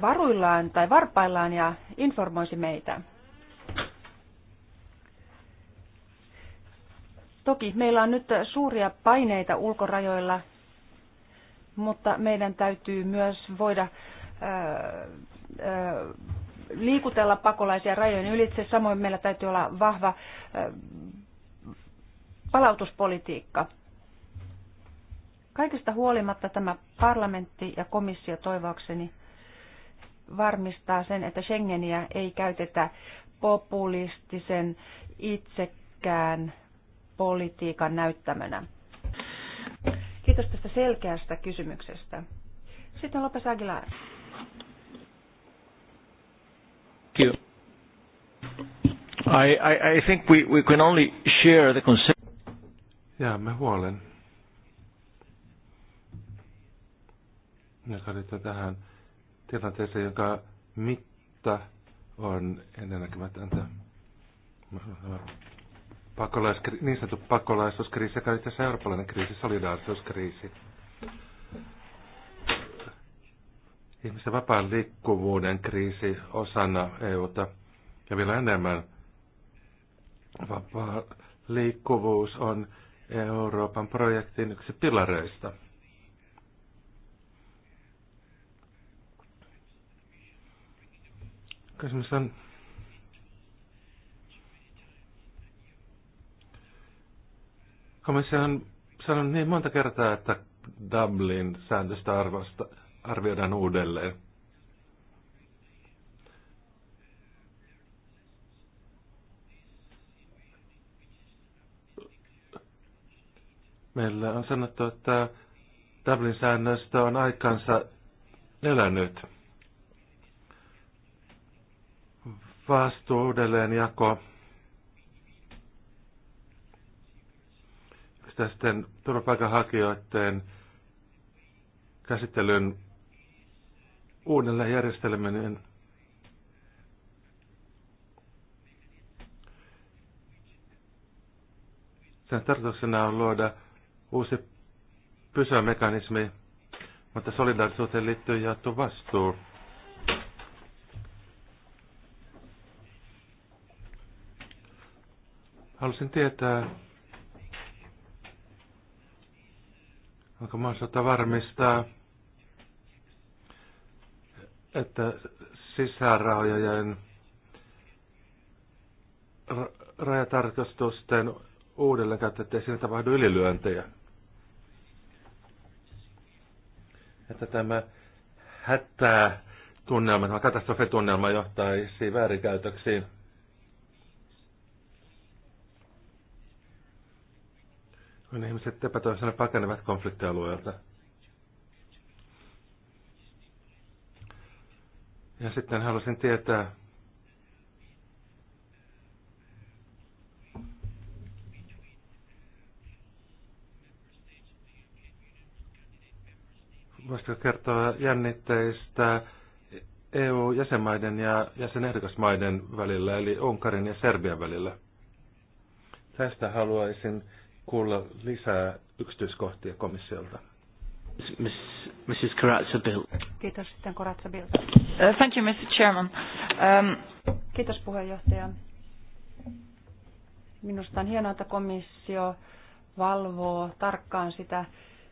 varuillaan tai varpaillaan ja informoisi meitä. Toki meillä on nyt suuria paineita ulkorajoilla mutta meidän täytyy myös voida liikutella pakolaisia rajojen ylitse. Samoin meillä täytyy olla vahva palautuspolitiikka. Kaikesta huolimatta tämä parlamentti ja komissio toivaukseni varmistaa sen, että Schengeniä ei käytetä populistisen itsekään politiikan näyttämönä. Kiitos tästä selkeästä kysymyksestä. Sitten Lopes Aguilar. I, I, I think we, we can only share the concern. Jäämme huolen. Joka liittyy tähän tilanteeseen, jonka mitta on ennennäkemätöntä pakolaiskri, niin sanottu pakolaisuuskriisi, joka oli tässä eurooppalainen kriisi, solidaarisuuskriisi. Ihmisten vapaan liikkuvuuden kriisi osana EUta ja vielä enemmän vapaa liikkuvuus on Euroopan projektin yksi pilareista. Kysymys on Komissio on sanonut niin monta kertaa, että Dublin sääntöstä arvosta arvioidaan uudelleen. Meillä on sanottu, että dublin säännöstä on aikansa elänyt. Vastuu uudelleen jako tästä turvapaikanhakijoiden käsittelyn uudelleen järjesteleminen sen tarkoituksena on luoda uusi pysyvä mekanismi, mutta solidaarisuuteen liittyy jaettu vastuu. Haluaisin tietää, Onko mahdollista varmistaa, että sisärajojen rajatarkastusten uudelleenkäyttö, ettei siinä tapahdu ylilyöntejä? Että tämä hätää tunnelma, katastrofitunnelma johtaisi väärinkäytöksiin. kun ihmiset epätoivoisena pakenevat konfliktialueelta. Ja sitten halusin tietää, voisitko kertoa jännitteistä EU-jäsenmaiden ja jäsenehdokasmaiden välillä, eli Unkarin ja Serbian välillä? Tästä haluaisin kuulla lisää yksityiskohtia komissiolta. Mrs. Karatsa-Bill. Kiitos sitten Karatsa-Bill. Uh, thank you, Mr. Chairman. Um, Kiitos puheenjohtaja. Minusta on hienoa, että komissio valvoo tarkkaan sitä,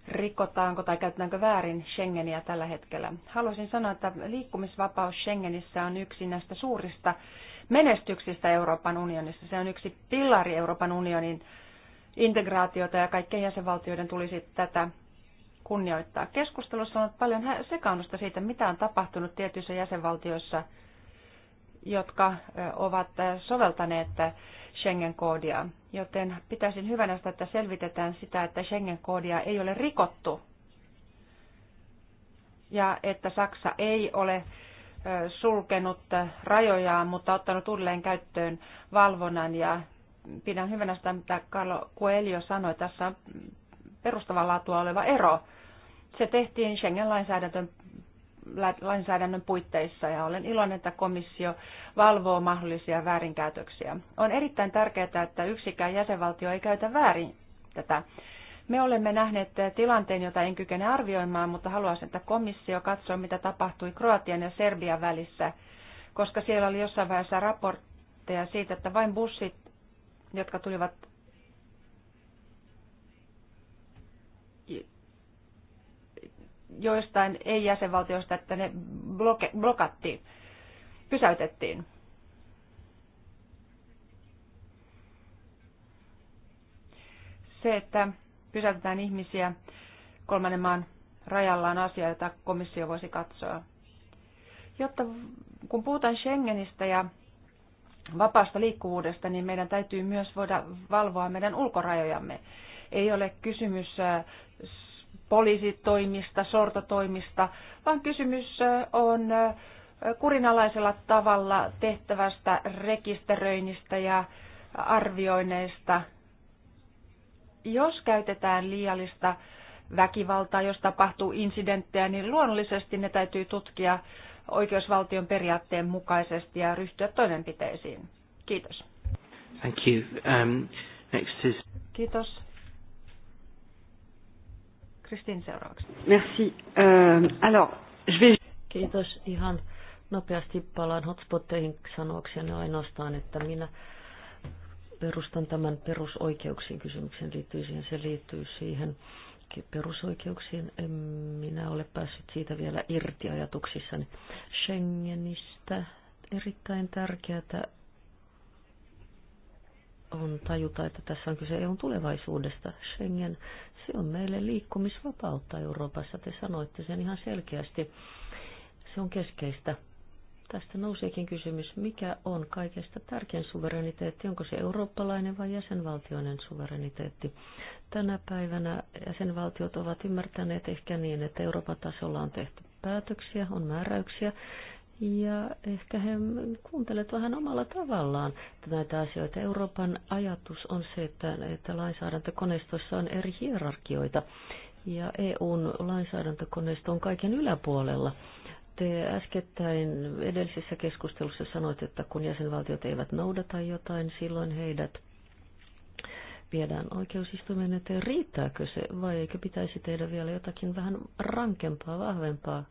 rikotaanko tai käytetäänkö väärin Schengeniä tällä hetkellä. Haluaisin sanoa, että liikkumisvapaus Schengenissä on yksi näistä suurista menestyksistä Euroopan unionissa. Se on yksi pilari Euroopan unionin integraatiota ja kaikkien jäsenvaltioiden tulisi tätä kunnioittaa. Keskustelussa on ollut paljon sekaannusta siitä, mitä on tapahtunut tietyissä jäsenvaltioissa, jotka ovat soveltaneet Schengen-koodia. Joten pitäisin hyvänä sitä, että selvitetään sitä, että Schengen-koodia ei ole rikottu ja että Saksa ei ole sulkenut rajojaan, mutta ottanut uudelleen käyttöön valvonnan ja pidän hyvänä sitä, mitä Carlo Coelho sanoi. Tässä on perustavanlaatua oleva ero. Se tehtiin Schengen-lainsäädännön lainsäädännön puitteissa ja olen iloinen, että komissio valvoo mahdollisia väärinkäytöksiä. On erittäin tärkeää, että yksikään jäsenvaltio ei käytä väärin tätä. Me olemme nähneet tilanteen, jota en kykene arvioimaan, mutta haluaisin, että komissio katsoo, mitä tapahtui Kroatian ja Serbian välissä, koska siellä oli jossain vaiheessa raportteja siitä, että vain bussit jotka tulivat joistain ei-jäsenvaltioista, että ne bloke, blokattiin, pysäytettiin. Se, että pysäytetään ihmisiä kolmannen maan rajalla on asia, jota komissio voisi katsoa. Jotta kun puhutaan Schengenistä ja vapaasta liikkuvuudesta, niin meidän täytyy myös voida valvoa meidän ulkorajojamme. Ei ole kysymys äh, poliisitoimista, sortotoimista, vaan kysymys äh, on äh, kurinalaisella tavalla tehtävästä rekisteröinnistä ja arvioineista. Jos käytetään liiallista väkivaltaa, jos tapahtuu insidenttejä, niin luonnollisesti ne täytyy tutkia oikeusvaltion periaatteen mukaisesti ja ryhtyä toimenpiteisiin. Kiitos. Thank you. Um, next is... Kiitos. Kristin seuraavaksi. Merci. Um, alors, je vais... Kiitos ihan nopeasti palaan hotspotteihin sanoakseni ainoastaan, että minä perustan tämän perusoikeuksiin kysymyksen liittyy siihen. Se liittyy siihen perusoikeuksiin. En minä ole päässyt siitä vielä irti ajatuksissani. Schengenistä erittäin tärkeää on tajuta, että tässä on kyse EUn tulevaisuudesta. Schengen, se on meille liikkumisvapautta Euroopassa, te sanoitte sen ihan selkeästi. Se on keskeistä Tästä nouseekin kysymys, mikä on kaikesta tärkein suvereniteetti, onko se eurooppalainen vai jäsenvaltioinen suvereniteetti. Tänä päivänä jäsenvaltiot ovat ymmärtäneet ehkä niin, että Euroopan tasolla on tehty päätöksiä, on määräyksiä, ja ehkä he kuuntelevat vähän omalla tavallaan näitä asioita. Euroopan ajatus on se, että, että lainsäädäntökoneistossa on eri hierarkioita ja EUn lainsäädäntökoneisto on kaiken yläpuolella. Te äskettäin edellisessä keskustelussa sanoit, että kun jäsenvaltiot eivät noudata jotain, silloin heidät viedään oikeusistuimeen eteen. Riittääkö se vai eikö pitäisi tehdä vielä jotakin vähän rankempaa, vahvempaa?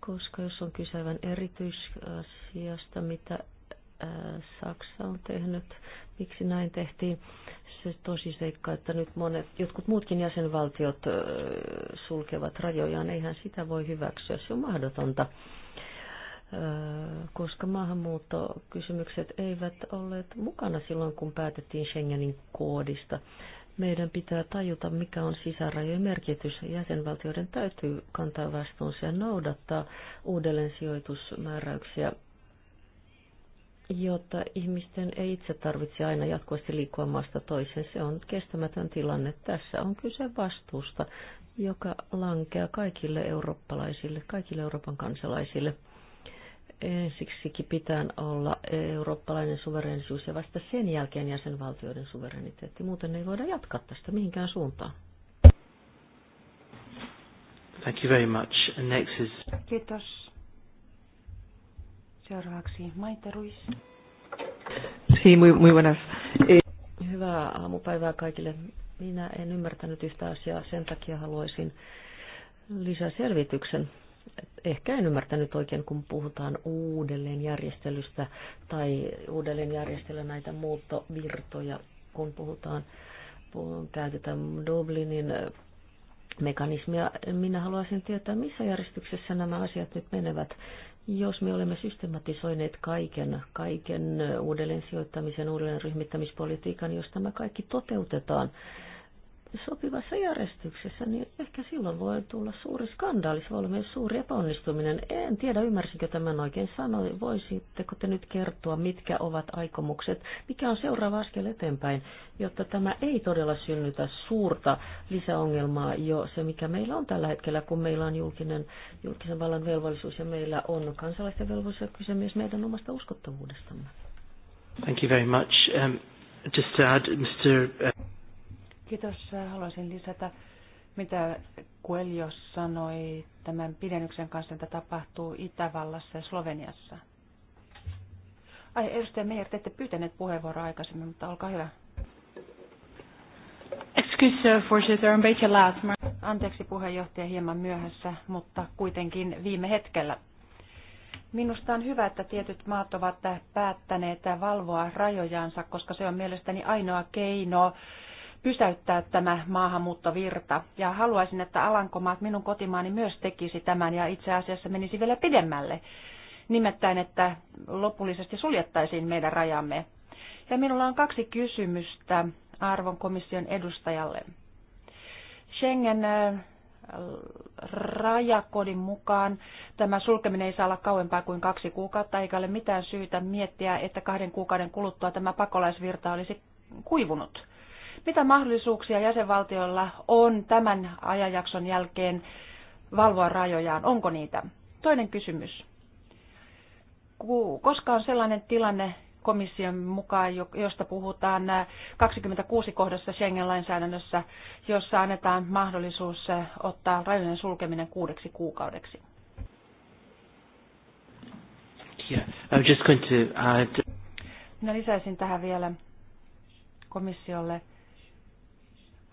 Koska jos on kyse aivan erityisasiasta, mitä äh, Saksa on tehnyt Miksi näin tehtiin? Se tosi seikka, että nyt monet, jotkut muutkin jäsenvaltiot sulkevat rajojaan, eihän sitä voi hyväksyä, se on mahdotonta koska maahanmuuttokysymykset eivät olleet mukana silloin, kun päätettiin Schengenin koodista. Meidän pitää tajuta, mikä on sisärajojen merkitys. Jäsenvaltioiden täytyy kantaa vastuunsa ja noudattaa uudelleen sijoitusmääräyksiä jotta ihmisten ei itse tarvitse aina jatkuvasti liikkua maasta toiseen. Se on kestämätön tilanne. Tässä on kyse vastuusta, joka lankeaa kaikille eurooppalaisille, kaikille Euroopan kansalaisille. Ensiksikin pitää olla eurooppalainen suverenisuus ja vasta sen jälkeen jäsenvaltioiden suvereniteetti. Muuten ei voida jatkaa tästä mihinkään suuntaan. Thank you very much. next is... Kiitos. Seuraavaksi Maite Ruiz. Sí, muy, muy buenas. Eh, Hyvää aamupäivää kaikille. Minä en ymmärtänyt yhtä asiaa, sen takia haluaisin lisäselvityksen. Ehkä en ymmärtänyt oikein, kun puhutaan uudelleenjärjestelystä tai uudelleenjärjestellä näitä muuttovirtoja, kun puhutaan, käytetään Dublinin eh, mekanismia. Minä haluaisin tietää, missä järjestyksessä nämä asiat nyt menevät. Jos me olemme systematisoineet kaiken, kaiken uudelleen sijoittamisen, uudelleen ryhmittämispolitiikan, jos tämä kaikki toteutetaan, sopivassa järjestyksessä, niin ehkä silloin voi tulla suuri skandaali, se voi olla myös suuri epäonnistuminen. En tiedä, ymmärsinkö tämän oikein sanoi. Voisitteko te nyt kertoa, mitkä ovat aikomukset, mikä on seuraava askel eteenpäin, jotta tämä ei todella synnytä suurta lisäongelmaa jo se, mikä meillä on tällä hetkellä, kun meillä on julkinen, julkisen vallan velvollisuus ja meillä on kansalaisten velvollisuus kyse myös meidän omasta uskottavuudestamme. Thank you very much. Um, just to add, Mr. Kiitos. Haluaisin lisätä, mitä Kueljo sanoi tämän pidennyksen kanssa, että tapahtuu Itävallassa ja Sloveniassa. Ai, edustaja Meijer, te ette pyytäneet puheenvuoroa aikaisemmin, mutta olkaa hyvä. Excuse, voorzitter, een beetje laat, maar... Anteeksi puheenjohtaja hieman myöhässä, mutta kuitenkin viime hetkellä. Minusta on hyvä, että tietyt maat ovat päättäneet valvoa rajojaansa, koska se on mielestäni ainoa keino pysäyttää tämä maahanmuuttovirta. Ja haluaisin, että Alankomaat, minun kotimaani, myös tekisi tämän ja itse asiassa menisi vielä pidemmälle. Nimittäin, että lopullisesti suljettaisiin meidän rajamme. Ja minulla on kaksi kysymystä arvon komission edustajalle. Schengen äh, rajakodin mukaan tämä sulkeminen ei saa olla kauempaa kuin kaksi kuukautta, eikä ole mitään syytä miettiä, että kahden kuukauden kuluttua tämä pakolaisvirta olisi kuivunut. Mitä mahdollisuuksia jäsenvaltioilla on tämän ajanjakson jälkeen valvoa rajojaan? Onko niitä? Toinen kysymys. Koska on sellainen tilanne komission mukaan, josta puhutaan 26 äh, kohdassa Schengen-lainsäädännössä, jossa annetaan mahdollisuus äh, ottaa rajojen sulkeminen kuudeksi kuukaudeksi? Yeah, I'm just going to add... Minä lisäisin tähän vielä komissiolle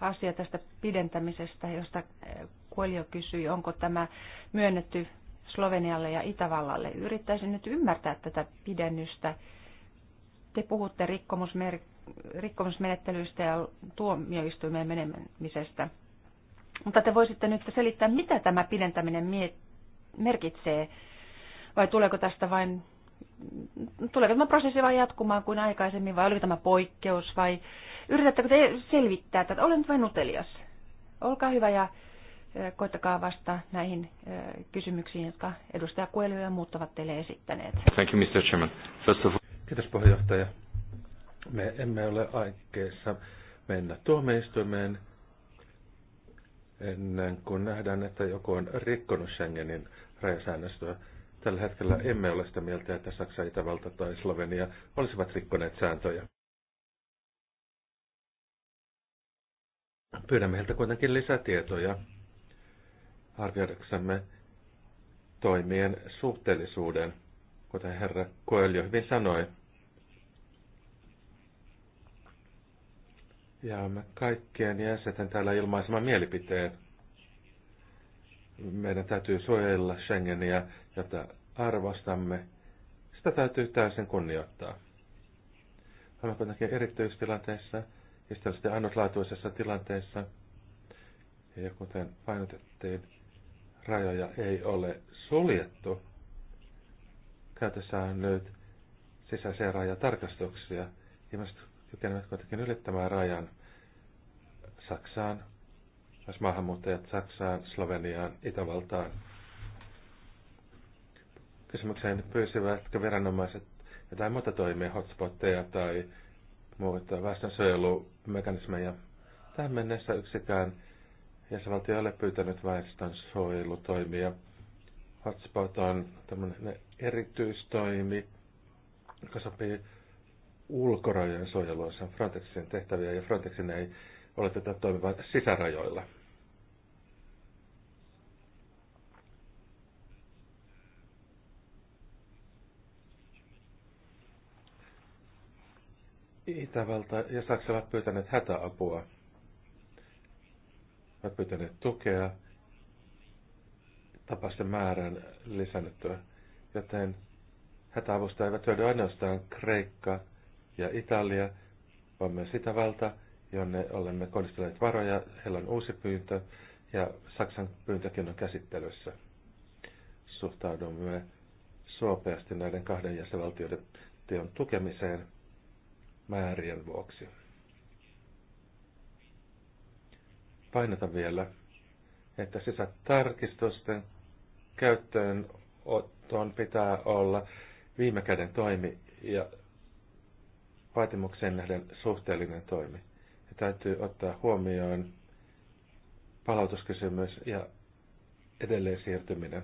asia tästä pidentämisestä, josta eh, Kuelio kysyi, onko tämä myönnetty Slovenialle ja Itävallalle. Yrittäisin nyt ymmärtää tätä pidennystä. Te puhutte rikkomusmer- rikkomusmenettelyistä ja tuomioistuimeen menemisestä. Mutta te voisitte nyt selittää, mitä tämä pidentäminen mie- merkitsee, vai tuleeko tästä vain, tuleeko tämä prosessi vain jatkumaan kuin aikaisemmin, vai oliko tämä poikkeus, vai Yritättekö te selvittää tätä? Olen nyt vain utelias. Olkaa hyvä ja koittakaa vasta näihin kysymyksiin, jotka edustaja Kuelio ja muut ovat teille esittäneet. Thank you, Mr. Chairman. First of... Kiitos puheenjohtaja. Me emme ole aikeissa mennä tuomioistuimeen ennen kuin nähdään, että joku on rikkonut Schengenin rajasäännöstöä. Tällä hetkellä emme ole sitä mieltä, että Saksa, Itävalta tai Slovenia olisivat rikkoneet sääntöjä. Pyydämme heiltä kuitenkin lisätietoja arvioidaksemme toimien suhteellisuuden, kuten herra Koelio hyvin sanoi. Ja me kaikkien jäsenten täällä ilmaiseman mielipiteen. Meidän täytyy suojella Schengeniä, jota arvostamme. Sitä täytyy täysin kunnioittaa. Olemme kuitenkin erityistilanteessa, ja sitä olisitte ainutlaatuisessa tilanteessa. Ja kuten painotettiin, rajoja ei ole suljettu. Käytössä on nyt sisäisiä rajatarkastuksia. Ihmiset kykenevät kuitenkin ylittämään rajan Saksaan, myös maahanmuuttajat Saksaan, Sloveniaan, Itävaltaan. Kysymykseen pyysivätkö viranomaiset jotain muuta toimia, hotspotteja tai muuttaa väestönsuojelumekanismeja. Tähän mennessä yksikään jäsenvaltio ei ole pyytänyt väestönsuojelutoimia. Hotspot on tämmöinen erityistoimi, joka sopii ulkorajojen suojeluun. Se on Frontexin tehtäviä ja Frontexin ei ole tätä toimivaa sisärajoilla. Itävalta ja Saksa ovat pyytäneet hätäapua. Ovat pyytäneet tukea tapasten määrän lisännettyä. joten hätäavusta eivät hyödy ainoastaan Kreikka ja Italia, vaan myös Itävalta, jonne olemme kohdistaneet varoja. Heillä on uusi pyyntö ja Saksan pyyntökin on käsittelyssä. Suhtaudumme suopeasti näiden kahden jäsenvaltioiden teon tukemiseen – määrien vuoksi. Painata vielä, että sisätarkistusten käyttöönoton pitää olla viime käden toimi ja vaatimukseen nähden suhteellinen toimi. Ja täytyy ottaa huomioon palautuskysymys ja edelleen siirtyminen.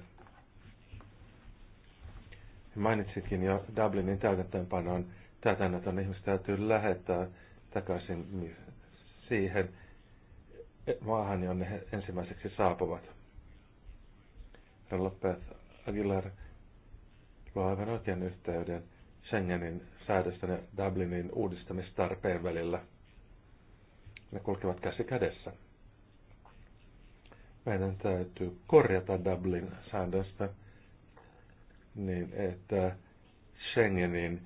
Mainitsitkin jo Dublinin täytäntöönpanoon täytännötön ihmiset täytyy lähettää takaisin siihen maahan, jonne he ensimmäiseksi saapuvat. Lopez Aguilar luo aivan oikean yhteyden Schengenin säädösten ja Dublinin uudistamistarpeen välillä. Ne kulkevat käsi kädessä. Meidän täytyy korjata dublin säädöstä niin, että Schengenin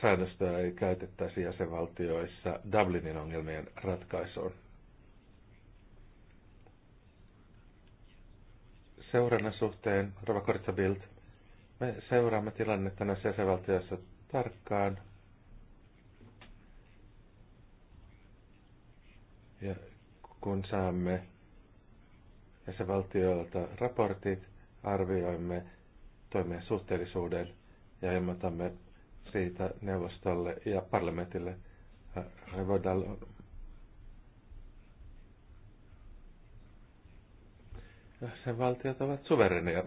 säännöstöä ei käytettäisi jäsenvaltioissa Dublinin ongelmien ratkaisuun. Seurannan suhteen, Rova Bild, me seuraamme tilannetta näissä jäsenvaltioissa tarkkaan. Ja kun saamme jäsenvaltioilta raportit, arvioimme toimien suhteellisuuden ja ilmoitamme siitä neuvostolle ja parlamentille. Revodal sen valtiot ovat suvereneja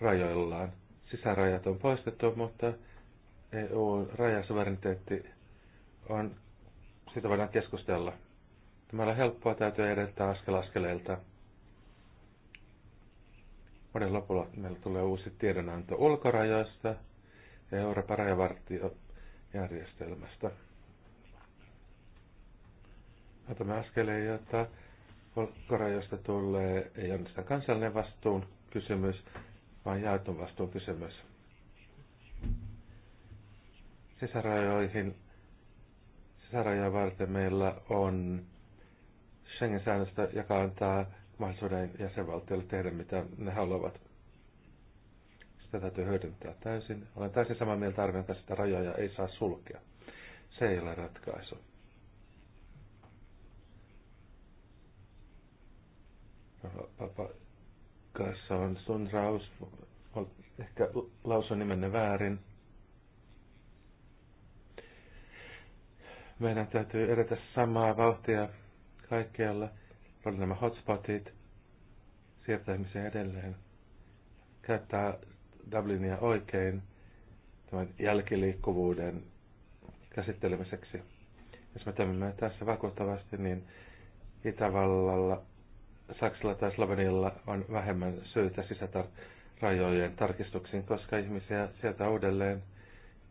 rajoillaan. Sisärajat on poistettu, mutta EU-rajasuvereniteetti on, siitä voidaan keskustella. Tämä on helppoa, täytyy edetä askel askeleelta. Vuoden lopulla meillä tulee uusi tiedonanto ulkorajoista ja Euroopan rajavartiojärjestelmästä. Otamme askeleen, jotta ulkorajoista tulee ei ainoastaan kansallinen vastuun kysymys, vaan jaetun vastuun kysymys. Sisärajoihin, sisärajoja varten meillä on Schengen-säännöstä, joka antaa mahdollisuuden jäsenvaltioille tehdä mitä ne haluavat. Sitä täytyy hyödyntää täysin. Olen täysin samaa mieltä arvioin, että sitä rajoja ei saa sulkea. Se ei ole ratkaisu. Papa kanssa on sun raus. Ehkä lausun nimenne väärin. Meidän täytyy edetä samaa vauhtia kaikkialla oli nämä hotspotit, siirtää ihmisiä edelleen, käyttää Dublinia oikein tämän jälkiliikkuvuuden käsittelemiseksi. Jos me teemme tässä vakuuttavasti, niin Itävallalla, Saksalla tai Slovenialla on vähemmän syytä rajojen tarkistuksiin, koska ihmisiä sieltä uudelleen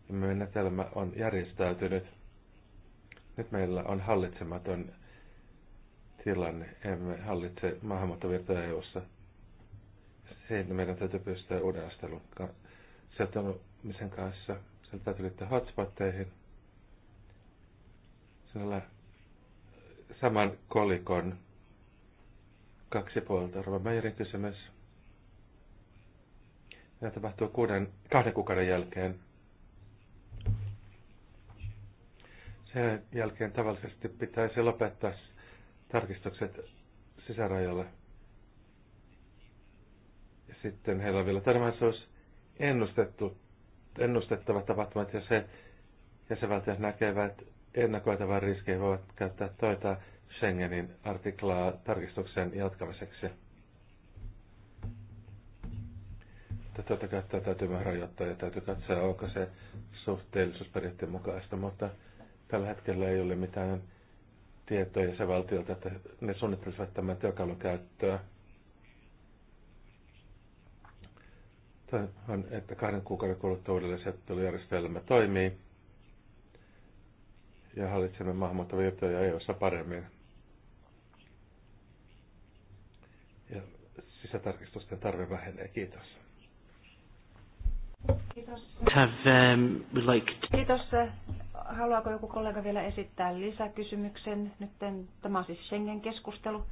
menetelmä on järjestäytynyt. Nyt meillä on hallitsematon tilanne. Emme hallitse maahanmuuttovirtoja EU-ssa. Siitä meidän täytyy pystyä uuden astelun ka- sijoittamisen kanssa. Sieltä täytyy liittyä hotspotteihin. Sillä saman kolikon kaksi puolta. Rova Meijerin kysymys. Tämä tapahtuu kuuden, kahden kuukauden jälkeen. Sen jälkeen tavallisesti pitäisi lopettaa tarkistukset sisärajalle. Ja sitten heillä on vielä olisi ennustettu, ennustettavat tapahtumat ja se jäsenvaltiot näkevät ennakoitavan riskejä voivat käyttää toita Schengenin artiklaa tarkistuksen jatkamiseksi. Tätä käyttää täytyy vähän rajoittaa ja täytyy katsoa, onko se suhteellisuusperiaatteen mukaista, mutta tällä hetkellä ei ole mitään tietoja se valtiolta, että ne suunnittelisivat tämän työkalun käyttöä. on, että kahden kuukauden kuluttua uudelleen sijoittelujärjestelmä toimii ja hallitsemme maahanmuuttovirtoja EU-ssa paremmin. Ja sisätarkistusten tarve vähenee. Kiitos. Um, Kiitos. Kiitos haluaako joku kollega vielä esittää lisäkysymyksen? Nyt tämä on siis Schengen-keskustelu.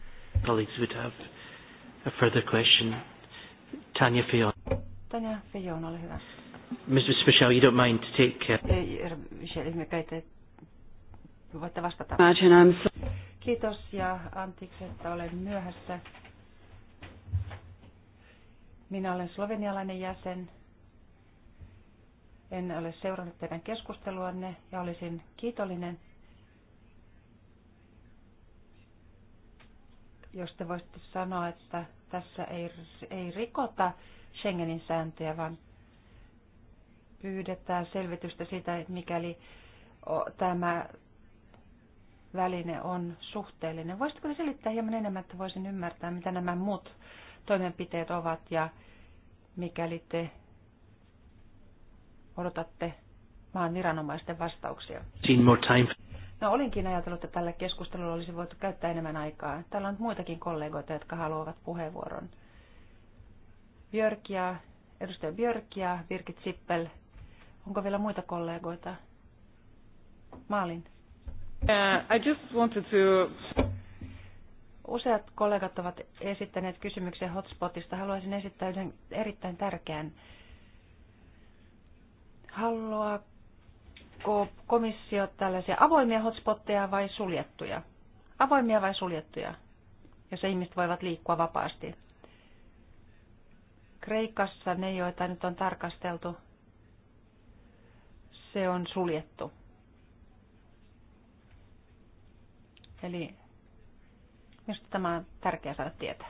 Colleagues would have a further question. Tanja Fion. Tanya Fion, ole hyvä. Mrs. Michelle, you don't mind to take... care. Michelle, me käytä, voitte vastata. Kiitos ja anteeksi, että olen myöhässä. Minä olen slovenialainen jäsen en ole seurannut teidän keskusteluanne ja olisin kiitollinen, jos te voisitte sanoa, että tässä ei, ei rikota Schengenin sääntöjä, vaan pyydetään selvitystä siitä, että mikäli tämä väline on suhteellinen. Voisitko selittää hieman enemmän, että voisin ymmärtää, mitä nämä muut toimenpiteet ovat ja mikäli te odotatte maan viranomaisten vastauksia? No olinkin ajatellut, että tällä keskustelulla olisi voitu käyttää enemmän aikaa. Täällä on muitakin kollegoita, jotka haluavat puheenvuoron. Björkia, edustaja Björkia, Birgit Sippel. Onko vielä muita kollegoita? Maalin. Uh, I just wanted to... Useat kollegat ovat esittäneet kysymyksiä hotspotista. Haluaisin esittää yhden erittäin tärkeän Haluaako komissio tällaisia avoimia hotspotteja vai suljettuja? Avoimia vai suljettuja, jos ihmiset voivat liikkua vapaasti? Kreikassa ne, joita nyt on tarkasteltu, se on suljettu. Eli minusta tämä on tärkeää saada tietää.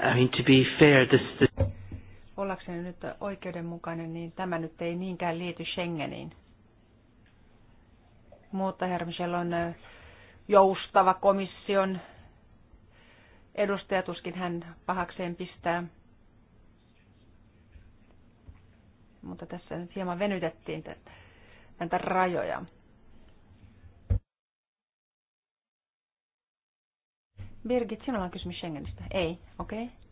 I mean, to be fair, this, this ollakseni nyt oikeudenmukainen, niin tämä nyt ei niinkään liity Schengeniin. Mutta Hermsel on joustava komission edustaja, tuskin hän pahakseen pistää. Mutta tässä nyt hieman venytettiin näitä rajoja. Birgit, sinulla on kysymys Schengenistä. Ei, okei. Okay.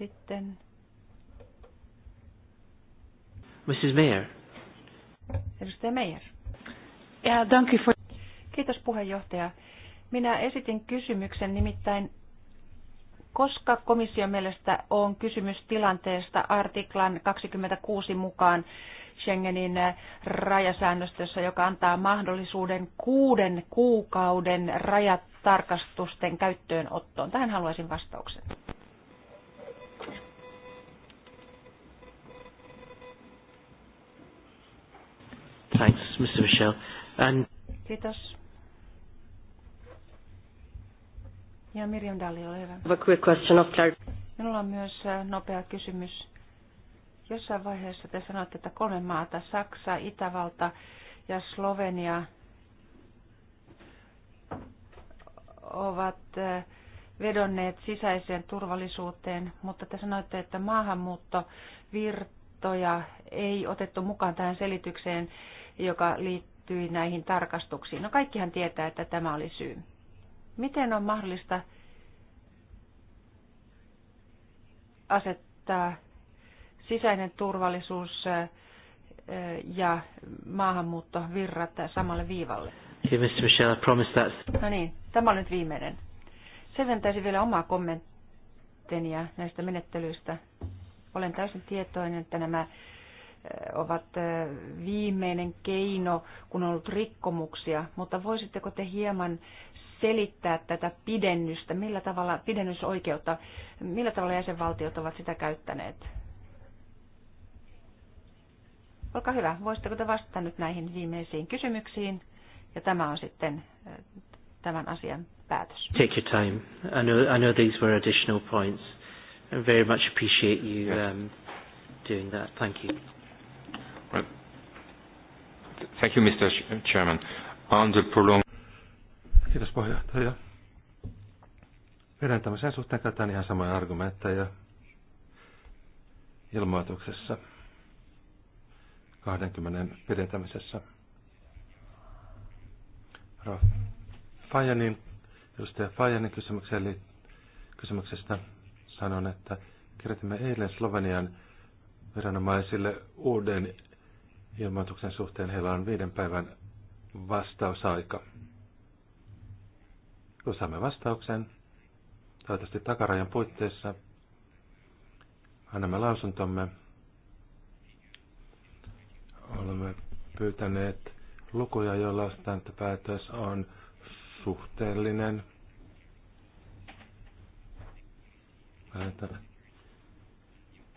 Sitten. Mrs. Mayer. Edustaja Mayer. Ja, for... Kiitos puheenjohtaja. Minä esitin kysymyksen nimittäin, koska komission mielestä on kysymys tilanteesta artiklan 26 mukaan Schengenin äh, rajasäännöstössä, joka antaa mahdollisuuden kuuden kuukauden rajatarkastusten käyttöönottoon. Tähän haluaisin vastauksen. Thanks, Mr. Michel. And... Kiitos. Ja Mirjam Dalli, ole hyvä. A quick question of Minulla on myös äh, nopea kysymys. Jossain vaiheessa te sanoitte, että kolme maata, Saksa, Itävalta ja Slovenia, ovat äh, vedonneet sisäiseen turvallisuuteen, mutta te sanoitte, että maahanmuuttovirtoja ei otettu mukaan tähän selitykseen joka liittyi näihin tarkastuksiin. No kaikkihan tietää, että tämä oli syy. Miten on mahdollista asettaa sisäinen turvallisuus ja virrat samalle viivalle? Okay, Mr. I promise No niin, tämä on nyt viimeinen. Selventäisin vielä omaa kommenttini näistä menettelyistä. Olen täysin tietoinen, että nämä ovat viimeinen keino, kun on ollut rikkomuksia, mutta voisitteko te hieman selittää tätä pidennystä, millä tavalla pidennysoikeutta, millä tavalla jäsenvaltiot ovat sitä käyttäneet? Olkaa hyvä, voisitteko te vastata nyt näihin viimeisiin kysymyksiin? Ja tämä on sitten tämän asian päätös. Take your time. I know, I know these were additional points. I very much appreciate you um, doing that. Thank you. Thank you, Mr. Chairman. On the Kiitos puheenjohtaja. Vedentämisen suhteen käytetään ihan samoja argumentteja ilmoituksessa, 20 pidentämisessä. Fajanin, edustaja Fajanin kysymykseen, eli kysymyksestä sanon, että kirjoitimme eilen Slovenian viranomaisille uuden ilmoituksen suhteen heillä on viiden päivän vastausaika. Kun saamme vastauksen, toivottavasti takarajan puitteissa, annamme lausuntomme. Olemme pyytäneet lukuja, joilla ostetaan, että päätös on suhteellinen.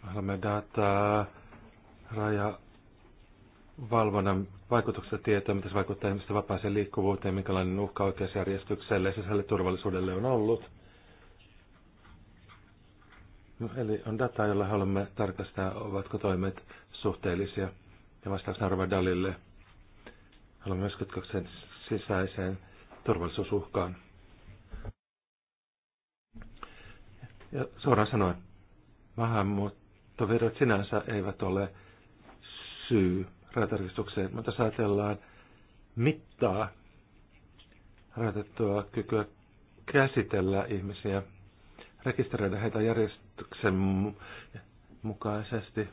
Haluamme dataa raja valvonnan vaikutuksesta tietoa, mitä se vaikuttaa ihmisten vapaaseen liikkuvuuteen, minkälainen uhka oikeusjärjestykselle ja sisälle turvallisuudelle on ollut. No, eli on dataa, jolla haluamme tarkastaa, ovatko toimet suhteellisia. Ja vastauksena Arva Dalille haluamme myös kytköksen sisäiseen turvallisuusuhkaan. Ja suoraan sanoen, maahanmuuttovirrat sinänsä eivät ole syy rajatarkistukseen, mutta jos ajatellaan mittaa rajoitettua kykyä käsitellä ihmisiä, rekisteröidä heitä järjestyksen mukaisesti,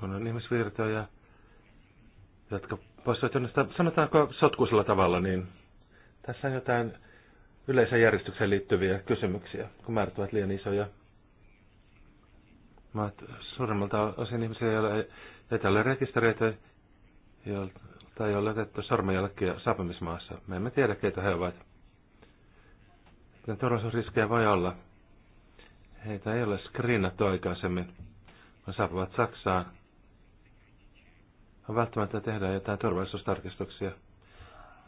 kun on ihmisvirtoja, jotka poistuvat sanotaanko sotkuisella tavalla, niin tässä on jotain yleisen järjestykseen liittyviä kysymyksiä, kun määrät ovat liian isoja. Maat, suurimmalta osin ihmisiä ei ole, ei ole rekistereitä tai ei ole otettu sormenjälkiä saapumismaassa. Me emme tiedä, keitä he ovat. Joten turvallisuusriskejä voi olla. Heitä ei ole screenattu aikaisemmin, vaan saapuvat Saksaan. On välttämättä tehdä jotain turvallisuustarkistuksia.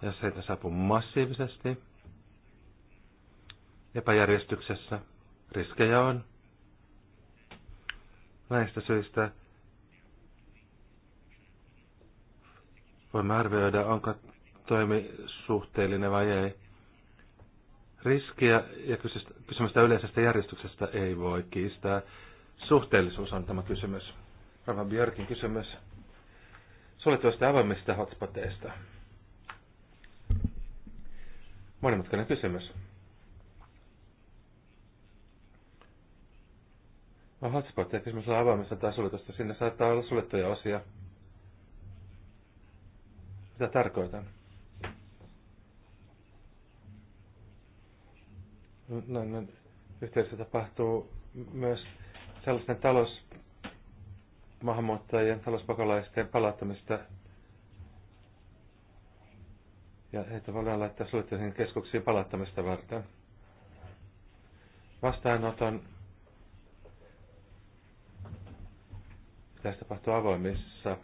Jos heitä saapuu massiivisesti, epäjärjestyksessä, riskejä on Näistä syistä voimme arvioida, onko toimi suhteellinen vai ei. Riskiä ja kysymystä yleisestä järjestyksestä ei voi kiistää. Suhteellisuus on tämä kysymys. Rava Björkin kysymys suljetuista avoimista hotspoteista. Monimutkainen kysymys. No, hotspot ja kysymysellä avaamisen suljetusta Siinä saattaa olla suljettuja osia. Mitä tarkoitan? No, näin no, no. yhteydessä tapahtuu myös sellaisten talousmaahanmuuttajien, talouspakolaisten palauttamista. Ja heitä voidaan laittaa suljettuihin keskuksiin palauttamista varten. Vastaanoton Tässä tapahtuu avoimissa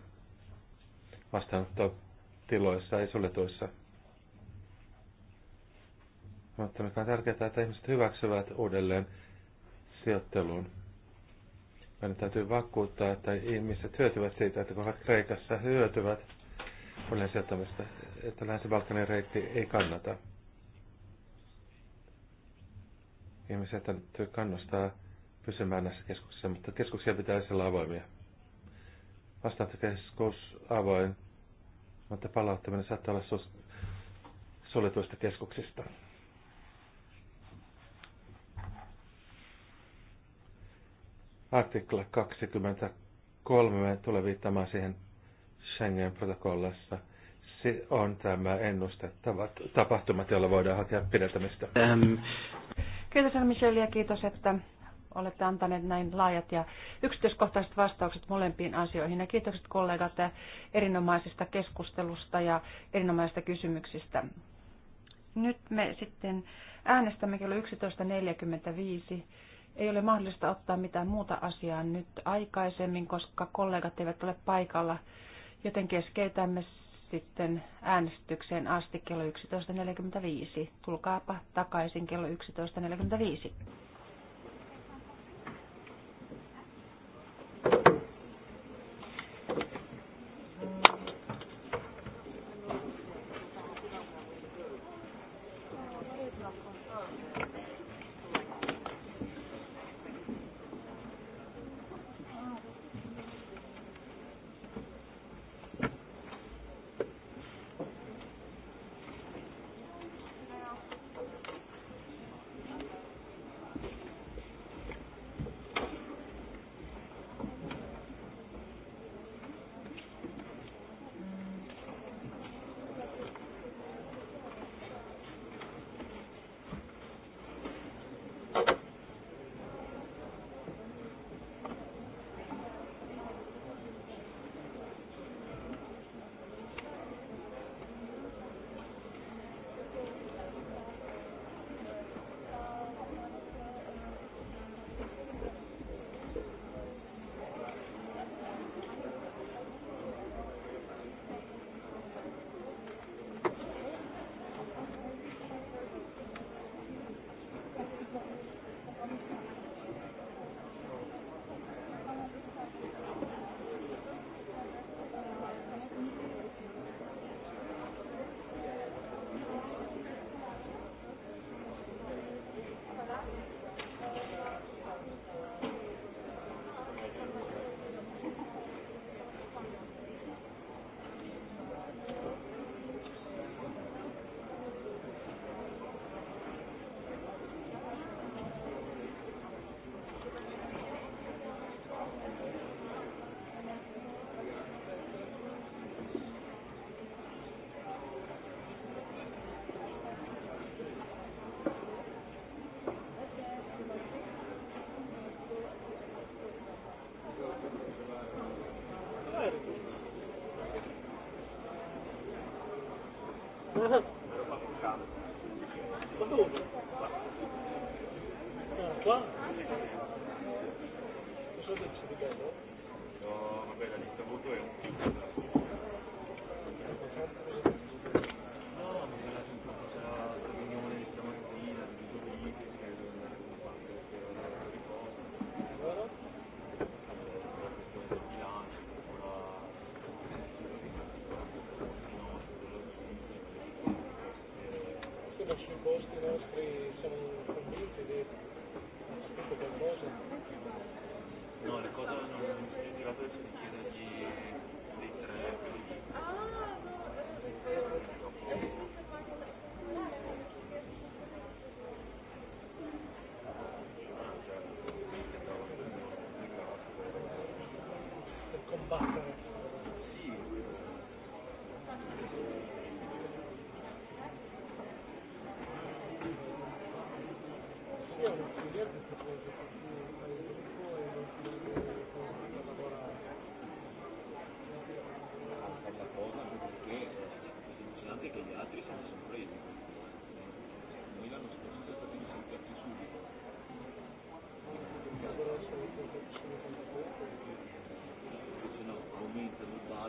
vastaanottotiloissa, ei suljetuissa. Mutta mikä on tärkeää, että ihmiset hyväksyvät uudelleen sijoitteluun. Meidän täytyy vakuuttaa, että ihmiset hyötyvät siitä, että kun ovat Kreikassa, hyötyvät uudelleen sijoittamista, että Länsi-Balkanin reitti ei kannata. Ihmiset täytyy kannustaa pysymään näissä keskuksissa, mutta keskuksia pitäisi olla avoimia vastaanottokeskus avoin, mutta palauttaminen saattaa olla sus, suljetuista keskuksista. Artikla 23 tulee viittamaan siihen Schengen-protokollassa. Se on tämä ennustettavat tapahtumat, joilla voidaan hakea pidentämistä. Ähm. Kiitos Michelle ja kiitos, että olette antaneet näin laajat ja yksityiskohtaiset vastaukset molempiin asioihin. Ja kiitokset kollegat erinomaisesta keskustelusta ja erinomaisista kysymyksistä. Nyt me sitten äänestämme kello 11.45. Ei ole mahdollista ottaa mitään muuta asiaa nyt aikaisemmin, koska kollegat eivät ole paikalla, joten keskeytämme sitten äänestykseen asti kello 11.45. Tulkaapa takaisin kello 11.45. back.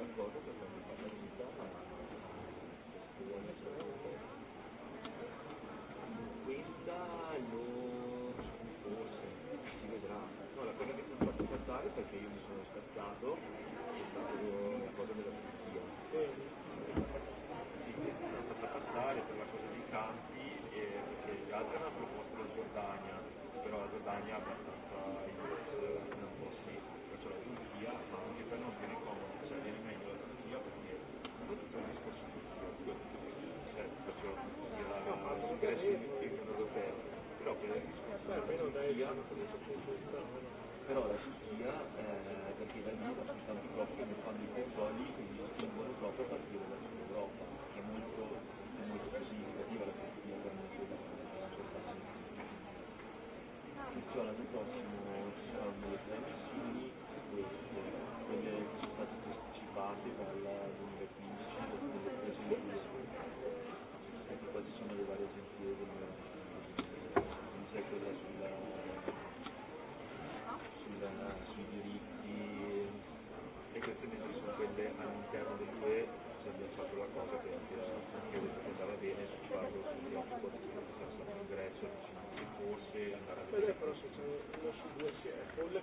Questa non forse si vedrà. No, la cosa che mi ha fatto scattare perché io mi sono scattato è stata la cosa della Turchia. Sì, questa è stata passare per la cosa dei campi e perché gli altri hanno proposto la Giordania, però la Giordania è abbastanza Però la Turchia, eh, perché i Verdi sono tanti blocchi che fanno i controlli, quindi lo spingono proprio a partire dall'Europa, che è molto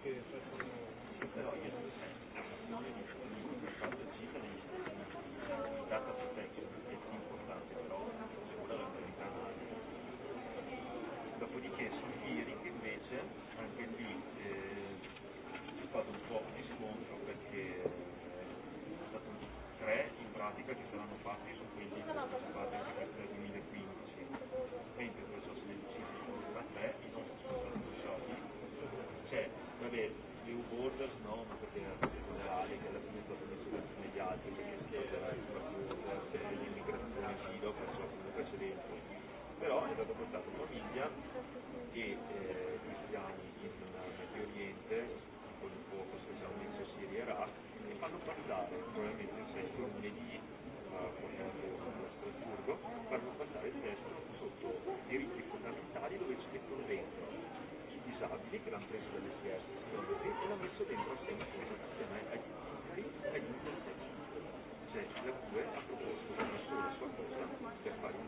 che facciano non è il fatto di data su testo è importante però c'è quella la verità dopodiché sugli hearing invece anche lì eh, c'è stato un po' di scontro perché sono eh, stati tre in pratica che saranno fatti su però è stato portato in famiglia e eh, cristiani in eh, Medio Oriente, con il fuoco specialmente Siria e Iraq, e fanno passare, probabilmente il testo lunedì portato a eh, Strasburgo, fanno passare il testo sotto diritti fondamentali dove ci mettono dentro i disabili che l'hanno preso dalle dall'esercito e l'hanno messo dentro assieme, assieme agli altri e agli intersecti. Cioè la CUE ha proposto una sola sua cosa per fare un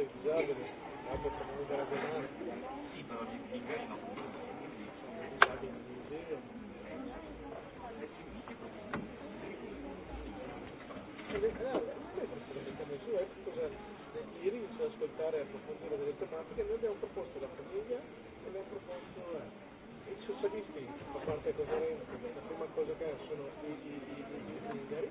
gente disabile, anche per non ragionare. Sì, però l'inglese non Ieri inizio ad ascoltare e approfondire delle tematiche, noi abbiamo proposto la famiglia e abbiamo proposto eh, i socialisti, a parte cosa la prima cosa che sono i bulgari,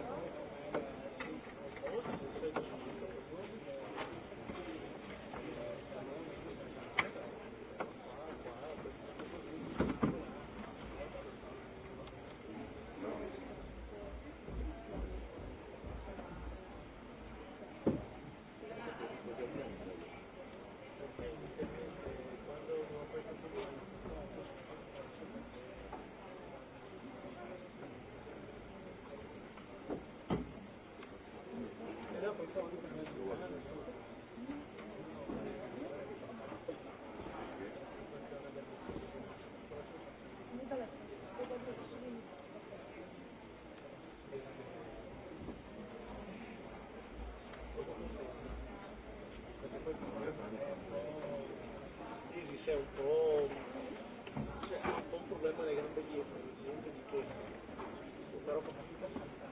Sí, sí, se auto... O sea, fue un problema de gran belleza, el incidente de que usaron poquitas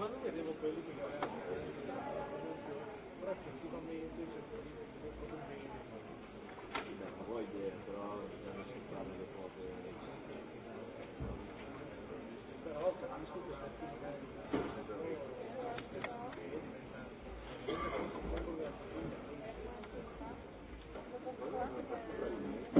Quando vedevo quelli che effettivamente cercavo di vedere poi però bisogna ascoltare le cose però capisco che questi magari Thank you.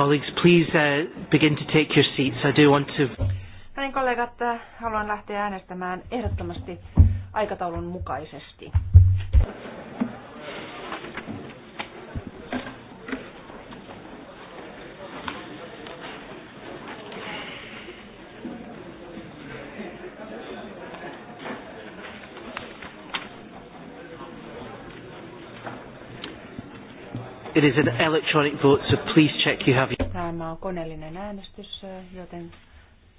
colleagues, please uh, begin to take your seats. I do want to... No niin, kollegat, äh, haluan lähteä äänestämään ehdottomasti aikataulun mukaisesti. It is an electronic vote, so please check you have... your... Tämä on koneellinen äänestys, joten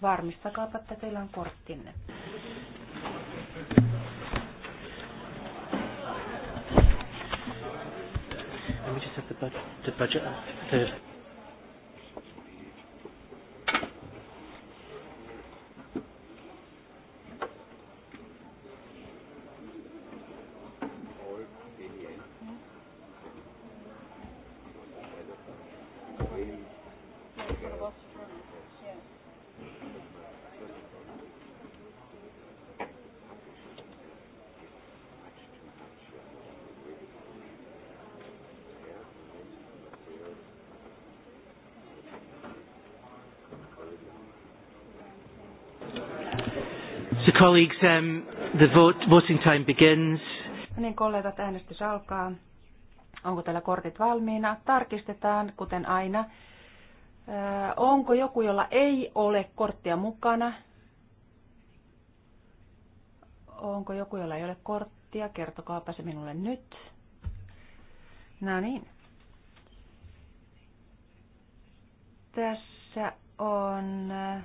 varmistakaapa, että teillä on korttinne. Let me just have the budget, the budget, the Colleagues, um, the vote, voting time begins. No niin, kollegat, äänestys alkaa. Onko teillä kortit valmiina? Tarkistetaan, kuten aina. Öö, onko joku, jolla ei ole korttia mukana? Onko joku, jolla ei ole korttia? Kertokaapa se minulle nyt. No niin. Tässä on... Öö,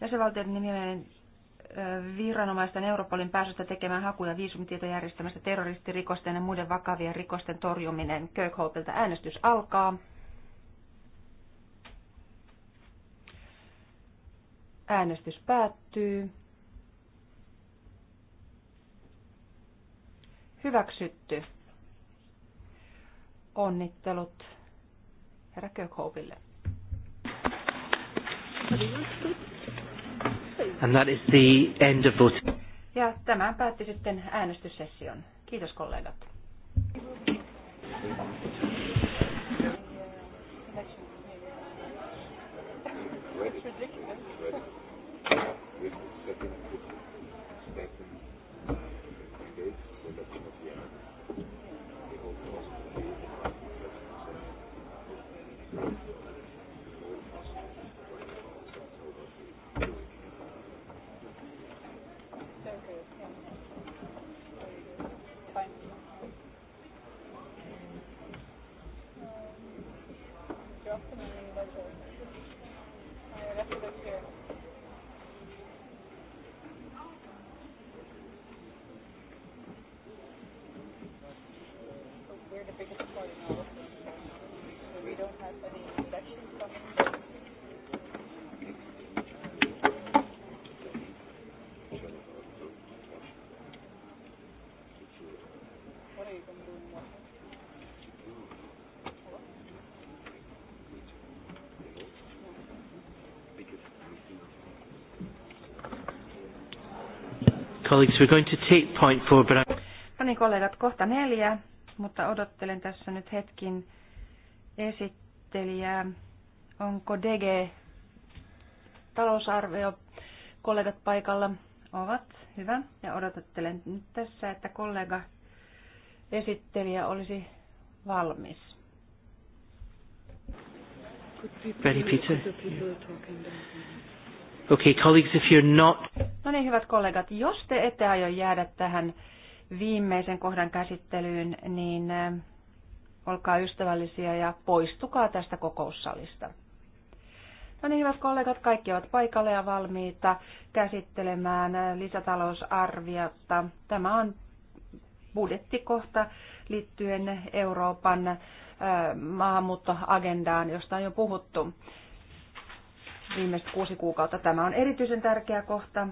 Jäsenvaltioiden nimellinen viranomaisten Europolin pääsystä tekemään hakuja viisumitietojärjestelmästä terroristirikosten ja muiden vakavien rikosten torjuminen. Kirkhopelta äänestys alkaa. Äänestys päättyy. Hyväksytty. Onnittelut herra Kirkhopille. Thank you. And that is the end of voting. Ja tämä päätti sitten äänestyssession. Kiitos kollegat. It's ridiculous. colleagues, we're going to take point four, but I'm... No niin, kollegat, kohta neljä, mutta odottelen tässä nyt hetkin esittelijää. Onko DG talousarvio kollegat paikalla ovat? Hyvä. Ja odottelen nyt tässä, että kollega esittelijä olisi valmis. Ready, Peter? Okay, colleagues, if you're not... No niin, hyvät kollegat, jos te ette aio jäädä tähän viimeisen kohdan käsittelyyn, niin äh, olkaa ystävällisiä ja poistukaa tästä kokoussalista. No niin, hyvät kollegat, kaikki ovat paikalla ja valmiita käsittelemään äh, lisätalousarviota. Tämä on budjettikohta liittyen Euroopan äh, maahanmuuttoagendaan, josta on jo puhuttu viimeiset kuusi kuukautta. Tämä on erityisen tärkeä kohta,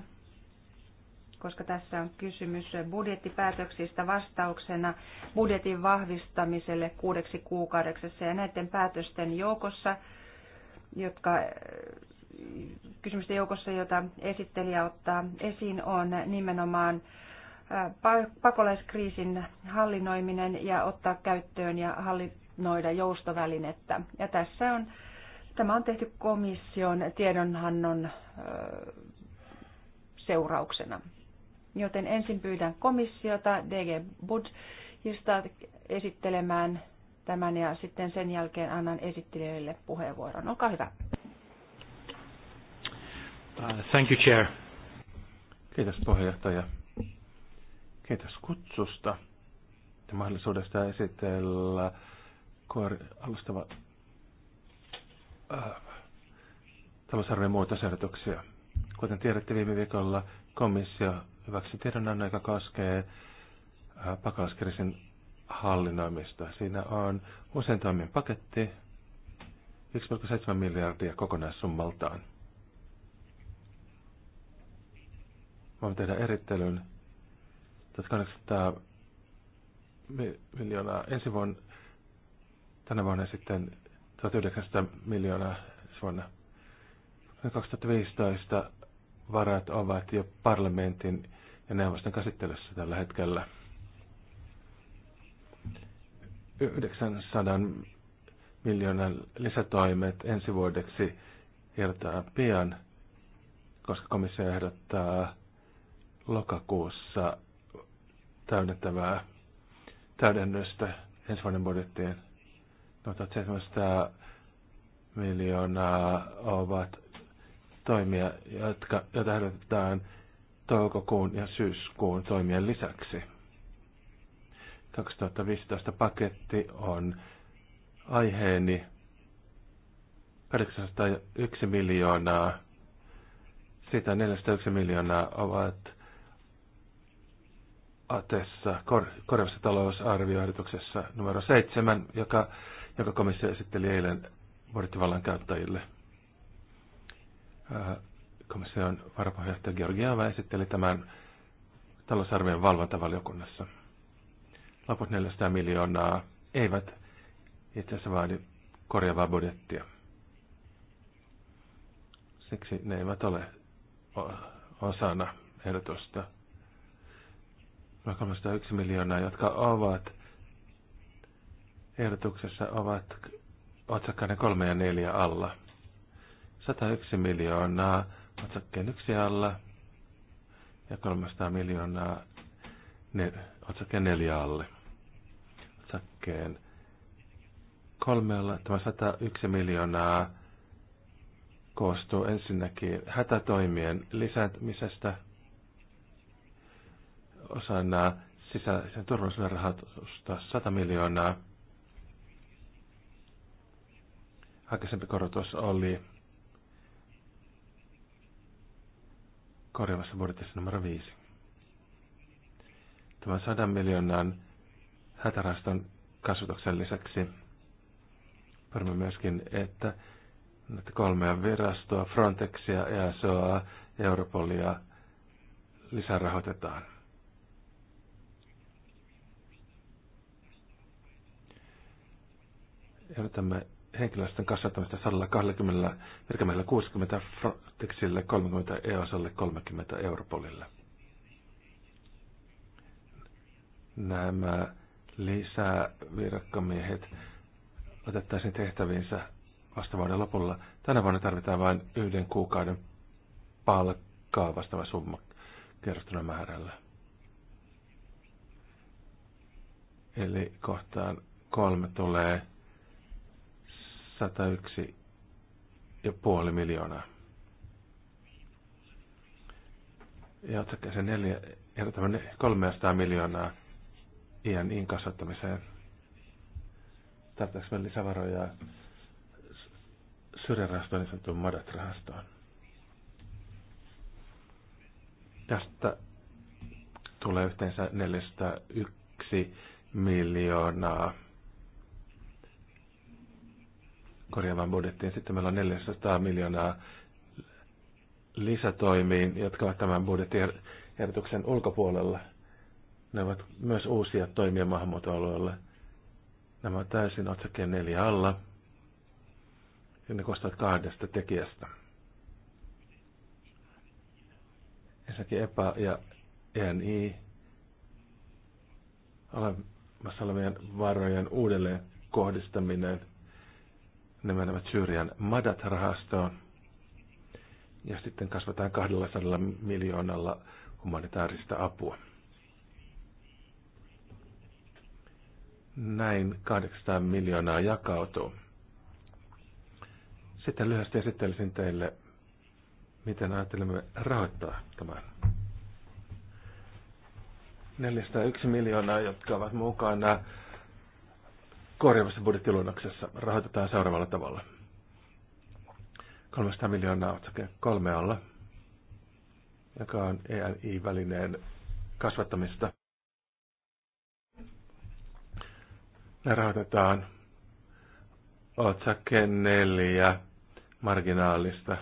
koska tässä on kysymys budjettipäätöksistä vastauksena budjetin vahvistamiselle kuudeksi kuukaudeksessa. Ja näiden päätösten joukossa, jotka kysymysten joukossa, jota esittelijä ottaa esiin, on nimenomaan pakolaiskriisin hallinnoiminen ja ottaa käyttöön ja hallinnoida joustovälinettä. Ja tässä on Tämä on tehty komission tiedonhannon seurauksena. Joten ensin pyydän komissiota DG Budjista esittelemään tämän ja sitten sen jälkeen annan esittelijöille puheenvuoron. Olkaa hyvä. Uh, thank you, Chair. Kiitos puheenjohtaja. Kiitos kutsusta ja mahdollisuudesta esitellä alustava Äh, talousarvion muutosehdotuksia. Kuten tiedätte, viime viikolla komissio hyväksyi tiedonannon, joka koskee äh, pakolaiskriisin hallinnoimista. Siinä on usein toimien paketti 1,7 miljardia kokonaissummaltaan. Voimme tehdä erittelyn 1800 miljoonaa ensi vuonna, tänä vuonna sitten 1900 miljoonaa vuonna. 2015 varat ovat jo parlamentin ja neuvoston käsittelyssä tällä hetkellä. 900 miljoonan lisätoimet ensi vuodeksi irtaa pian, koska komissio ehdottaa lokakuussa täydentävää täydennystä ensi vuoden budjettiin. Noin miljoonaa ovat toimia, jotka, joita ehdotetaan toukokuun ja syyskuun toimien lisäksi. 2015 paketti on aiheeni 801 miljoonaa. Sitä 401 miljoonaa ovat Atessa kor- korjavassa talousarvioehdotuksessa numero 7, joka joka komissio esitteli eilen budjettivallan käyttäjille. Äh, komission varapuheenjohtaja Georgiava esitteli tämän talousarvion valvontavaliokunnassa. Loput 400 miljoonaa eivät itse asiassa vaadi korjaavaa budjettia. Siksi ne eivät ole osana ehdotusta. Noin 301 miljoonaa, jotka ovat ehdotuksessa ovat otsakkeiden kolme ja neljä alla. 101 miljoonaa otsakkeen yksi alla ja 300 miljoonaa ne, otsakkeen neljä alle. Otsakkeen alla tämä 101 miljoonaa koostuu ensinnäkin hätätoimien lisäämisestä osana sisäisen turvallisuuden rahoitusta 100 miljoonaa – Aikaisempi korotus oli korjaavassa budjetissa numero 5. Tämän 100 miljoonan hätäraston kasvatuksen lisäksi varmme myöskin, että näitä kolmea virastoa, Frontexia, EASOa ja Europolia lisärahoitetaan. Ehdotamme henkilöstön kasvattamista 120 virkamiehellä 60, Frontexille 30, EOSalle 30, Europolille. Nämä virkamiehet otettaisiin tehtäviinsä vasta vuoden lopulla. Tänä vuonna tarvitaan vain yhden kuukauden palkkaa vastaava summa kerrottuna määrällä. Eli kohtaan kolme tulee 101 ja puoli miljoonaa. Ja se neljä, ja ehdotamme 300 miljoonaa iän in kasvattamiseen. Tarvitaanko me lisävaroja syrjärahastoon niin sanottuun MADAT-rahastoon? Tästä tulee yhteensä 401 miljoonaa Korjaavan budjettiin. Sitten meillä on 400 miljoonaa lisätoimiin, jotka ovat tämän budjettiehdotuksen ulkopuolella. Ne ovat myös uusia toimia maahanmuuttoalueella. Nämä ovat täysin otsakkeen neljä alla. Ja ne koostuvat kahdesta tekijästä. Ensinnäkin EPA ja ENI olemassa olevien varojen uudelleen kohdistaminen – ne menevät Syyrian Madat-rahastoon. Ja sitten kasvataan 200 miljoonalla humanitaarista apua. Näin 800 miljoonaa jakautuu. Sitten lyhyesti esittelisin teille, miten ajattelemme rahoittaa tämän 401 miljoonaa, jotka ovat mukana korjaamista budjettiluonnoksessa rahoitetaan seuraavalla tavalla. 300 miljoonaa otsake kolme alla, joka on ELI-välineen kasvattamista. Ne rahoitetaan otsake neljä marginaalista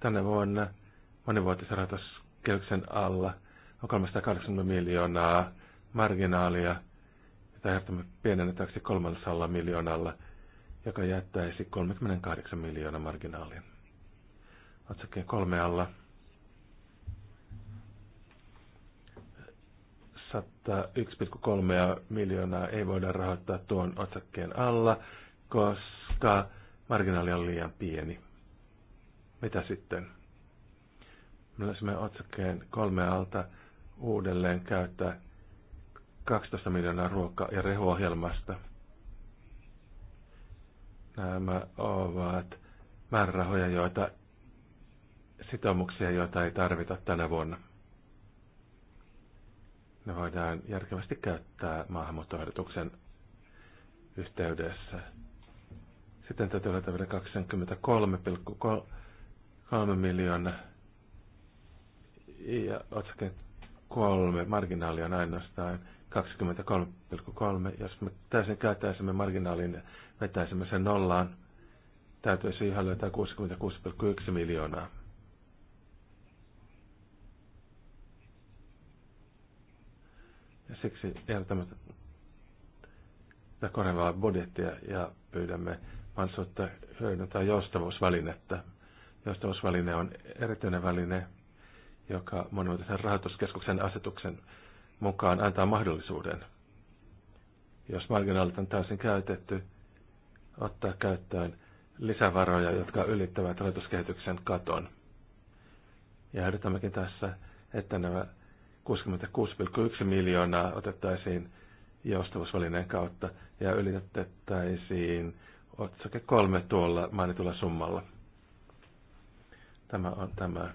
tänä vuonna monivuotisen rahoituskehyksen alla on 380 miljoonaa marginaalia – jota ehdotamme pienennetäksi 300 miljoonalla, joka jättäisi 38 miljoonaa marginaalia. Otsakkeen kolme alla 101,3 miljoonaa ei voida rahoittaa tuon otsakkeen alla, koska marginaali on liian pieni. Mitä sitten? Me otsakkeen kolme alta uudelleen käyttää 12 miljoonaa ruoka- ja rehuohjelmasta. Nämä ovat määrärahoja, joita sitoumuksia, joita ei tarvita tänä vuonna. Ne voidaan järkevästi käyttää maahanmuuttoehdotuksen yhteydessä. Sitten täytyy olla vielä 23,3 miljoonaa ja otsakkeen kolme marginaali on ainoastaan 23,3. Jos me täysin käyttäisimme marginaalin, vetäisimme sen nollaan, täytyisi ihan löytää 66,1 miljoonaa. Ja siksi ehdotamme tätä korjaavaa budjettia ja pyydämme mansuutta hyödyntää joustavuusvälinettä. Joustavuusväline on erityinen väline, joka monimuotoisen rahoituskeskuksen asetuksen mukaan antaa mahdollisuuden. Jos marginaalit on täysin käytetty, ottaa käyttöön lisävaroja, jotka ylittävät rahoituskehityksen katon. Ja ehdotammekin tässä, että nämä 66,1 miljoonaa otettaisiin joustavuusvälineen kautta ja ylitettäisiin otsake kolme tuolla mainitulla summalla. Tämä on tämä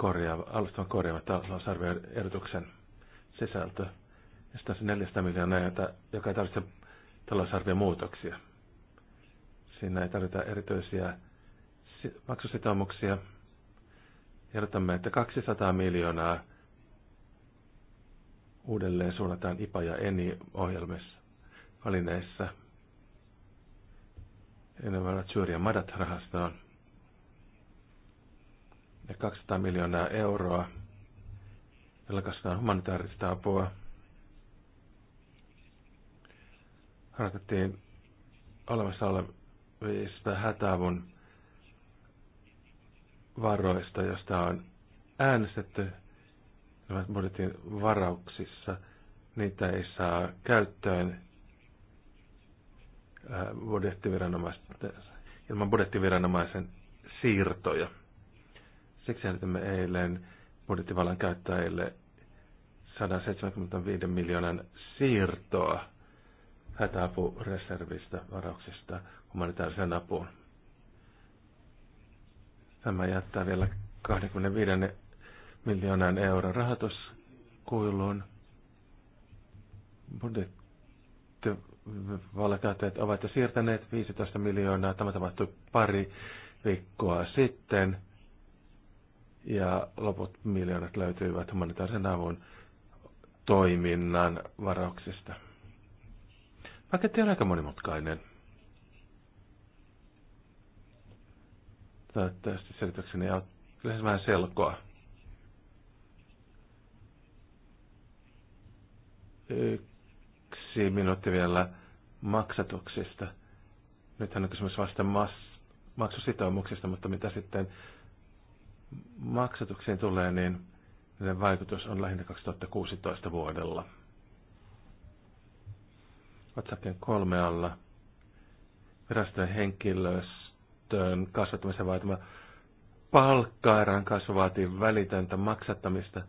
korjaava, alustavan korjaava talousarvioehdotuksen sisältö. Ja sitten on se 400 miljoonaa, joka ei tarvitse talousarvion muutoksia. Siinä ei tarvita erityisiä maksusitoumuksia. Ehdotamme, että 200 miljoonaa uudelleen suunnataan IPA- ja ENI-ohjelmissa valinneissa, Enemmän syrjä madat rahastoon 200 miljoonaa euroa, jolla kasvataan humanitaarista apua. Harjoitettiin olemassa olevista hätäavun varoista, josta on äänestetty budjetin varauksissa. Niitä ei saa käyttöön budjettiviranomaisen, ilman budjettiviranomaisen siirtoja. Siksi me eilen budjettivallan käyttäjille 175 miljoonan siirtoa hätäapureservistä varauksista humanitaariseen apuun. Tämä jättää vielä 25 miljoonan euron rahoituskuiluun. Budjettivallakäyttäjät ovat jo siirtäneet 15 miljoonaa. Tämä tapahtui pari viikkoa sitten – ja loput miljoonat löytyivät humanitaarisen avun toiminnan varauksista. Paketti on aika monimutkainen. Toivottavasti selitykseni on lähes vähän selkoa. Yksi minuutti vielä maksatuksista. Nythän on kysymys vasta mas- maksusitoumuksista, mutta mitä sitten maksatuksiin tulee, niin sen vaikutus on lähinnä 2016 vuodella. Otsakkeen kolme alla virastojen henkilöstön kasvattamisen vaatima palkkaerän kasvu vaatii välitöntä maksattamista.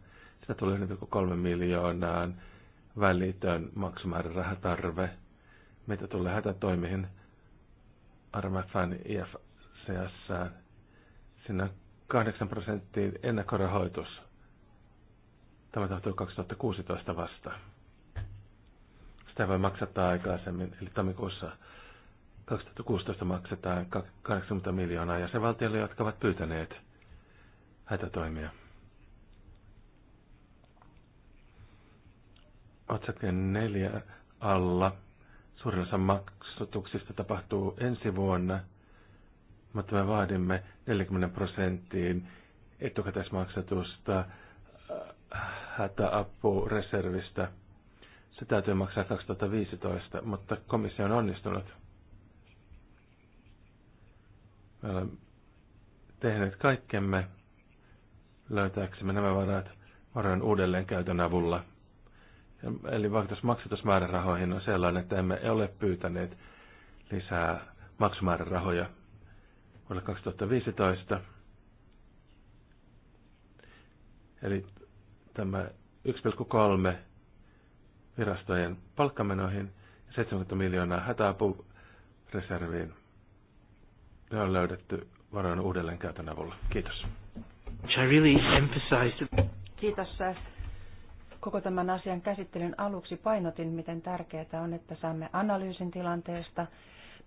Sitä tulee 1,3 miljoonaan välitön maksumäärärahatarve. Mitä tulee hätätoimihin RMFn IFCS, siinä on 8 prosenttiin ennakkorahoitus. Tämä tapahtui 2016 vasta. Sitä voi maksattaa aikaisemmin, eli tammikuussa 2016 maksetaan 80 miljoonaa ja se valtiolle, jotka ovat pyytäneet hätätoimia. Otsake neljä alla suurin osa maksutuksista tapahtuu ensi vuonna – mutta me vaadimme 40 prosenttiin etukäteismaksatusta äh, hätäapureservistä. Se täytyy maksaa 2015, mutta komissio on onnistunut. Me olemme tehneet kaikkemme löytääksemme nämä varat varojen uudelleenkäytön avulla. Eli vaikutus maksatusmäärärahoihin on sellainen, että emme ole pyytäneet lisää maksumäärärahoja vuonna 2015. Eli tämä 1,3 virastojen palkkamenoihin ja 70 miljoonaa hätäapureserviin. Ne on löydetty varojen uudelleenkäytön avulla. Kiitos. Kiitos. Koko tämän asian käsittelyn aluksi painotin, miten tärkeää on, että saamme analyysin tilanteesta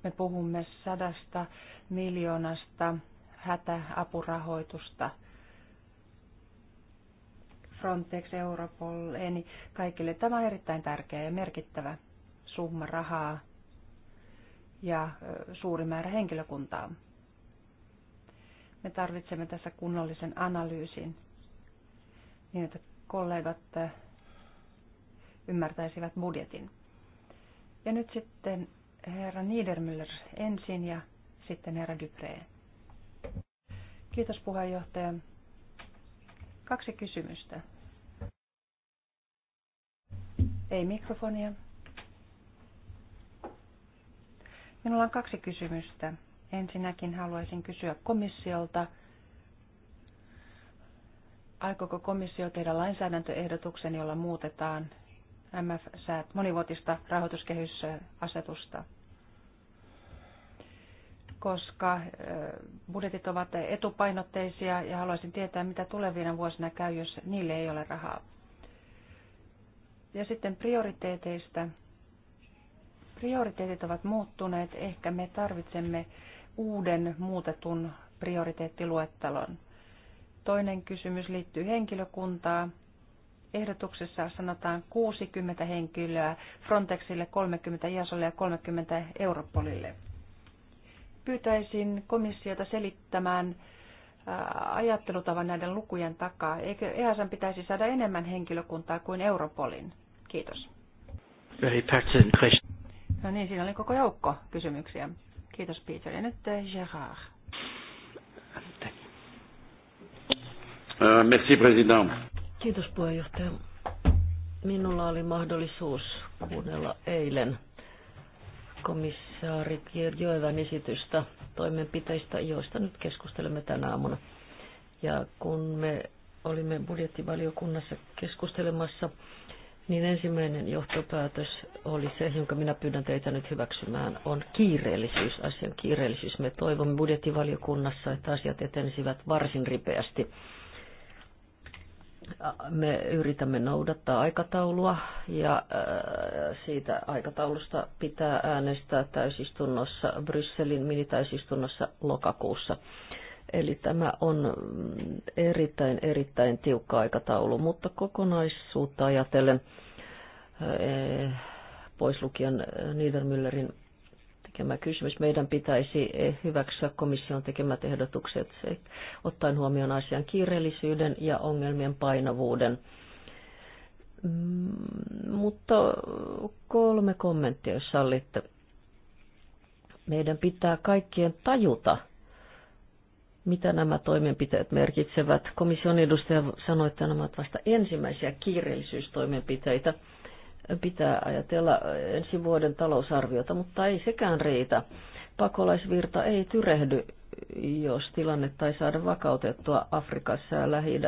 me puhumme sadasta miljoonasta hätäapurahoitusta Frontex, Europol, ENI, kaikille. Tämä on erittäin tärkeä ja merkittävä summa rahaa ja suuri määrä henkilökuntaa. Me tarvitsemme tässä kunnollisen analyysin niin, että kollegat ymmärtäisivät budjetin. Ja nyt sitten herra Niedermüller ensin ja sitten herra Dupré. Kiitos puheenjohtaja. Kaksi kysymystä. Ei mikrofonia. Minulla on kaksi kysymystä. Ensinnäkin haluaisin kysyä komissiolta, aikooko komissio tehdä lainsäädäntöehdotuksen, jolla muutetaan MFSAT monivuotista rahoituskehysasetusta, koska budjetit ovat etupainotteisia ja haluaisin tietää, mitä tulevina vuosina käy, jos niille ei ole rahaa. Ja sitten prioriteeteista. Prioriteetit ovat muuttuneet. Ehkä me tarvitsemme uuden muutetun prioriteettiluettelon. Toinen kysymys liittyy henkilökuntaa, ehdotuksessa sanotaan 60 henkilöä Frontexille, 30 jasolle ja 30 Europolille. Pyytäisin komissiota selittämään äh, ajattelutavan näiden lukujen takaa. Eikö EASan pitäisi saada enemmän henkilökuntaa kuin Europolin? Kiitos. No niin, siinä oli koko joukko kysymyksiä. Kiitos Peter. Ja nyt äh, Gerard. Euh, merci, président. Kiitos puheenjohtaja. Minulla oli mahdollisuus kuunnella eilen komissaari Kirjoevan esitystä toimenpiteistä, joista nyt keskustelemme tänä aamuna. Ja kun me olimme budjettivaliokunnassa keskustelemassa, niin ensimmäinen johtopäätös oli se, jonka minä pyydän teitä nyt hyväksymään, on kiireellisyys, asian kiireellisyys. Me toivomme budjettivaliokunnassa, että asiat etenisivät varsin ripeästi me yritämme noudattaa aikataulua ja äh, siitä aikataulusta pitää äänestää täysistunnossa, Brysselin minitäysistunnossa lokakuussa. Eli tämä on erittäin, erittäin tiukka aikataulu, mutta kokonaisuutta ajatellen äh, pois lukien Niedermüllerin tämä kysymys. Meidän pitäisi eh, hyväksyä komission tekemät ehdotukset ottaen huomioon asian kiireellisyyden ja ongelmien painavuuden. Mm, mutta kolme kommenttia, jos sallitte. Meidän pitää kaikkien tajuta, mitä nämä toimenpiteet merkitsevät. Komission edustaja sanoi, että nämä ovat vasta ensimmäisiä kiireellisyystoimenpiteitä pitää ajatella eh, ensi vuoden talousarviota, mutta ei sekään riitä. Pakolaisvirta ei tyrehdy, jos tilannetta ei saada vakautettua Afrikassa ja lähi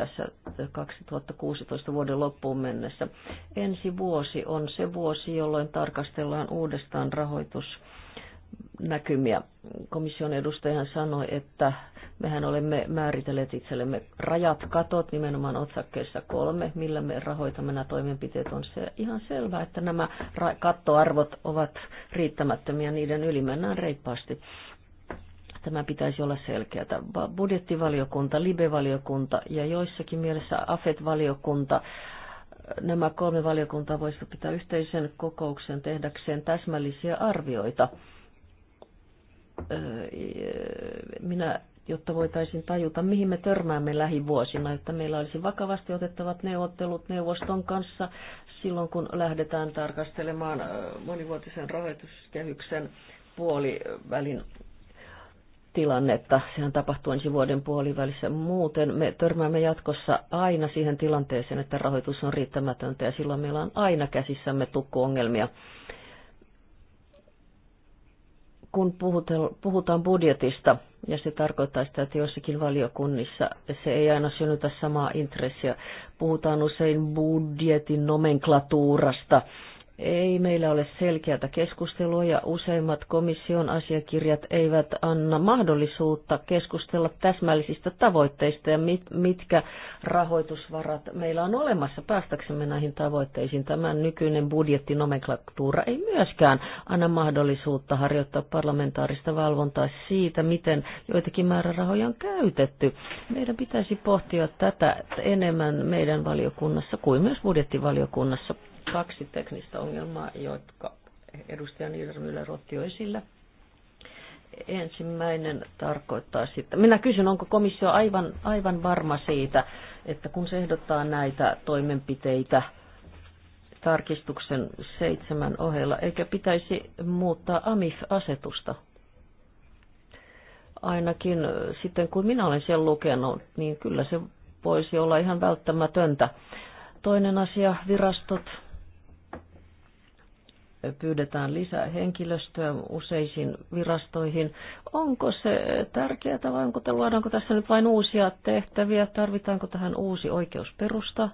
2016 vuoden loppuun mennessä. Ensi vuosi on se vuosi, jolloin tarkastellaan uudestaan rahoitus näkymiä. Komission edustajahan sanoi, että mehän olemme määritelleet itsellemme rajat, katot nimenomaan otsakkeessa kolme, millä me rahoitamme nämä toimenpiteet. On se ihan selvää, että nämä kattoarvot ovat riittämättömiä, niiden yli mennään reippaasti. Tämä pitäisi olla selkeää. Budjettivaliokunta, libevaliokunta ja joissakin mielessä AFET-valiokunta nämä kolme valiokuntaa voisivat pitää yhteisen kokouksen tehdäkseen täsmällisiä arvioita minä, jotta voitaisiin tajuta, mihin me törmäämme lähivuosina, että meillä olisi vakavasti otettavat neuvottelut neuvoston kanssa silloin, kun lähdetään tarkastelemaan monivuotisen rahoituskehyksen puolivälin tilannetta. Sehän tapahtuu ensi vuoden puolivälissä. Muuten me törmäämme jatkossa aina siihen tilanteeseen, että rahoitus on riittämätöntä ja silloin meillä on aina käsissämme tukkuongelmia. ongelmia kun puhutaan budjetista, ja se tarkoittaa sitä, että jossakin valiokunnissa se ei aina synnytä samaa intressiä. Puhutaan usein budjetin nomenklatuurasta ei meillä ole selkeää keskustelua ja useimmat komission asiakirjat eivät anna mahdollisuutta keskustella täsmällisistä tavoitteista ja mit, mitkä rahoitusvarat meillä on olemassa päästäksemme näihin tavoitteisiin. Tämä nykyinen budjettinomenklatuura ei myöskään anna mahdollisuutta harjoittaa parlamentaarista valvontaa siitä, miten joitakin määrärahoja on käytetty. Meidän pitäisi pohtia tätä enemmän meidän valiokunnassa kuin myös budjettivaliokunnassa kaksi teknistä ongelmaa, jotka edustaja Niira Myller otti jo esille. Ensimmäinen tarkoittaa sitä, minä kysyn, onko komissio aivan, aivan varma siitä, että kun se ehdottaa näitä toimenpiteitä tarkistuksen seitsemän ohella, eikä pitäisi muuttaa AMIF-asetusta? Ainakin sitten kun minä olen sen lukenut, niin kyllä se voisi olla ihan välttämätöntä. Toinen asia, virastot, pyydetään lisää henkilöstöä useisiin virastoihin. Onko se tärkeää vai onko, luodaanko tässä nyt vain uusia tehtäviä? Tarvitaanko tähän uusi oikeusperusta,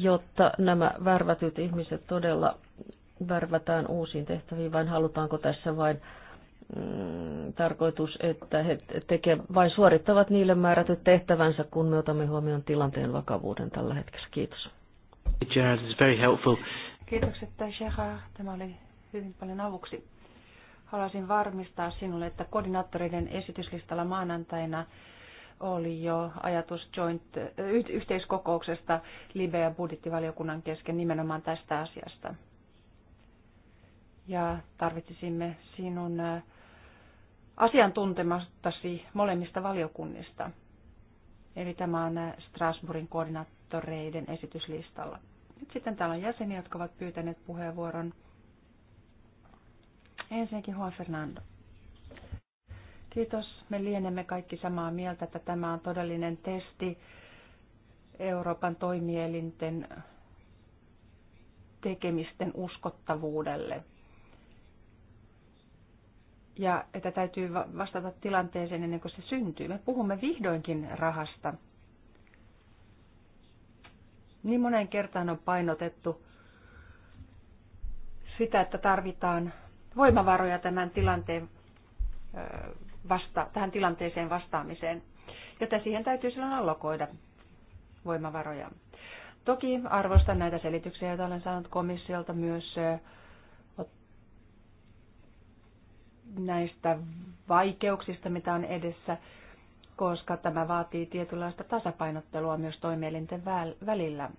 jotta nämä värvätyt ihmiset todella värvätään uusiin tehtäviin vai halutaanko tässä vain mm, tarkoitus, että he tekee, vain suorittavat niille määrätyt tehtävänsä, kun me otamme huomioon tilanteen vakavuuden tällä hetkellä. Kiitos. Gerard, it's very helpful. Kiitokset, Shekha. Tämä oli hyvin paljon avuksi. Haluaisin varmistaa sinulle, että koordinaattoreiden esityslistalla maanantaina oli jo ajatus joint, yhteiskokouksesta Libe- ja budjettivaliokunnan kesken nimenomaan tästä asiasta. Ja tarvitsisimme sinun asiantuntemastasi molemmista valiokunnista. Eli tämä on Strasbourgin koordinaattoreiden esityslistalla. Nyt sitten täällä on jäseniä, jotka ovat pyytäneet puheenvuoron. Ensinnäkin Juan Fernando. Kiitos. Me lienemme kaikki samaa mieltä, että tämä on todellinen testi Euroopan toimielinten tekemisten uskottavuudelle. Ja että täytyy vastata tilanteeseen ennen kuin se syntyy. Me puhumme vihdoinkin rahasta, niin moneen kertaan on painotettu sitä, että tarvitaan voimavaroja tämän tilanteen vasta, tähän tilanteeseen vastaamiseen, joten siihen täytyy silloin allokoida voimavaroja. Toki arvostan näitä selityksiä, joita olen saanut komissiolta myös näistä vaikeuksista, mitä on edessä koska tämä vaatii tietynlaista tasapainottelua myös toimielinten välillä.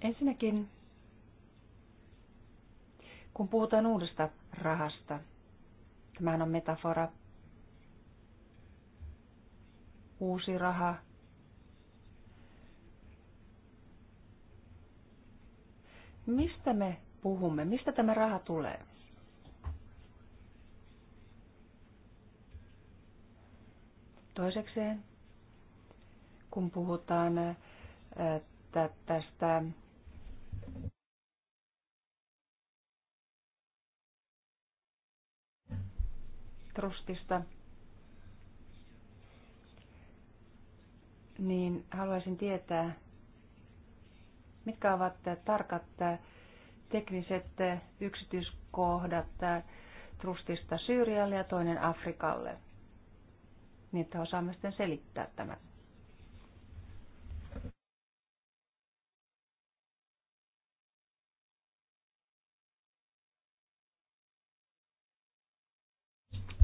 Ensinnäkin, kun puhutaan uudesta rahasta, tämä on metafora, uusi raha, mistä me puhumme. Mistä tämä raha tulee? Toisekseen, kun puhutaan tästä trustista, niin haluaisin tietää, mitkä ovat tarkat tekniset eh, yksityiskohdat eh, trustista Syyrialle ja toinen Afrikalle, niin että osaamme sitten selittää tämän.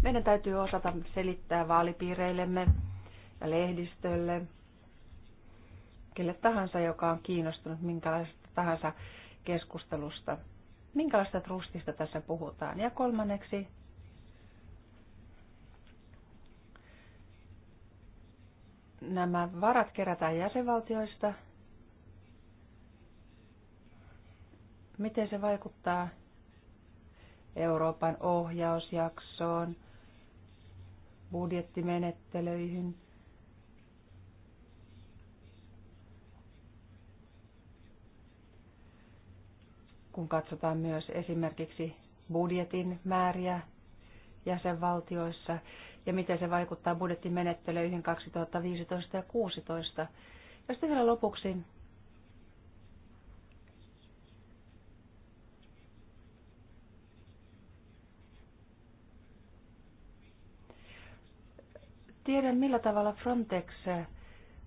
Meidän täytyy osata selittää vaalipiireillemme ja lehdistölle, kelle tahansa, joka on kiinnostunut minkälaisesta tahansa keskustelusta. Minkälaista trustista tässä puhutaan? Ja kolmanneksi, nämä varat kerätään jäsenvaltioista. Miten se vaikuttaa Euroopan ohjausjaksoon, budjettimenettelyihin? kun katsotaan myös esimerkiksi budjetin määriä jäsenvaltioissa ja miten se vaikuttaa budjettimenettelyihin 2015 ja 2016. Ja sitten vielä lopuksi tiedän millä tavalla Frontex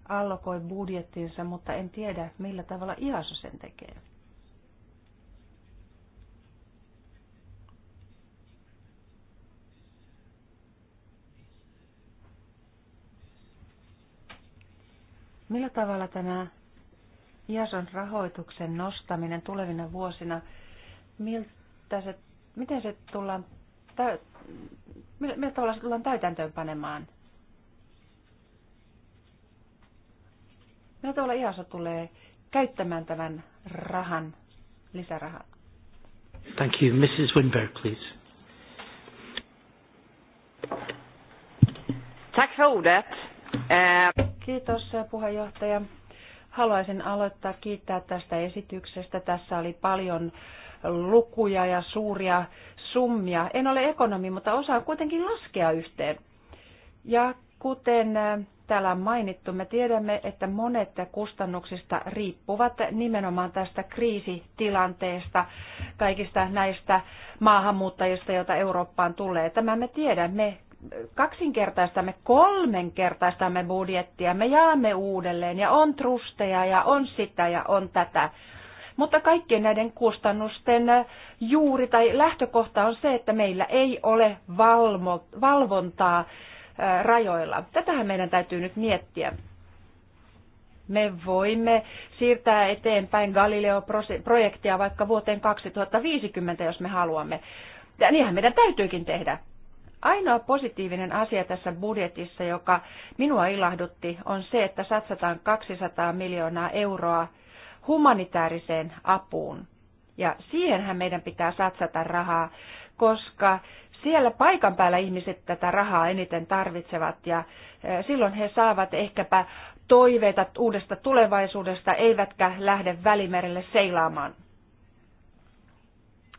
allokoi budjettinsa, mutta en tiedä millä tavalla IASO sen tekee. Millä tavalla tämä IASON rahoituksen nostaminen tulevina vuosina, miltä se, miten se tullaan, millä, millä tavalla se tullaan täytäntöön panemaan? Millä tavalla IASO tulee käyttämään tämän rahan, lisärahan? Thank you. Mrs. Winberg, please. Tack för ordet. Eh... Kiitos puheenjohtaja. Haluaisin aloittaa kiittää tästä esityksestä. Tässä oli paljon lukuja ja suuria summia. En ole ekonomi, mutta osaan kuitenkin laskea yhteen. Ja kuten äh, täällä on mainittu, me tiedämme, että monet kustannuksista riippuvat nimenomaan tästä kriisitilanteesta, kaikista näistä maahanmuuttajista, joita Eurooppaan tulee. Tämä me tiedämme kaksinkertaistamme, kolmenkertaistamme budjettia, me jaamme uudelleen ja on trusteja ja on sitä ja on tätä. Mutta kaikkien näiden kustannusten juuri tai lähtökohta on se, että meillä ei ole valmo, valvontaa rajoilla. Tätähän meidän täytyy nyt miettiä. Me voimme siirtää eteenpäin Galileo-projektia vaikka vuoteen 2050, jos me haluamme. Ja niinhän meidän täytyykin tehdä. Ainoa positiivinen asia tässä budjetissa, joka minua ilahdutti, on se, että satsataan 200 miljoonaa euroa humanitaariseen apuun. Ja siihenhän meidän pitää satsata rahaa, koska siellä paikan päällä ihmiset tätä rahaa eniten tarvitsevat ja e, silloin he saavat ehkäpä toiveita uudesta tulevaisuudesta, eivätkä lähde välimerelle seilaamaan.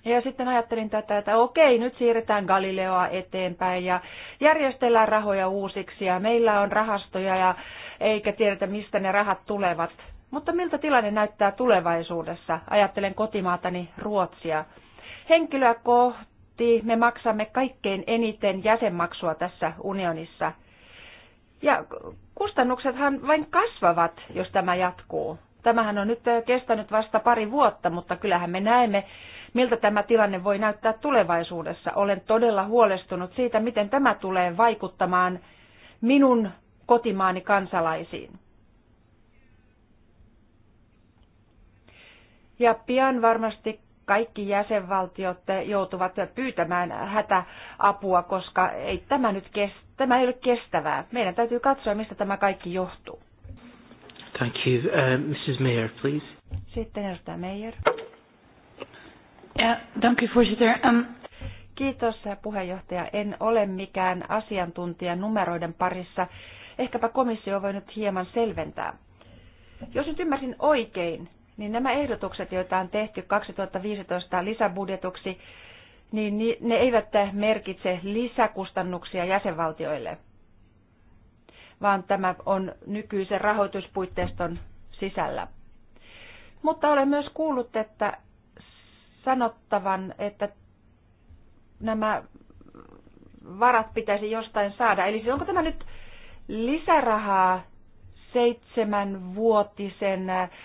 Ja sitten ajattelin tätä, että okei, nyt siirretään Galileoa eteenpäin ja järjestellään rahoja uusiksi ja meillä on rahastoja ja eikä tiedetä, mistä ne rahat tulevat. Mutta miltä tilanne näyttää tulevaisuudessa? Ajattelen kotimaatani Ruotsia. Henkilöä kohti me maksamme kaikkein eniten jäsenmaksua tässä unionissa. Ja kustannuksethan vain kasvavat, jos tämä jatkuu. Tämähän on nyt kestänyt vasta pari vuotta, mutta kyllähän me näemme, miltä tämä tilanne voi näyttää tulevaisuudessa. Olen todella huolestunut siitä, miten tämä tulee vaikuttamaan minun kotimaani kansalaisiin. Ja pian varmasti kaikki jäsenvaltiot joutuvat pyytämään hätäapua, koska ei tämä, nyt kestä, tämä ei ole kestävää. Meidän täytyy katsoa, mistä tämä kaikki johtuu. Thank you. Uh, Mrs. Mayor, please. Sitten edustaja Mayor. Ja, dank u voorzitter. Um... Kiitos puheenjohtaja. En ole mikään asiantuntija numeroiden parissa. Ehkäpä komissio voi nyt hieman selventää. Jos nyt ymmärsin oikein, niin nämä ehdotukset, joita on tehty 2015 lisäbudjetuksi, niin ne eivät merkitse lisäkustannuksia jäsenvaltioille, vaan tämä on nykyisen rahoituspuitteiston sisällä. Mutta olen myös kuullut, että sanottavan, että nämä varat pitäisi jostain saada. Eli siis onko tämä nyt lisärahaa seitsemänvuotisen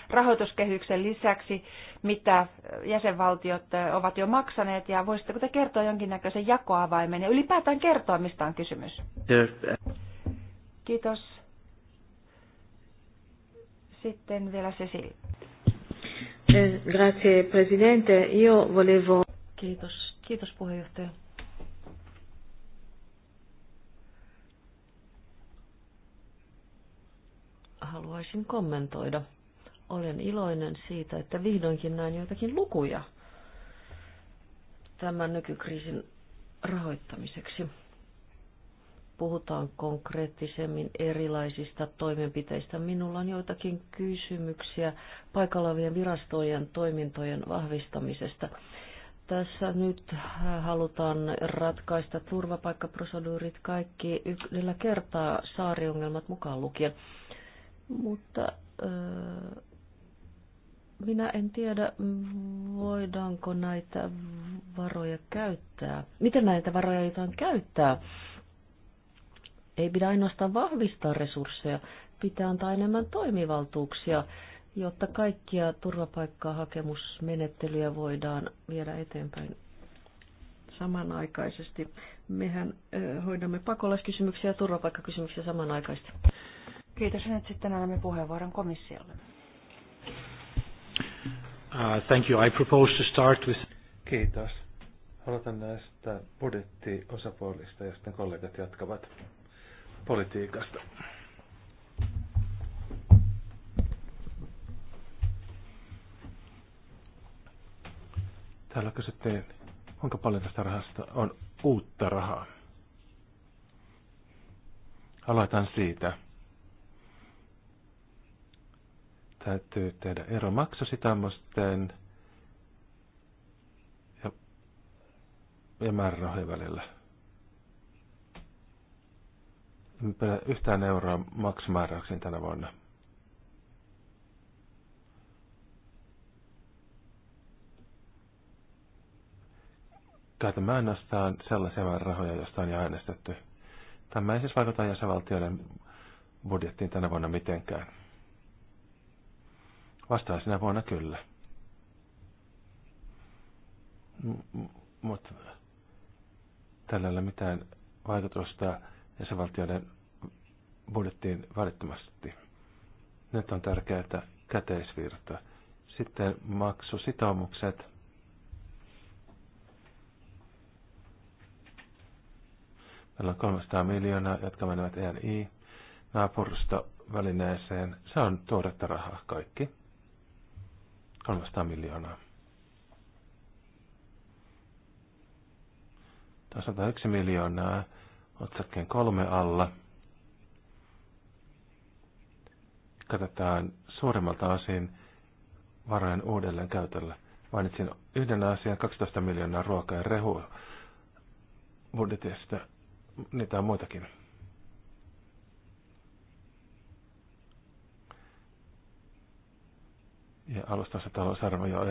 rahoituskehyksen lisäksi, mitä jäsenvaltiot ovat jo maksaneet, ja voisitteko te kertoa jonkinnäköisen jakoavaimen ja ylipäätään kertoa, mistä on kysymys? Kiitos. Sitten vielä Cecil. Eh, grazie Presidente, io volevo... Kiitos, kiitos puheenjohtaja. Haluaisin kommentoida. Olen iloinen siitä, että vihdoinkin näin joitakin lukuja tämän nykykriisin rahoittamiseksi puhutaan konkreettisemmin erilaisista toimenpiteistä. Minulla on joitakin kysymyksiä paikalla olevien virastojen toimintojen vahvistamisesta. Tässä nyt halutaan ratkaista turvapaikkaproseduurit kaikki yhdellä kertaa saariongelmat mukaan lukien. Mutta minä en tiedä, voidaanko näitä varoja käyttää. Miten näitä varoja jotain käyttää? Ei pidä ainoastaan vahvistaa resursseja, pitää antaa enemmän toimivaltuuksia, jotta kaikkia turvapaikkahakemusmenettelyjä voidaan viedä eteenpäin samanaikaisesti. Mehän hoidamme pakolaiskysymyksiä ja turvapaikkakysymyksiä samanaikaisesti. Kiitos. Nyt sitten annamme puheenvuoron komissiolle. Uh, thank you. I propose to start with... Kiitos. Aloitan näistä budjettiosapuolista ja sitten kollegat jatkavat politiikasta. Täällä kysyttiin, kuinka paljon tästä rahasta on uutta rahaa. Aloitan siitä. Täytyy tehdä ero maksusitamusten ja, ja määrärahojen välillä yhtään euroa maksimääräyksiin tänä vuonna. Käytämme ainoastaan sellaisia rahoja, joista on jo äänestetty. Tämä ei siis vaikuta jäsenvaltioiden budjettiin tänä vuonna mitenkään. Vastaa sinä vuonna kyllä. Mutta tällä ei ole mitään vaikutusta jäsenvaltioiden budjettiin välittömästi. Nyt on tärkeää käteisvirta. Sitten maksusitoumukset. Meillä on 300 miljoonaa, jotka menevät ENI naapurusta välineeseen. Se on tuoretta rahaa kaikki. 300 miljoonaa. Tämä on 101 miljoonaa otsakkeen kolme alla. Katsotaan suuremmalta osin varojen uudelleen käytöllä. Mainitsin yhden asian 12 miljoonaa ruokaa ja rehua budjetista. Niitä on muitakin. ja alustassa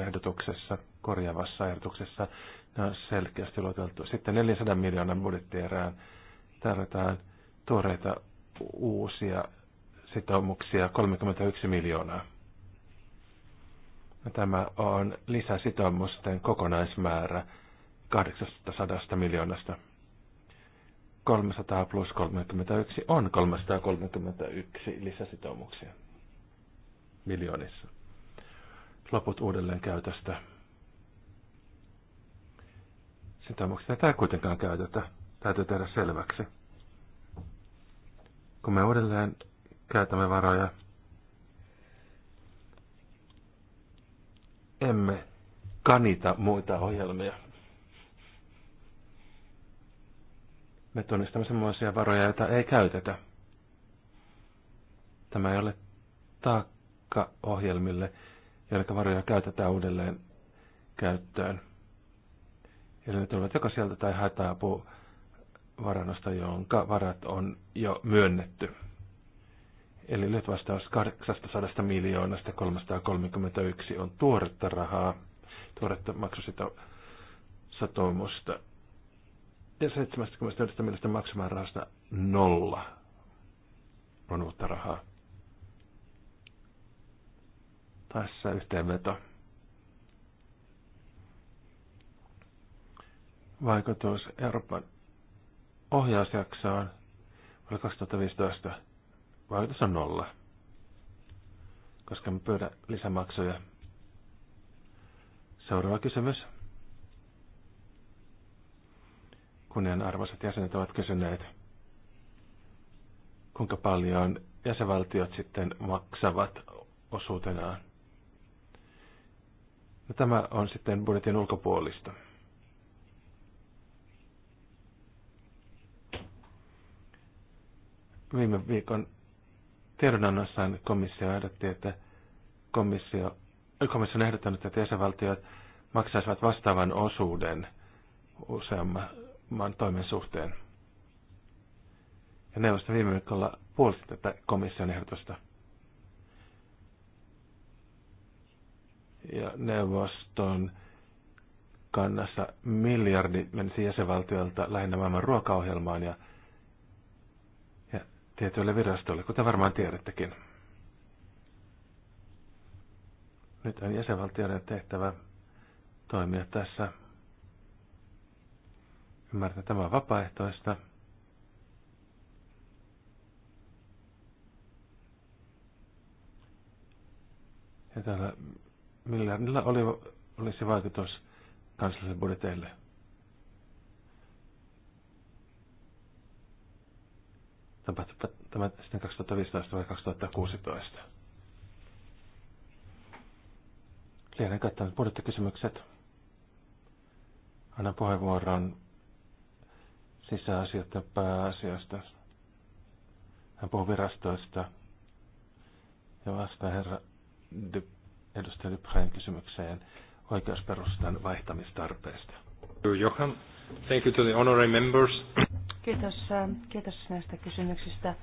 ehdotuksessa, korjaavassa ehdotuksessa, nämä on selkeästi luoteltu. Sitten 400 miljoonan budjettierään tarvitaan tuoreita uusia sitoumuksia 31 miljoonaa. Tämä on lisäsitoumusten kokonaismäärä 800 miljoonasta. 300 plus 31 on 331 lisäsitoumuksia miljoonissa. Loput uudelleen käytöstä. Sitoumuksia tämä kuitenkaan käytetä täytyy tehdä selväksi. Kun me uudelleen käytämme varoja, emme kanita muita ohjelmia. Me tunnistamme sellaisia varoja, joita ei käytetä. Tämä ei ole taakka ohjelmille, joiden varoja käytetään uudelleen käyttöön. Eli ne tulevat joko sieltä tai apua varannosta, jonka varat on jo myönnetty. Eli nyt vastaus 800 miljoonasta 331 on tuoretta rahaa, tuoretta maksusito satoimusta, Ja 71 miljoonasta maksamaan rahasta nolla on uutta rahaa. Tässä yhteenveto. Vaikutus Euroopan ohjausjaksoon vuonna 2015 vaikutus on nolla, koska me pyydä lisämaksuja. Seuraava kysymys. Kunnianarvoiset jäsenet ovat kysyneet, kuinka paljon jäsenvaltiot sitten maksavat osuutenaan. No, tämä on sitten budjetin ulkopuolista. viime viikon tiedonannossaan komissio ehdotti, että komissio, komissio on ehdottanut, että jäsenvaltiot maksaisivat vastaavan osuuden useamman toimen suhteen. Ja neuvosto viime viikolla puolusti tätä komission ehdotusta. Ja neuvoston kannassa miljardi menisi jäsenvaltiolta lähinnä maailman ruokaohjelmaan ja tietyille virastoille, kuten varmaan tiedättekin. Nyt on jäsenvaltioiden tehtävä toimia tässä. Ymmärtää tämä on vapaaehtoista. Ja täällä millä, millä oli, olisi vaikutus kansallisille budjeteille? tapahtuipa tämä sitten 2015 vai 2016. Lieneen kattanut budjettikysymykset. Annan puheenvuoron sisäasioiden pääasiasta. Hän puhuu virastoista ja vastaa herra Dup, edustaja Dupreen kysymykseen oikeusperustan vaihtamistarpeesta. Johan, thank you to the honorary members. Kiitos, äh, kiitos näistä kysymyksistä.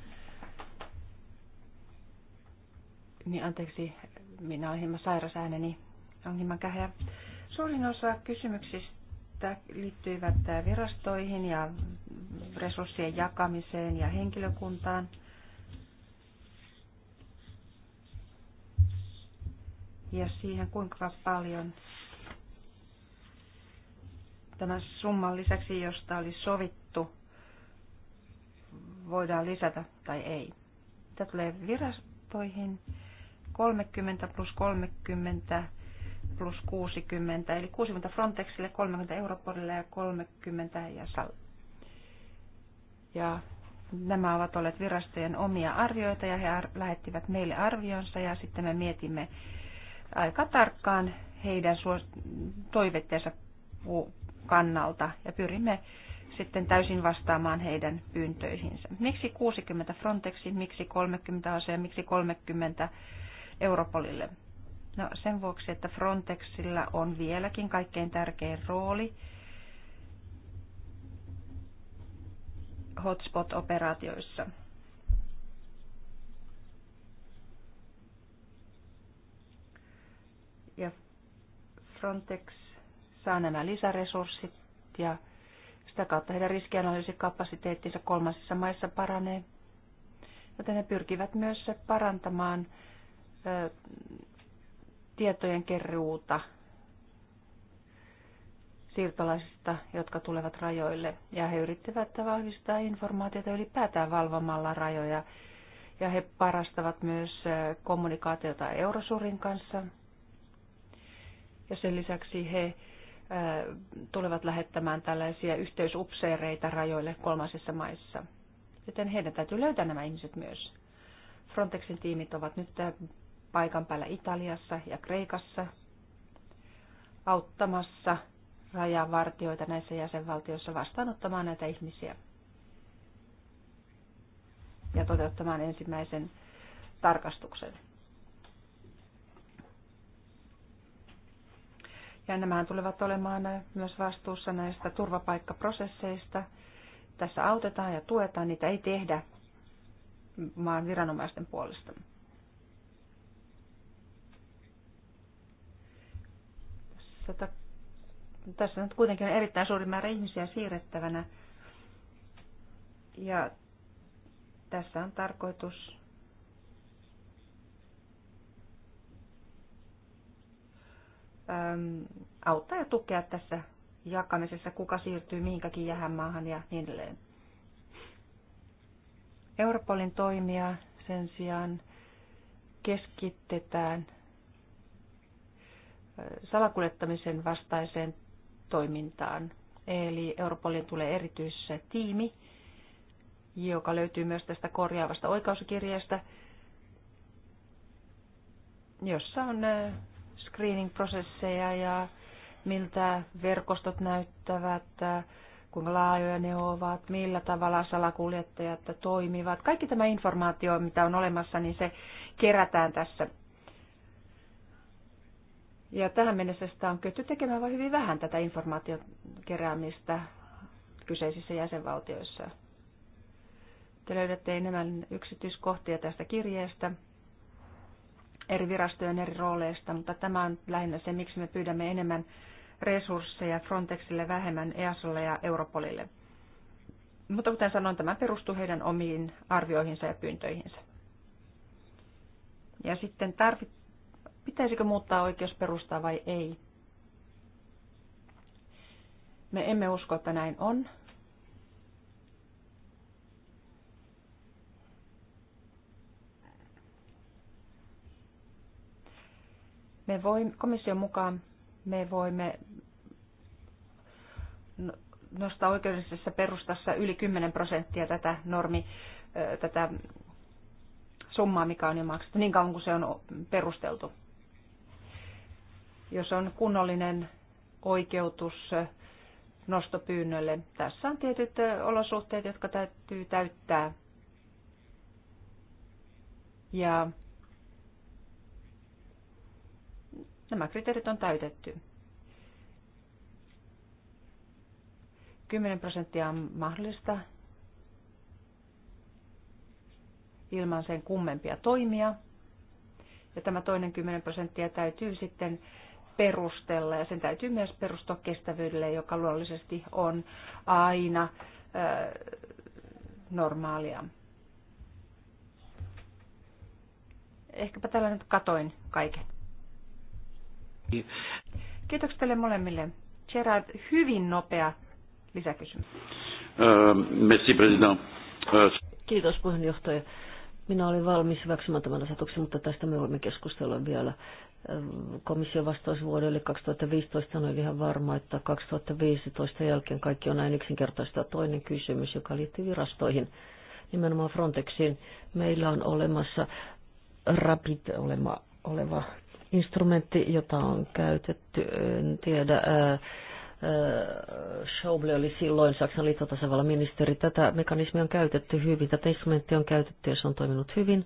Niin anteeksi, minä olen hieman sairas ääneni, on hieman käheä. Suurin osa kysymyksistä liittyivät äh, virastoihin ja resurssien jakamiseen ja henkilökuntaan. Ja siihen, kuinka paljon tämän summan lisäksi, josta oli sovittu, voidaan lisätä tai ei. Mitä tulee virastoihin, 30 plus 30 plus 60, eli 60 Frontexille, 30 Europolille ja 30 ja sal. Ja nämä ovat olleet virastojen omia arvioita ja he ar- lähettivät meille arvionsa ja sitten me mietimme aika tarkkaan heidän suos- kannalta ja pyrimme sitten täysin vastaamaan heidän pyyntöihinsä. Miksi 60 Frontexin, miksi 30 asiaa, miksi 30 Europolille? No sen vuoksi, että Frontexilla on vieläkin kaikkein tärkein rooli hotspot-operaatioissa. Ja Frontex saa nämä lisäresurssit ja sitä kautta heidän riskianalyysikapasiteettinsa kolmansissa maissa paranee, joten ne pyrkivät myös parantamaan ö, tietojen keruuta siirtolaisista, jotka tulevat rajoille, ja he yrittävät vahvistaa informaatiota ylipäätään valvomalla rajoja, ja he parastavat myös kommunikaatiota Eurosurin kanssa, ja sen lisäksi he tulevat lähettämään tällaisia yhteysupseereita rajoille kolmansissa maissa. Joten heidän täytyy löytää nämä ihmiset myös. Frontexin tiimit ovat nyt paikan päällä Italiassa ja Kreikassa auttamassa rajavartioita näissä jäsenvaltioissa vastaanottamaan näitä ihmisiä ja toteuttamaan ensimmäisen tarkastuksen. Ja nämä tulevat olemaan myös vastuussa näistä turvapaikkaprosesseista. Tässä autetaan ja tuetaan, niitä ei tehdä maan viranomaisten puolesta. Tässä, tässä nyt kuitenkin on erittäin suuri määrä ihmisiä siirrettävänä. Ja tässä on tarkoitus auttaa ja tukea tässä jakamisessa, kuka siirtyy mihinkäkin jähänmaahan ja niin edelleen. Europolin toimia sen sijaan keskitetään salakuljettamisen vastaiseen toimintaan. Eli Europolin tulee erityisessä tiimi, joka löytyy myös tästä korjaavasta oikauskirjeestä, jossa on screening-prosesseja ja miltä verkostot näyttävät, kuinka laajoja ne ovat, millä tavalla salakuljettajat toimivat. Kaikki tämä informaatio, mitä on olemassa, niin se kerätään tässä. Ja tähän mennessä sitä on kyetty tekemään vain hyvin vähän tätä informaation keräämistä kyseisissä jäsenvaltioissa. Te löydätte enemmän yksityiskohtia tästä kirjeestä – eri virastojen eri rooleista, mutta tämä on lähinnä se, miksi me pyydämme enemmän resursseja Frontexille, vähemmän EASOlle ja Europolille. Mutta kuten sanoin, tämä perustuu heidän omiin arvioihinsa ja pyyntöihinsä. Ja sitten tarvit, pitäisikö muuttaa oikeusperustaa vai ei? Me emme usko, että näin on. Me voimme, komission mukaan me voimme no, nostaa oikeudellisessa perustassa yli 10 prosenttia tätä normi, tätä summaa, mikä on jo maksettu, niin kauan kuin se on perusteltu. Jos on kunnollinen oikeutus nostopyynnölle, tässä on tietyt olosuhteet, jotka täytyy täyttää. Ja Nämä kriteerit on täytetty. 10 prosenttia on mahdollista ilman sen kummempia toimia. Ja tämä toinen 10 prosenttia täytyy sitten perustella ja sen täytyy myös perustua kestävyydelle, joka luonnollisesti on aina ö, normaalia. Ehkäpä tällä nyt katoin kaiken. Kiitoksia teille molemmille. Gerard, hyvin nopea lisäkysymys. Euh, merci, president. Euh, Kiitos puheenjohtaja. Minä olin valmis hyväksymään tämän asetuksen, mutta tästä me voimme keskustella vielä. Komission vastaus vuodelle 2015 oli ihan varma, että 2015 jälkeen kaikki on näin yksinkertaista. Toinen kysymys, joka liittyy virastoihin, nimenomaan Frontexiin. Meillä on olemassa Rapid olema, oleva instrumentti, jota on käytetty, en tiedä, ää, Schauble oli silloin Saksan liittotasavalla ministeri. Tätä mekanismia on käytetty hyvin, tätä instrumenttia on käytetty ja se on toiminut hyvin.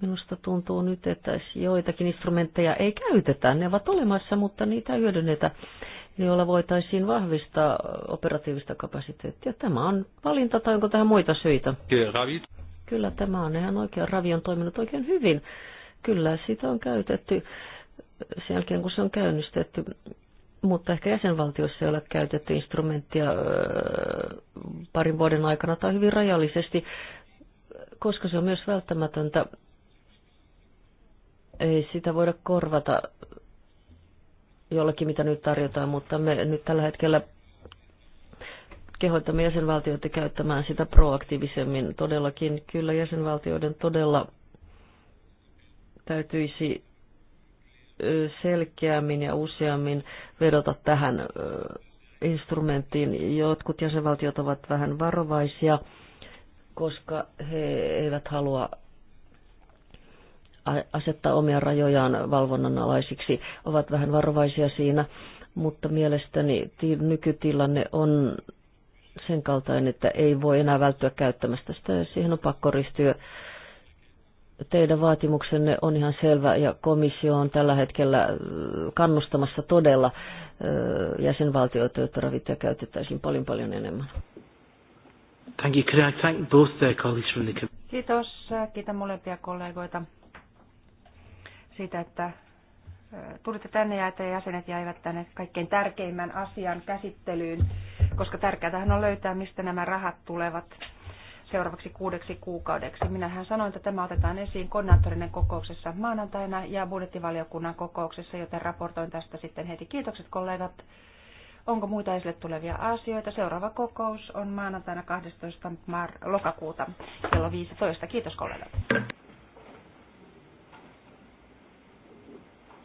Minusta tuntuu nyt, että joitakin instrumentteja ei käytetä. Ne ovat olemassa, mutta niitä hyödynnetä, joilla voitaisiin vahvistaa operatiivista kapasiteettia. Tämä on valinta tai onko tähän muita syitä? Kyllä, tämä on ihan oikein. Ravi on toiminut oikein hyvin Kyllä, sitä on käytetty sen jälkeen, kun se on käynnistetty, mutta ehkä jäsenvaltioissa ei ole käytetty instrumenttia parin vuoden aikana tai hyvin rajallisesti, koska se on myös välttämätöntä. Ei sitä voida korvata jollakin, mitä nyt tarjotaan, mutta me nyt tällä hetkellä kehoitamme jäsenvaltioita käyttämään sitä proaktiivisemmin. Todellakin kyllä jäsenvaltioiden todella täytyisi selkeämmin ja useammin vedota tähän instrumenttiin. Jotkut jäsenvaltiot ovat vähän varovaisia, koska he eivät halua asettaa omia rajojaan valvonnan alaisiksi, ovat vähän varovaisia siinä, mutta mielestäni nykytilanne on sen kaltainen, että ei voi enää välttyä käyttämästä sitä, siihen on pakko ristyä teidän vaatimuksenne on ihan selvä ja komissio on tällä hetkellä äh, kannustamassa todella äh, jäsenvaltioita, että ravintoja käytettäisiin paljon paljon enemmän. Thank you. Could I thank both colleagues from the Kiitos. Kiitän molempia kollegoita siitä, että äh, tulitte tänne ja että jäsenet jäivät tänne kaikkein tärkeimmän asian käsittelyyn, koska tärkeää on löytää, mistä nämä rahat tulevat seuraavaksi kuudeksi kuukaudeksi. Minähän sanoin, että tämä otetaan esiin koordinaattorinen kokouksessa maanantaina ja budjettivaliokunnan kokouksessa, joten raportoin tästä sitten heti. Kiitokset kollegat. Onko muita esille tulevia asioita? Seuraava kokous on maanantaina 12. Mar- lokakuuta kello 15. Kiitos kollegat.